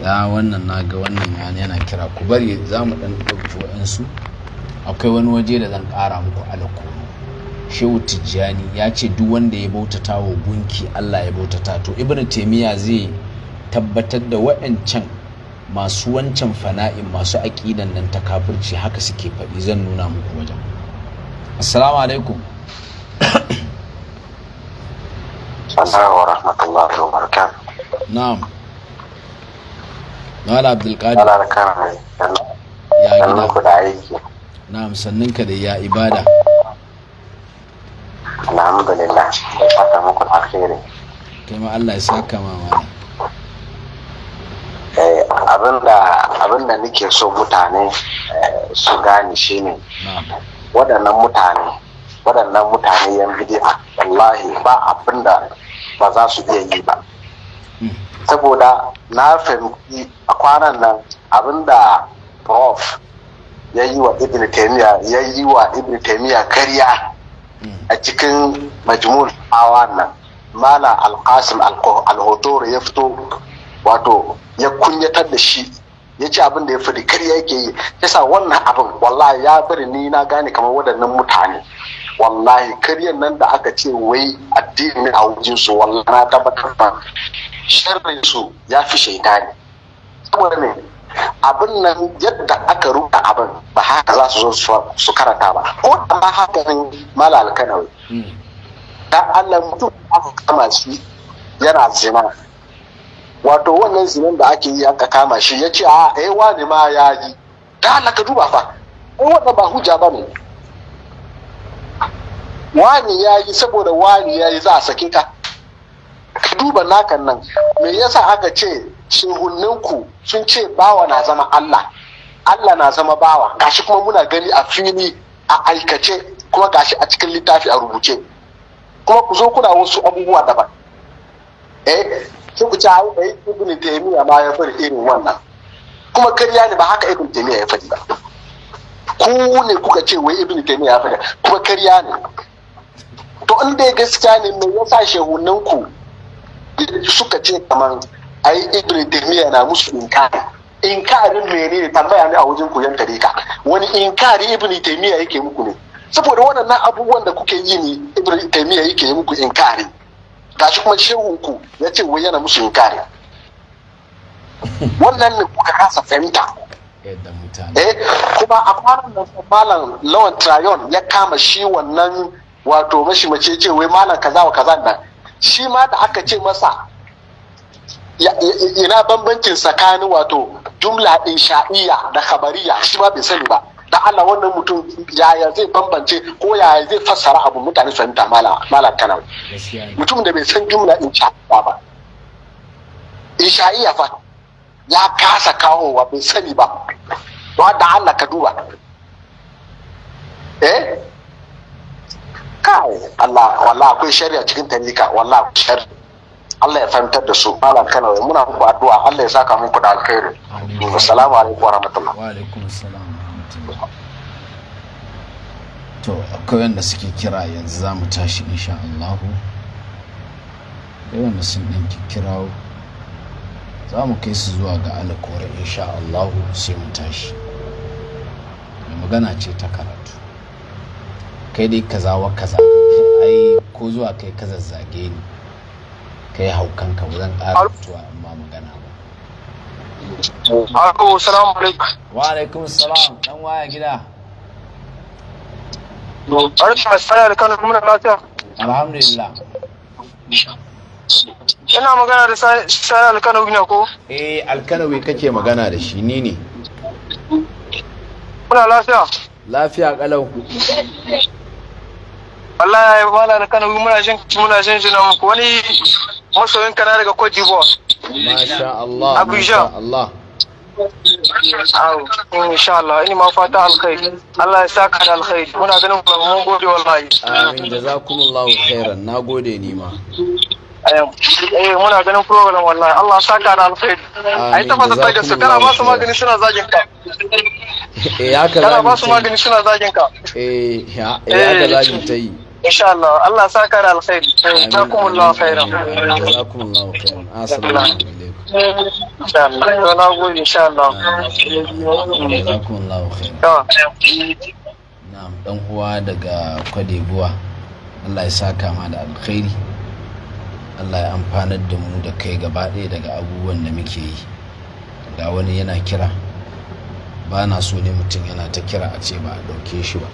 za wannan na ga wannan yana yana kira ku bari za mu ɗan ɗauki waɗansu akwai wani waje da zan ƙara muku alakuru shehu tijjani ya ce duk wanda ya bautata wa gunki allah ya bautata to ibn taimiyya zai tabbatar da waɗancan masu wancan fana'in masu aƙidan nan ta kafirci haka suke faɗi zan nuna muku wajen assalamu alaikum assalamu wa rahmatullahi wa barakatuh na'am Mala Abdulkadir. Mala Alkarai. Ya gida. da aiki. Na'am sannin ka da ya ibada. Alhamdulillah. Ya saka muku alkhairi. Kai ma Allah ya saka ma mana. Eh, abin da nake so mutane eh, su gane ne, waɗannan mutane waɗannan mutane yan bidi'a wallahi ba abin da ba za su iya yi ba hmm. saboda na fahimci a kwanan nan abin da prof ya yi wa ibn ya yi wa ibn kariya karya hmm. a cikin majmul hawa nan mala alkasim al ya fito wato ya kunyatar da shi ya ci abin da ya fi karya yake yi yasa wannan abin wallahi ya bari ni na gane kamar waɗannan mutane wallahi karyan nan da aka ce wai addini a wajen su wallahi na tabbatar da su ya fi shaitani saboda ne abin nan yadda aka ruka abin ba haka za su zo su karanta ba ko da ma haka ne malal kanawai hmm. da Allah mutum su kama shi yana zina wato wannan zinan da ake yi an ka kama shi ya ce a eh wani ma ya yi da ka duba fa Ko wannan ba hujja ba ne wani ya yi saboda wani ya yi za a sake ka ka duba nakan nan me yasa aka ce shehunninku sun ce bawa na zama Allah Allah na zama bawa gashi kuma muna gani a fili a aikace kuma gashi a cikin littafi a rubuce kuma ku zo kuna wasu abubuwa daban eh Ku hau da ibn taimiyya ma ya fari irin wannan kuma karya ne ba haka ibn taimiyya ya fari ba ku ne kuka ce wai ibn taimiyya ya fari kuma karya ne to in dai gaskiya ne mai yasa shehunan ku suka ce kamar ai ibn taimiyya na musu inkari inkarin menene tambaya ne a wajen ku yan tarika wani inkari ibn taimiyya yake muku ne saboda waɗannan abubuwan da kuke yi ne ibn taimiyya yake muku inkari gashi kuma shehun ku ya ce wai yana musu inkari wannan ne kuka kasa fahimta eh kuma a kwanan nan malam lawan trayon ya kama shi wannan wato mashi mace ce wai malam kaza wa kaza nan shi ma da aka ce masa ina bambancin tsakanin wato jumla insha'iyya da khabariya shi ma bai sani ba da Allah wannan mutum yaya zai bambance ko yaya zai fassara abu mutane su fahimta malam kanawi mutum da bai san jumla in ba isha'iya fa ya kasa kawowa bai sani ba don da Allah ka duba eh kai Allah wallahi akwai shari'a cikin tarika wallahi akwai shari'a Allah ya fahimtar da su malam kanawa muna muku addu'a Allah ya saka muku da alkhairi assalamu alaikum wa rahmatullah wa alaikum assalam to akwai wanda suke kira yanzu za mu tashi insha Allahu wanda sun ɗan kira za mu kai su zuwa ga alkore insha Allahu sai mu tashi mai magana ce ta karatu kai dai kaza wa kaza ai ko zuwa kai ka zazzage ni kai haukanka ba zan ƙara mutuwa Alo, salam alaikum. Wa alaikum salam, dan waya gida. Barka da sana da kuma lafiya. Alhamdulillah. Ina magana da sana alkanawi gina ko? Eh, alkanawi kake magana da shi ni ne. Muna lafiya. Lafiya kalau. Allah ya yi wala da kanawi muna jin muna jin jinan wani masoyin kana daga Cote d'Ivoire. Masha Allah, Masha Allah. insha Allah ina ma fata alkhairi Allah ya saka da alkhairi muna ganin mun gode wallahi amin jazakumullahu khairan gode ni ma eh muna ganin program wallahi Allah ya saka da alkhairi ai ta fata da su kana ba su magani suna zagin ka eh haka kana ba su magani suna zagin ka eh haka zagin ta yi Allah sa ka da alkhairi eh, na'am dan uwa daga Kwadebuwa Allah ya saka ma da alkhairi Allah ya amfanar da mu da kai gaba ɗaya daga abubuwan da muke yi ga wani yana kira ba na so ne mutum yana ta kira a ce ba a ɗauke shi ba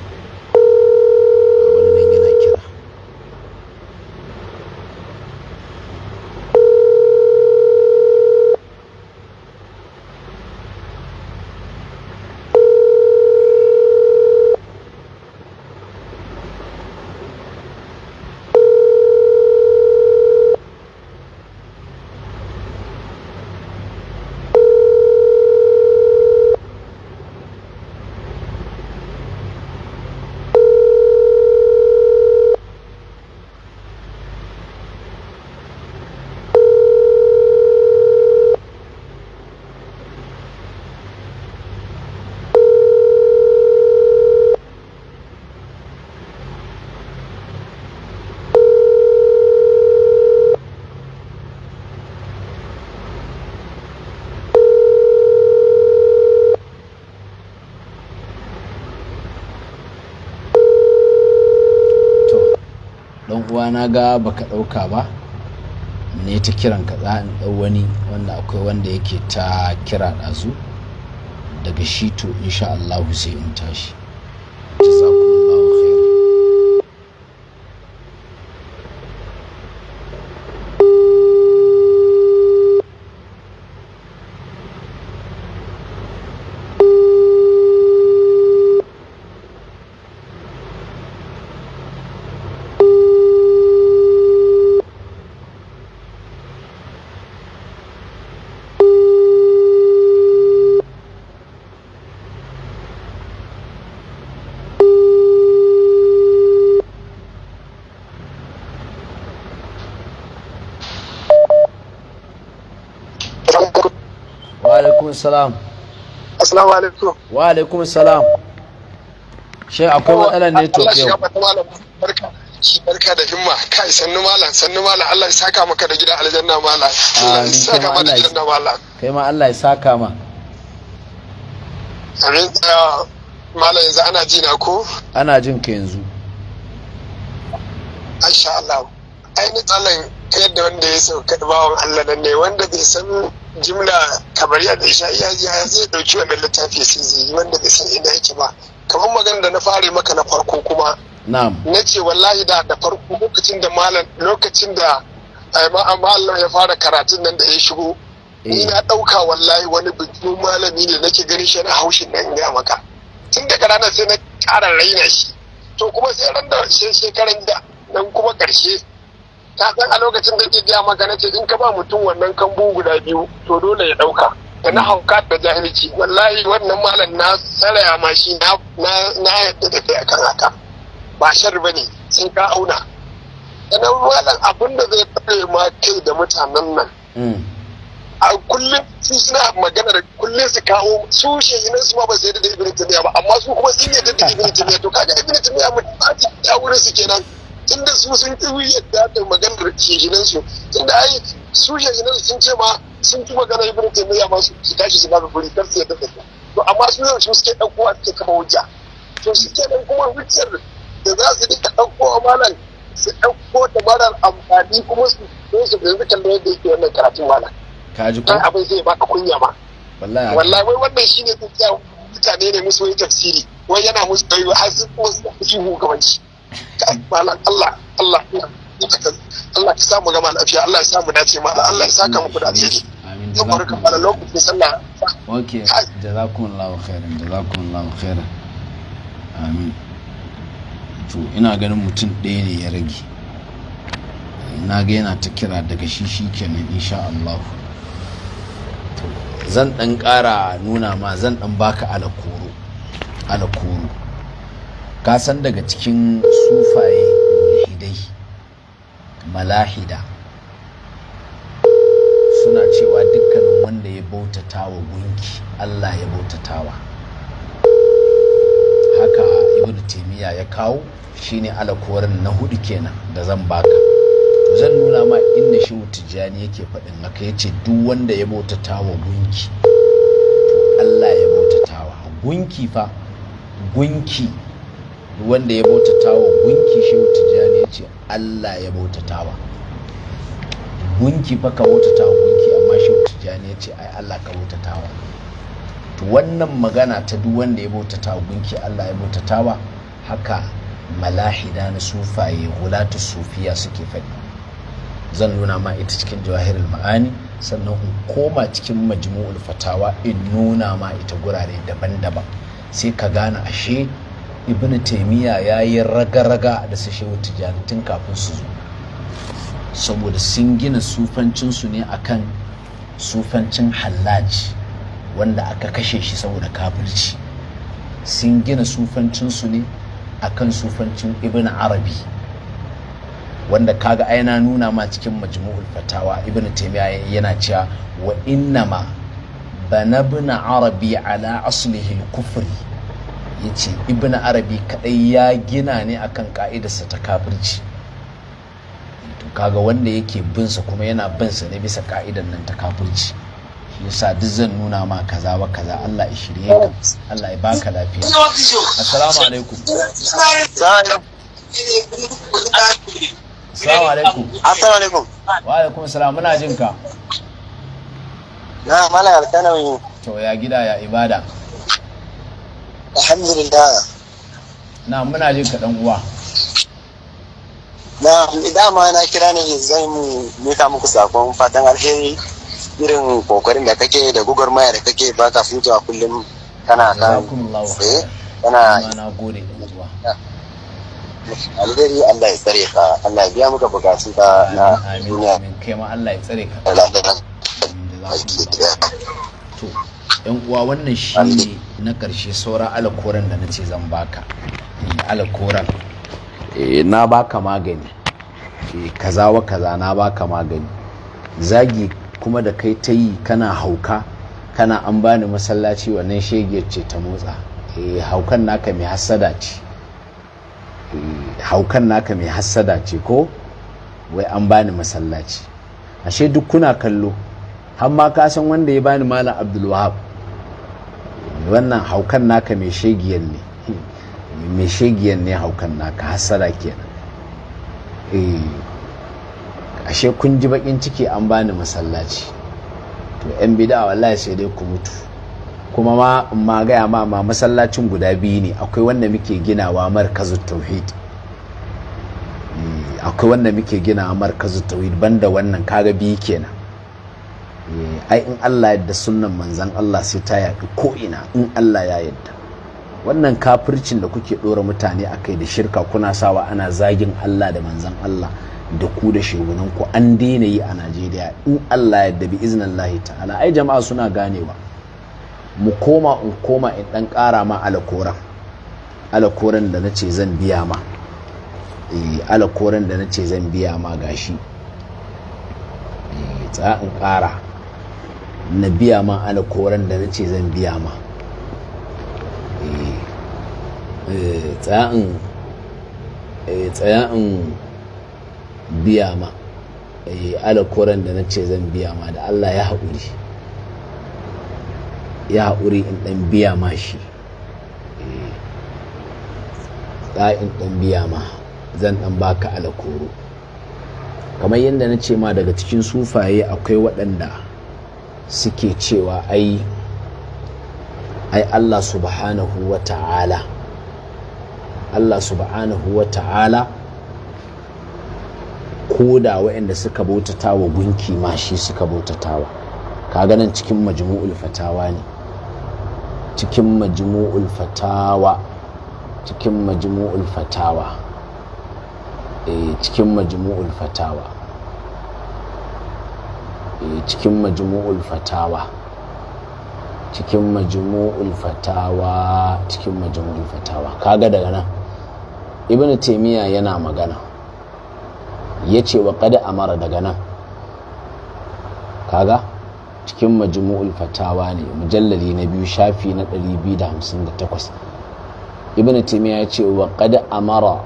na ga baka ɗauka ba ne ta kiran ka za in ɗau wani wanda akwai wanda yake ta kira ɗazu daga shi to insha Allahu sai in tashi salam assalamu alaikum wa alaikum salam shi akwai matsalar network yau barka da himma kai sannu sannu Allah da gidan aljanna ya saka maka da kai ma Allah ah, yanzu ana ko ana jin ka yanzu Allah yadda wanda ya sauka bai san jimla kamar yadda isha iya ya zai dauki wannan littafi sai zai yi wanda bai san inda yake ba kamar magana da na fare maka na farko kuma na ce wallahi da da farko lokacin da malam lokacin da eh, ah, malam ya fara karatun nan da ya shigo ni eh. na dauka wallahi wani bikin malami ne nake gani shi na haushin nan ya maka tun daga ranar sai na ƙara raina shi to kuma sai ran da shekaran da nan kuma karshe ka san a lokacin da ke gaya maka nace in ka ba mutum wannan kambu guda biyu to dole ya dauka da na hauka da jahilci wallahi wannan malam na saraya ma shi na na yadda da kai akan haka ba shar bane sun ka auna sanan malam abin da zai tare ma kai da mutanen nan mm. a kullum su suna maganar kullum su kawo su shehinan su ma ba sai da ibn tumiya ba amma su kuma sun yadda da ibn tumiya to kaga ibn tumiya mutum ba ta wurin su kenan tunda su sun tafi yadda da maganar shekinan su tunda ai su shekinan su sun ce ma sun ci magana ibn taymiya ma su tashi su ba da guri kar su yadda da to amma su yau su suke ɗauko a cikin kama hujja to su ke nan kuma hujjar da za su dika ɗauko a malam su ɗauko da marar amfani kuma su don su da zikan da yadda yake wannan karatun malam ka ji ko abin zai baka kunya ma wallahi wallahi wai wannan shine tsakiya mutane ne musu wani tafsiri wai yana musu ɗayo har su kuma su ihu hukumanci malam Allah Allah Allah ka samu gama lafiya Allah ya samu dace malam Allah ya saka muku da alheri amin jazakum malam lokacin sallah okay jazakumullahu khairan jazakumullahu khairan amin to ina ganin mutum ɗaya ne ya rage na ga yana ta kira daga shi shi kenan insha Allah zan ɗan ƙara nuna ma zan ɗan baka alakoro alakoro ka san daga cikin sufaye mulhidai malahida suna cewa dukkanin wanda ya bautata wa gunki allah ya bautatawa haka ibnu taimiyya ya kawo shine alakorin na hudu kenan da zan baka zan nuna ma inda shehu tijjani yake faɗin haka ya ce duk wanda ya bautata wa gunki allah ya bautatawa gunki fa gunki wanda ya bautata wa gunki shehu tijjani ya ce Allah ya bautata wa gunki fa ka bautata wa gunki amma shehu tijjani ya ce ai Allah ka bautata wa to wannan magana ta duk wanda ya bautata wa gunki Allah ya bautata wa haka malahida na sufaye gulatu sufiya suke faɗi zan nuna ma ita cikin jawahirul ma'ani sannan in koma cikin majmu'ul fatawa in nuna ma ita gurare daban-daban sai ka gane ashe ibn taimiyya ya yi raga-raga da su shehu tijjani kafin su zo saboda sun gina sufancinsu ne akan sufancin hallaji wanda aka kashe shi saboda kafirci sun gina sufancinsu ne akan sufancin ibn arabi wanda kaga aina nuna ma cikin majmu'ul fatawa ibn taimiyya yana cewa wa innama banabna arabi ala aslihi kufuri ya ce ibn arabi kadai ya gina ne akan ka'idarsa ta kafirci to kaga wanda yake binsa kuma yana binsa ne bisa ka'idar nan ta kafirci shi yasa duk zan nuna ma kaza wa kaza Allah ya shirye ka Allah ya baka lafiya assalamu alaikum assalamu alaikum assalamu alaikum wa alaikum assalam muna jin ka na mala alkanawi to ya gida ya ibada alhamdulillah na muna jin kaɗan uwa na dama na kira ne zai mu mika muku sakon fatan alheri irin kokarin da kake da maya da kake ba ka a kullum kana kan tsaye kana alheri Allah ya tsare ka Allah ya biya muka bukatu ka na duniya amin kai ma Allah ya tsare ka to yan uwa wannan shine na ƙarshe saura alakoran da na ce zan baka eh, alakoran eh, na baka magani eh, kaza wa kaza na baka magani zagi kuma da kai ta yi kana hauka kana an bani masallaci wannan shegiyar ce ta motsa haukan naka mai haukan naka mai hassada ce ko wai an bani masallaci ashe duk kuna kallo hamma ka san wanda ya bani malam abdulwahab wannan haukan naka mai shegiyan ne mai shegiyan ne haukan naka hasara kenan eh, ashe kun ji bakin ciki an bani masallaci to yan bida wallahi sai dai ku mutu kuma ma ma gaya ma ma masallacin guda biyu ne akwai wanda muke ginawa markazu tauhid eh, akwai wanda muke ginawa markazu tauhid banda wannan kaga biyu kenan Eh, ai in Allah yadda sunnan manzan Allah sai ta yaɗu ko'ina in Allah ya yadda wannan kafircin da kuke ɗora mutane a kai da shirka kuna sawa ana zagin Allah da manzan Allah da ku da ku an daina yi a Najeriya in Allah yadda bi iznin lahi ta'ala ai jama'a suna ganewa mu koma in koma in ɗan ƙara ma alakoran alakoran da na ce zan biya ma eh, alakoran da na ce zan biya ma gashi za eh, in ƙara na biya ma koran da na ce zan biya ma eh, eh, eh, in biya ma koran da na ce zan biya ma da allah ya haƙuri ya haƙuri in ɗan biya ma shi in ɗan biya ma zan ɗan baka alkoro kamar yadda na ce ma daga cikin sufaye akwai waɗanda suke cewa ai ai Allah subhanahu wa ta'ala Allah subhanahu wa ta'ala ko da waɗanda suka bautata wa gunki ma shi suka bautatawa Ka ganin cikin majmu'ul fatawa ne cikin majmu'ul fatawa cikin majmu'ul fatawa eh cikin majmu'ul fatawa Eh, cikin majmu'ul fatawa cikin majmu'ul fatawa cikin majmu'ul fatawa kaga daga nan ibnu taymiya yana magana yace wa qad amara daga nan kaga cikin majmu'ul fatawa ne mujallali na biyu shafi na 258 ibnu taymiya yace wa qad amara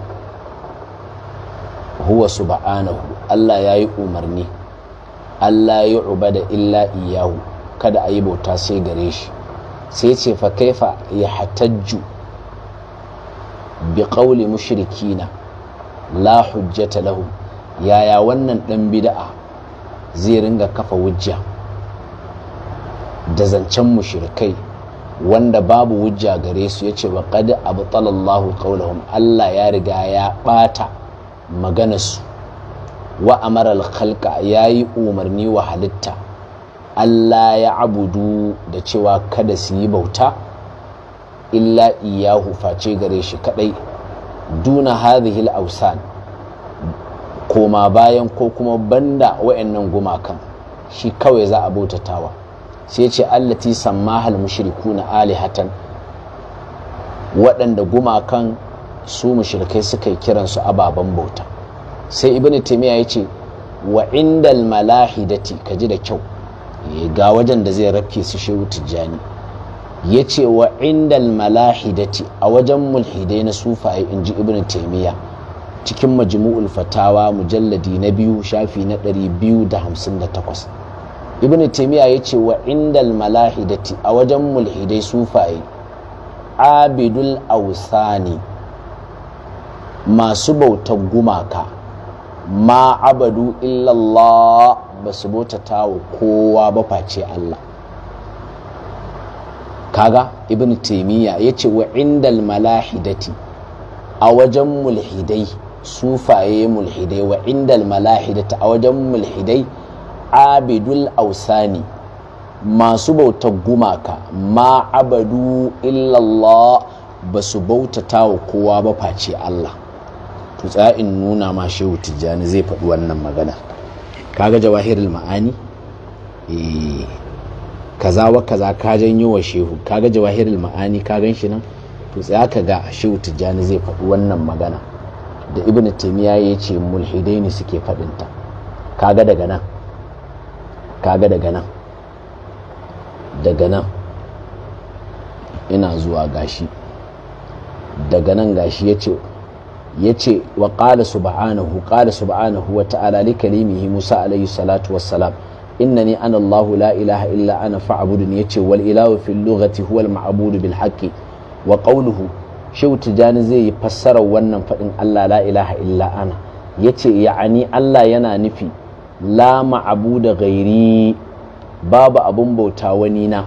huwa subhanahu Allah yayi umarni Allah ya da illa iyahu kada a yi bauta sai gare shi sai ce fa kaifa ya hatajju bi qawli mushrikina la hujjata lahum yaya wannan dan bid'a zai ringa kafa wujja da zancen mushrikai wanda babu wujja gare su yace wa qad abtala Allahu qawlahum Allah ya riga ya bata maganarsu wa amara alkhalqa yayi umarni wa halitta Allah ya abudu da cewa kada su yi bauta illa iyahu face gare shi kadai duna hadhihi al-awsan koma bayan ko kuma banda wayannan gumakan shi kawai za a bautatawa sai ce allati sammahal mushrikuna alihatan waɗanda gumakan su mushrikai suka yi kiransu ababen bauta sai ibn taimiyya ya ce wa indal malahidati ka ji da kyau eh, ga wajen da zai rafke su shehu tijjani ya ce wa indal malahidati a wajen mulhidai na sufaye in ji ibn taimiyya cikin majmu'ul fatawa mujalladi na biyu shafi na 258 ibn taimiyya ya ce wa indal malahidati a wajen mulhidai sufaye abidul ausani masu bautar gumaka ma abadu illallah ba su bautata wa kowa ba face Allah kaga ibn taimiyya ya ce wa indal malahidati a wajen mulhidai sufaye mulhidai wa indal malahidati a wajen mulhidai abidul ausani masu bautar gumaka ma abadu illallah ba su bautata wa kowa ba face Allah to in nuna ma shehu tijjani zai faɗi wannan magana kaga jawahirul ma'ani eh, kaza wa kaza ka janyo wa shehu kaga jawahirul ma'ani ka gan shi nan to ya ka ga shehu tijjani zai faɗi wannan magana da ibn taymiya ya ce mulhidai ne suke faɗinta kaga daga nan kaga daga nan daga nan ina zuwa gashi daga nan gashi ya ce yace wa qala subhanahu qala subhanahu wa ta'ala li kalimihi Musa alayhi salatu wassalam ni ana Allah la ilaha illa ana fa'budun yace wal ilahu fil lughati huwa al ma'budu bil haqqi wa qawluhu shehu tijani zai yi fassarar wannan fadin Allah la ilaha illa ana yace ya'ani Allah yana nufi la ma'budu ghairi babu abun bauta wani na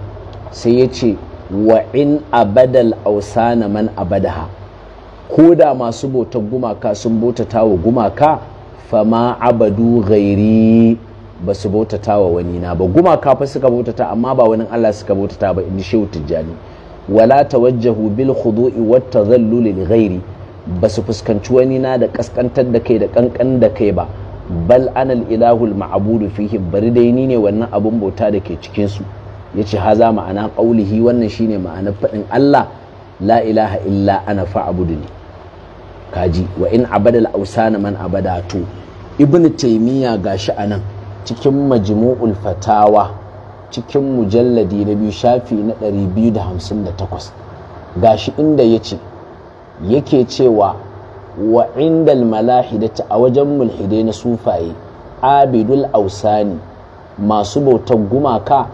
sai yace wa in abadal ausana man abadaha ko da masu bautar gumaka sun bautata wa gumaka fama abadu gairi ba su bautata wa wani na ba gumaka fa suka bautata amma ba wani Allah suka bautata ba inda shehu tijjani wala tawajjahu bil khudu'i wat tadhallul li ghairi ba su fuskanci wani na da kaskantar da kai da kankan da kai ba bal anal ilahul ma'budu fihi bari dai ni ne wannan abun bauta da ke cikin su yace haza ma'ana qaulihi wannan shine ma'anar fadin Allah la ilaha illa ana fa'buduni kaji wa in abadal ausana man abada to ibn taymiya gashi anan cikin majmu'ul fatawa cikin mujalladi na biyu shafi na 258 gashi inda yace yake cewa wa indal malahidati a wajen mulhidai na sufaye abidul ausani masu bautar gumaka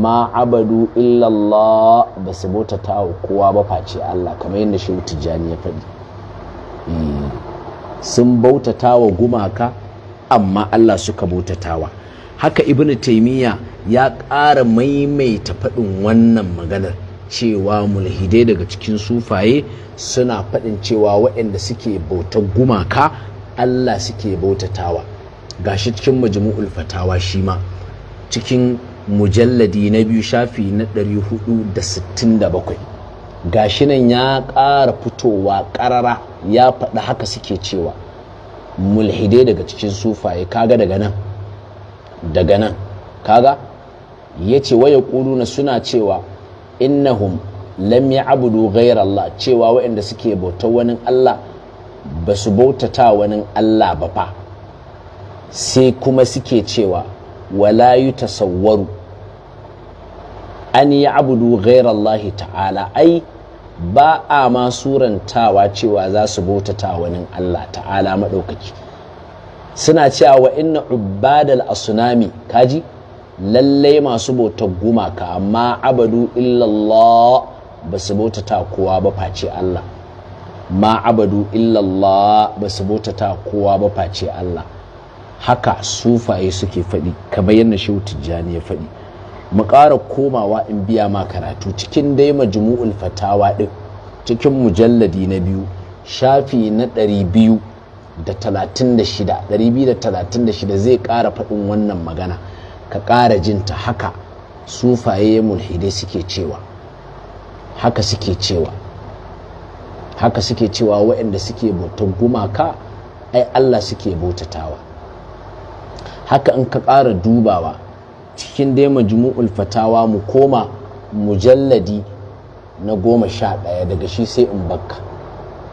ma abadu illallah ba su bautata kowa ba face Allah kamar yadda shehu tijjani ya faɗi sun bautata wa gumaka amma Allah suka bautatawa haka ibnu taimiyya ya ƙara maimaita faɗin wannan maganar cewa mulhidai daga cikin sufaye suna faɗin cewa waɗanda suke bautar gumaka Allah suke bautatawa gashi cikin majmu'ul fatawa shi ma cikin mujalladi na biyu shafi na 467 gashi nan ya ƙara fitowa ƙarara ya faɗi haka suke cewa mulhidai daga cikin sufaye kaga daga nan daga nan kaga ya ce waya na suna cewa innahum lam ya abudu ghayar Allah cewa waɗanda suke bauta wani Allah ba su bautata wani Allah ba fa sai kuma suke cewa wala tasawwaru an yi abudu ghairallahi ta'ala ai ba a ma surantawa cewa za su bautata wani Allah ta'ala maɗaukaki suna cewa wa inna ubadal asunami kaji lallai masu bauta gumaka amma abadu illallah ba su bautata kowa ba face Allah ma abadu illallah ba su bautata kowa ba face Allah haka sufaye suke faɗi kamar yadda shehu tijjani ya faɗi mu ƙara komawa in biya ma karatu cikin dai majmu'ul fatawa ɗin cikin mujalladi na biyu shafi na ɗari biyu da talatin da shida ɗari biyu da talatin da shida zai ƙara faɗin wannan magana ka ƙara jinta haka sufaye mulhidai suke cewa haka suke cewa haka suke cewa waɗanda suke bauta gumaka ai Allah suke bautatawa haka in ka ƙara dubawa cikin dai majmu'ul fatawa mu koma mujalladi na goma sha ɗaya daga shi sai in bakka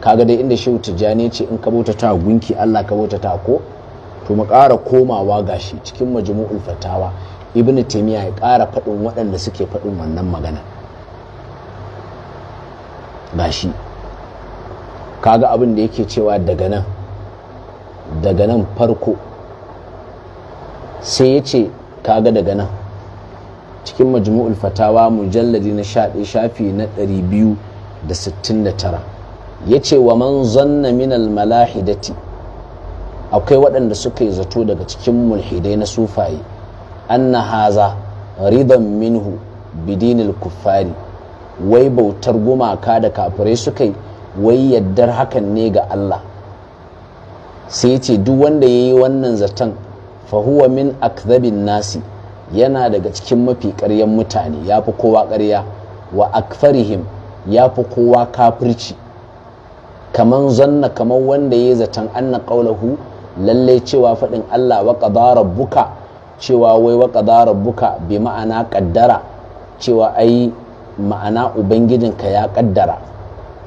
kaga dai inda shehu tijjani ce in ka ta gunki Allah ka ta ko to mu ƙara komawa gashi cikin majmu'ul fatawa ibnu taymiya ya ƙara faɗin waɗanda suke faɗin wannan magana gashi kaga abin da yake cewa daga nan daga nan farko sai ya ce kaga daga nan cikin majmu'ul fatawa mujalladi na shaɗe shafi na 269 ya ce wa man zanna minal malahidati akwai waɗanda suka yi zato daga cikin mulhidai na sufaye anna haza ridan minhu bidinil kuffari wai bautar gumaka da kafirai suka yi wai yaddar hakan ne ga Allah sai ce duk wanda ya yi wannan zaton fahuwa min akzabin nasi yana daga cikin mafi ƙaryan mutane ya fi kowa karya wa akfarihim ya fi kowa kafirci Kamar zanna kamar wanda ya zaton anna ƙaulahu lalle cewa faɗin Allah wa ƙadara buka cewa wai wa ƙadara buka bi ma'ana ƙaddara cewa ai ma'ana ka ya ƙaddara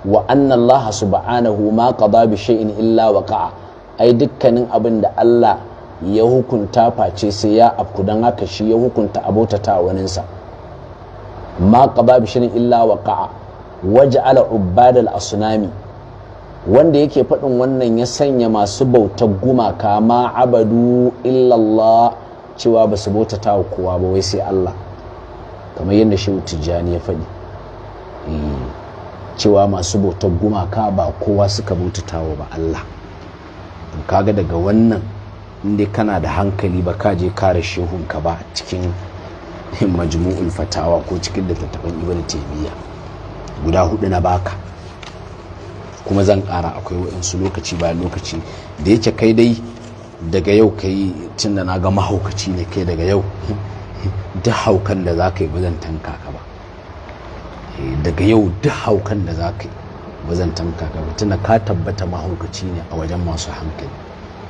wa anna Allah subhanahu ma qada bi illa waqa'a ai dukkanin abin da Allah ya hukunta face sai ya afku don haka shi ya hukunta abotata waninsa ma babu illa shirin illa ala ala ubadal tsunami. wanda yake faɗin wannan ya sanya masu bautar gumaka ma abadu illallah cewa ba su bautata wa kowa ba wai sai Allah kamar yadda shi tijjani ya faɗi eh, cewa masu bautar gumaka ba kowa suka bautata wa ba Allah kaga daga wannan inda kana da hankali ba ka je kare shehunka ba cikin majmu'ul fatawa ko cikin da littattafan ibn taymiya guda hudu na baka kuma zan kara akwai wa'insu lokaci bayan lokaci da yake kai dai daga yau kai tun da na ga mahaukaci ne kai daga yau duk haukan da za ka yi ba zan tanka ka ba eh, daga yau duk haukan da za ka yi ba zan tanka ka ba ka tabbata mahaukaci ne a wajen masu hankali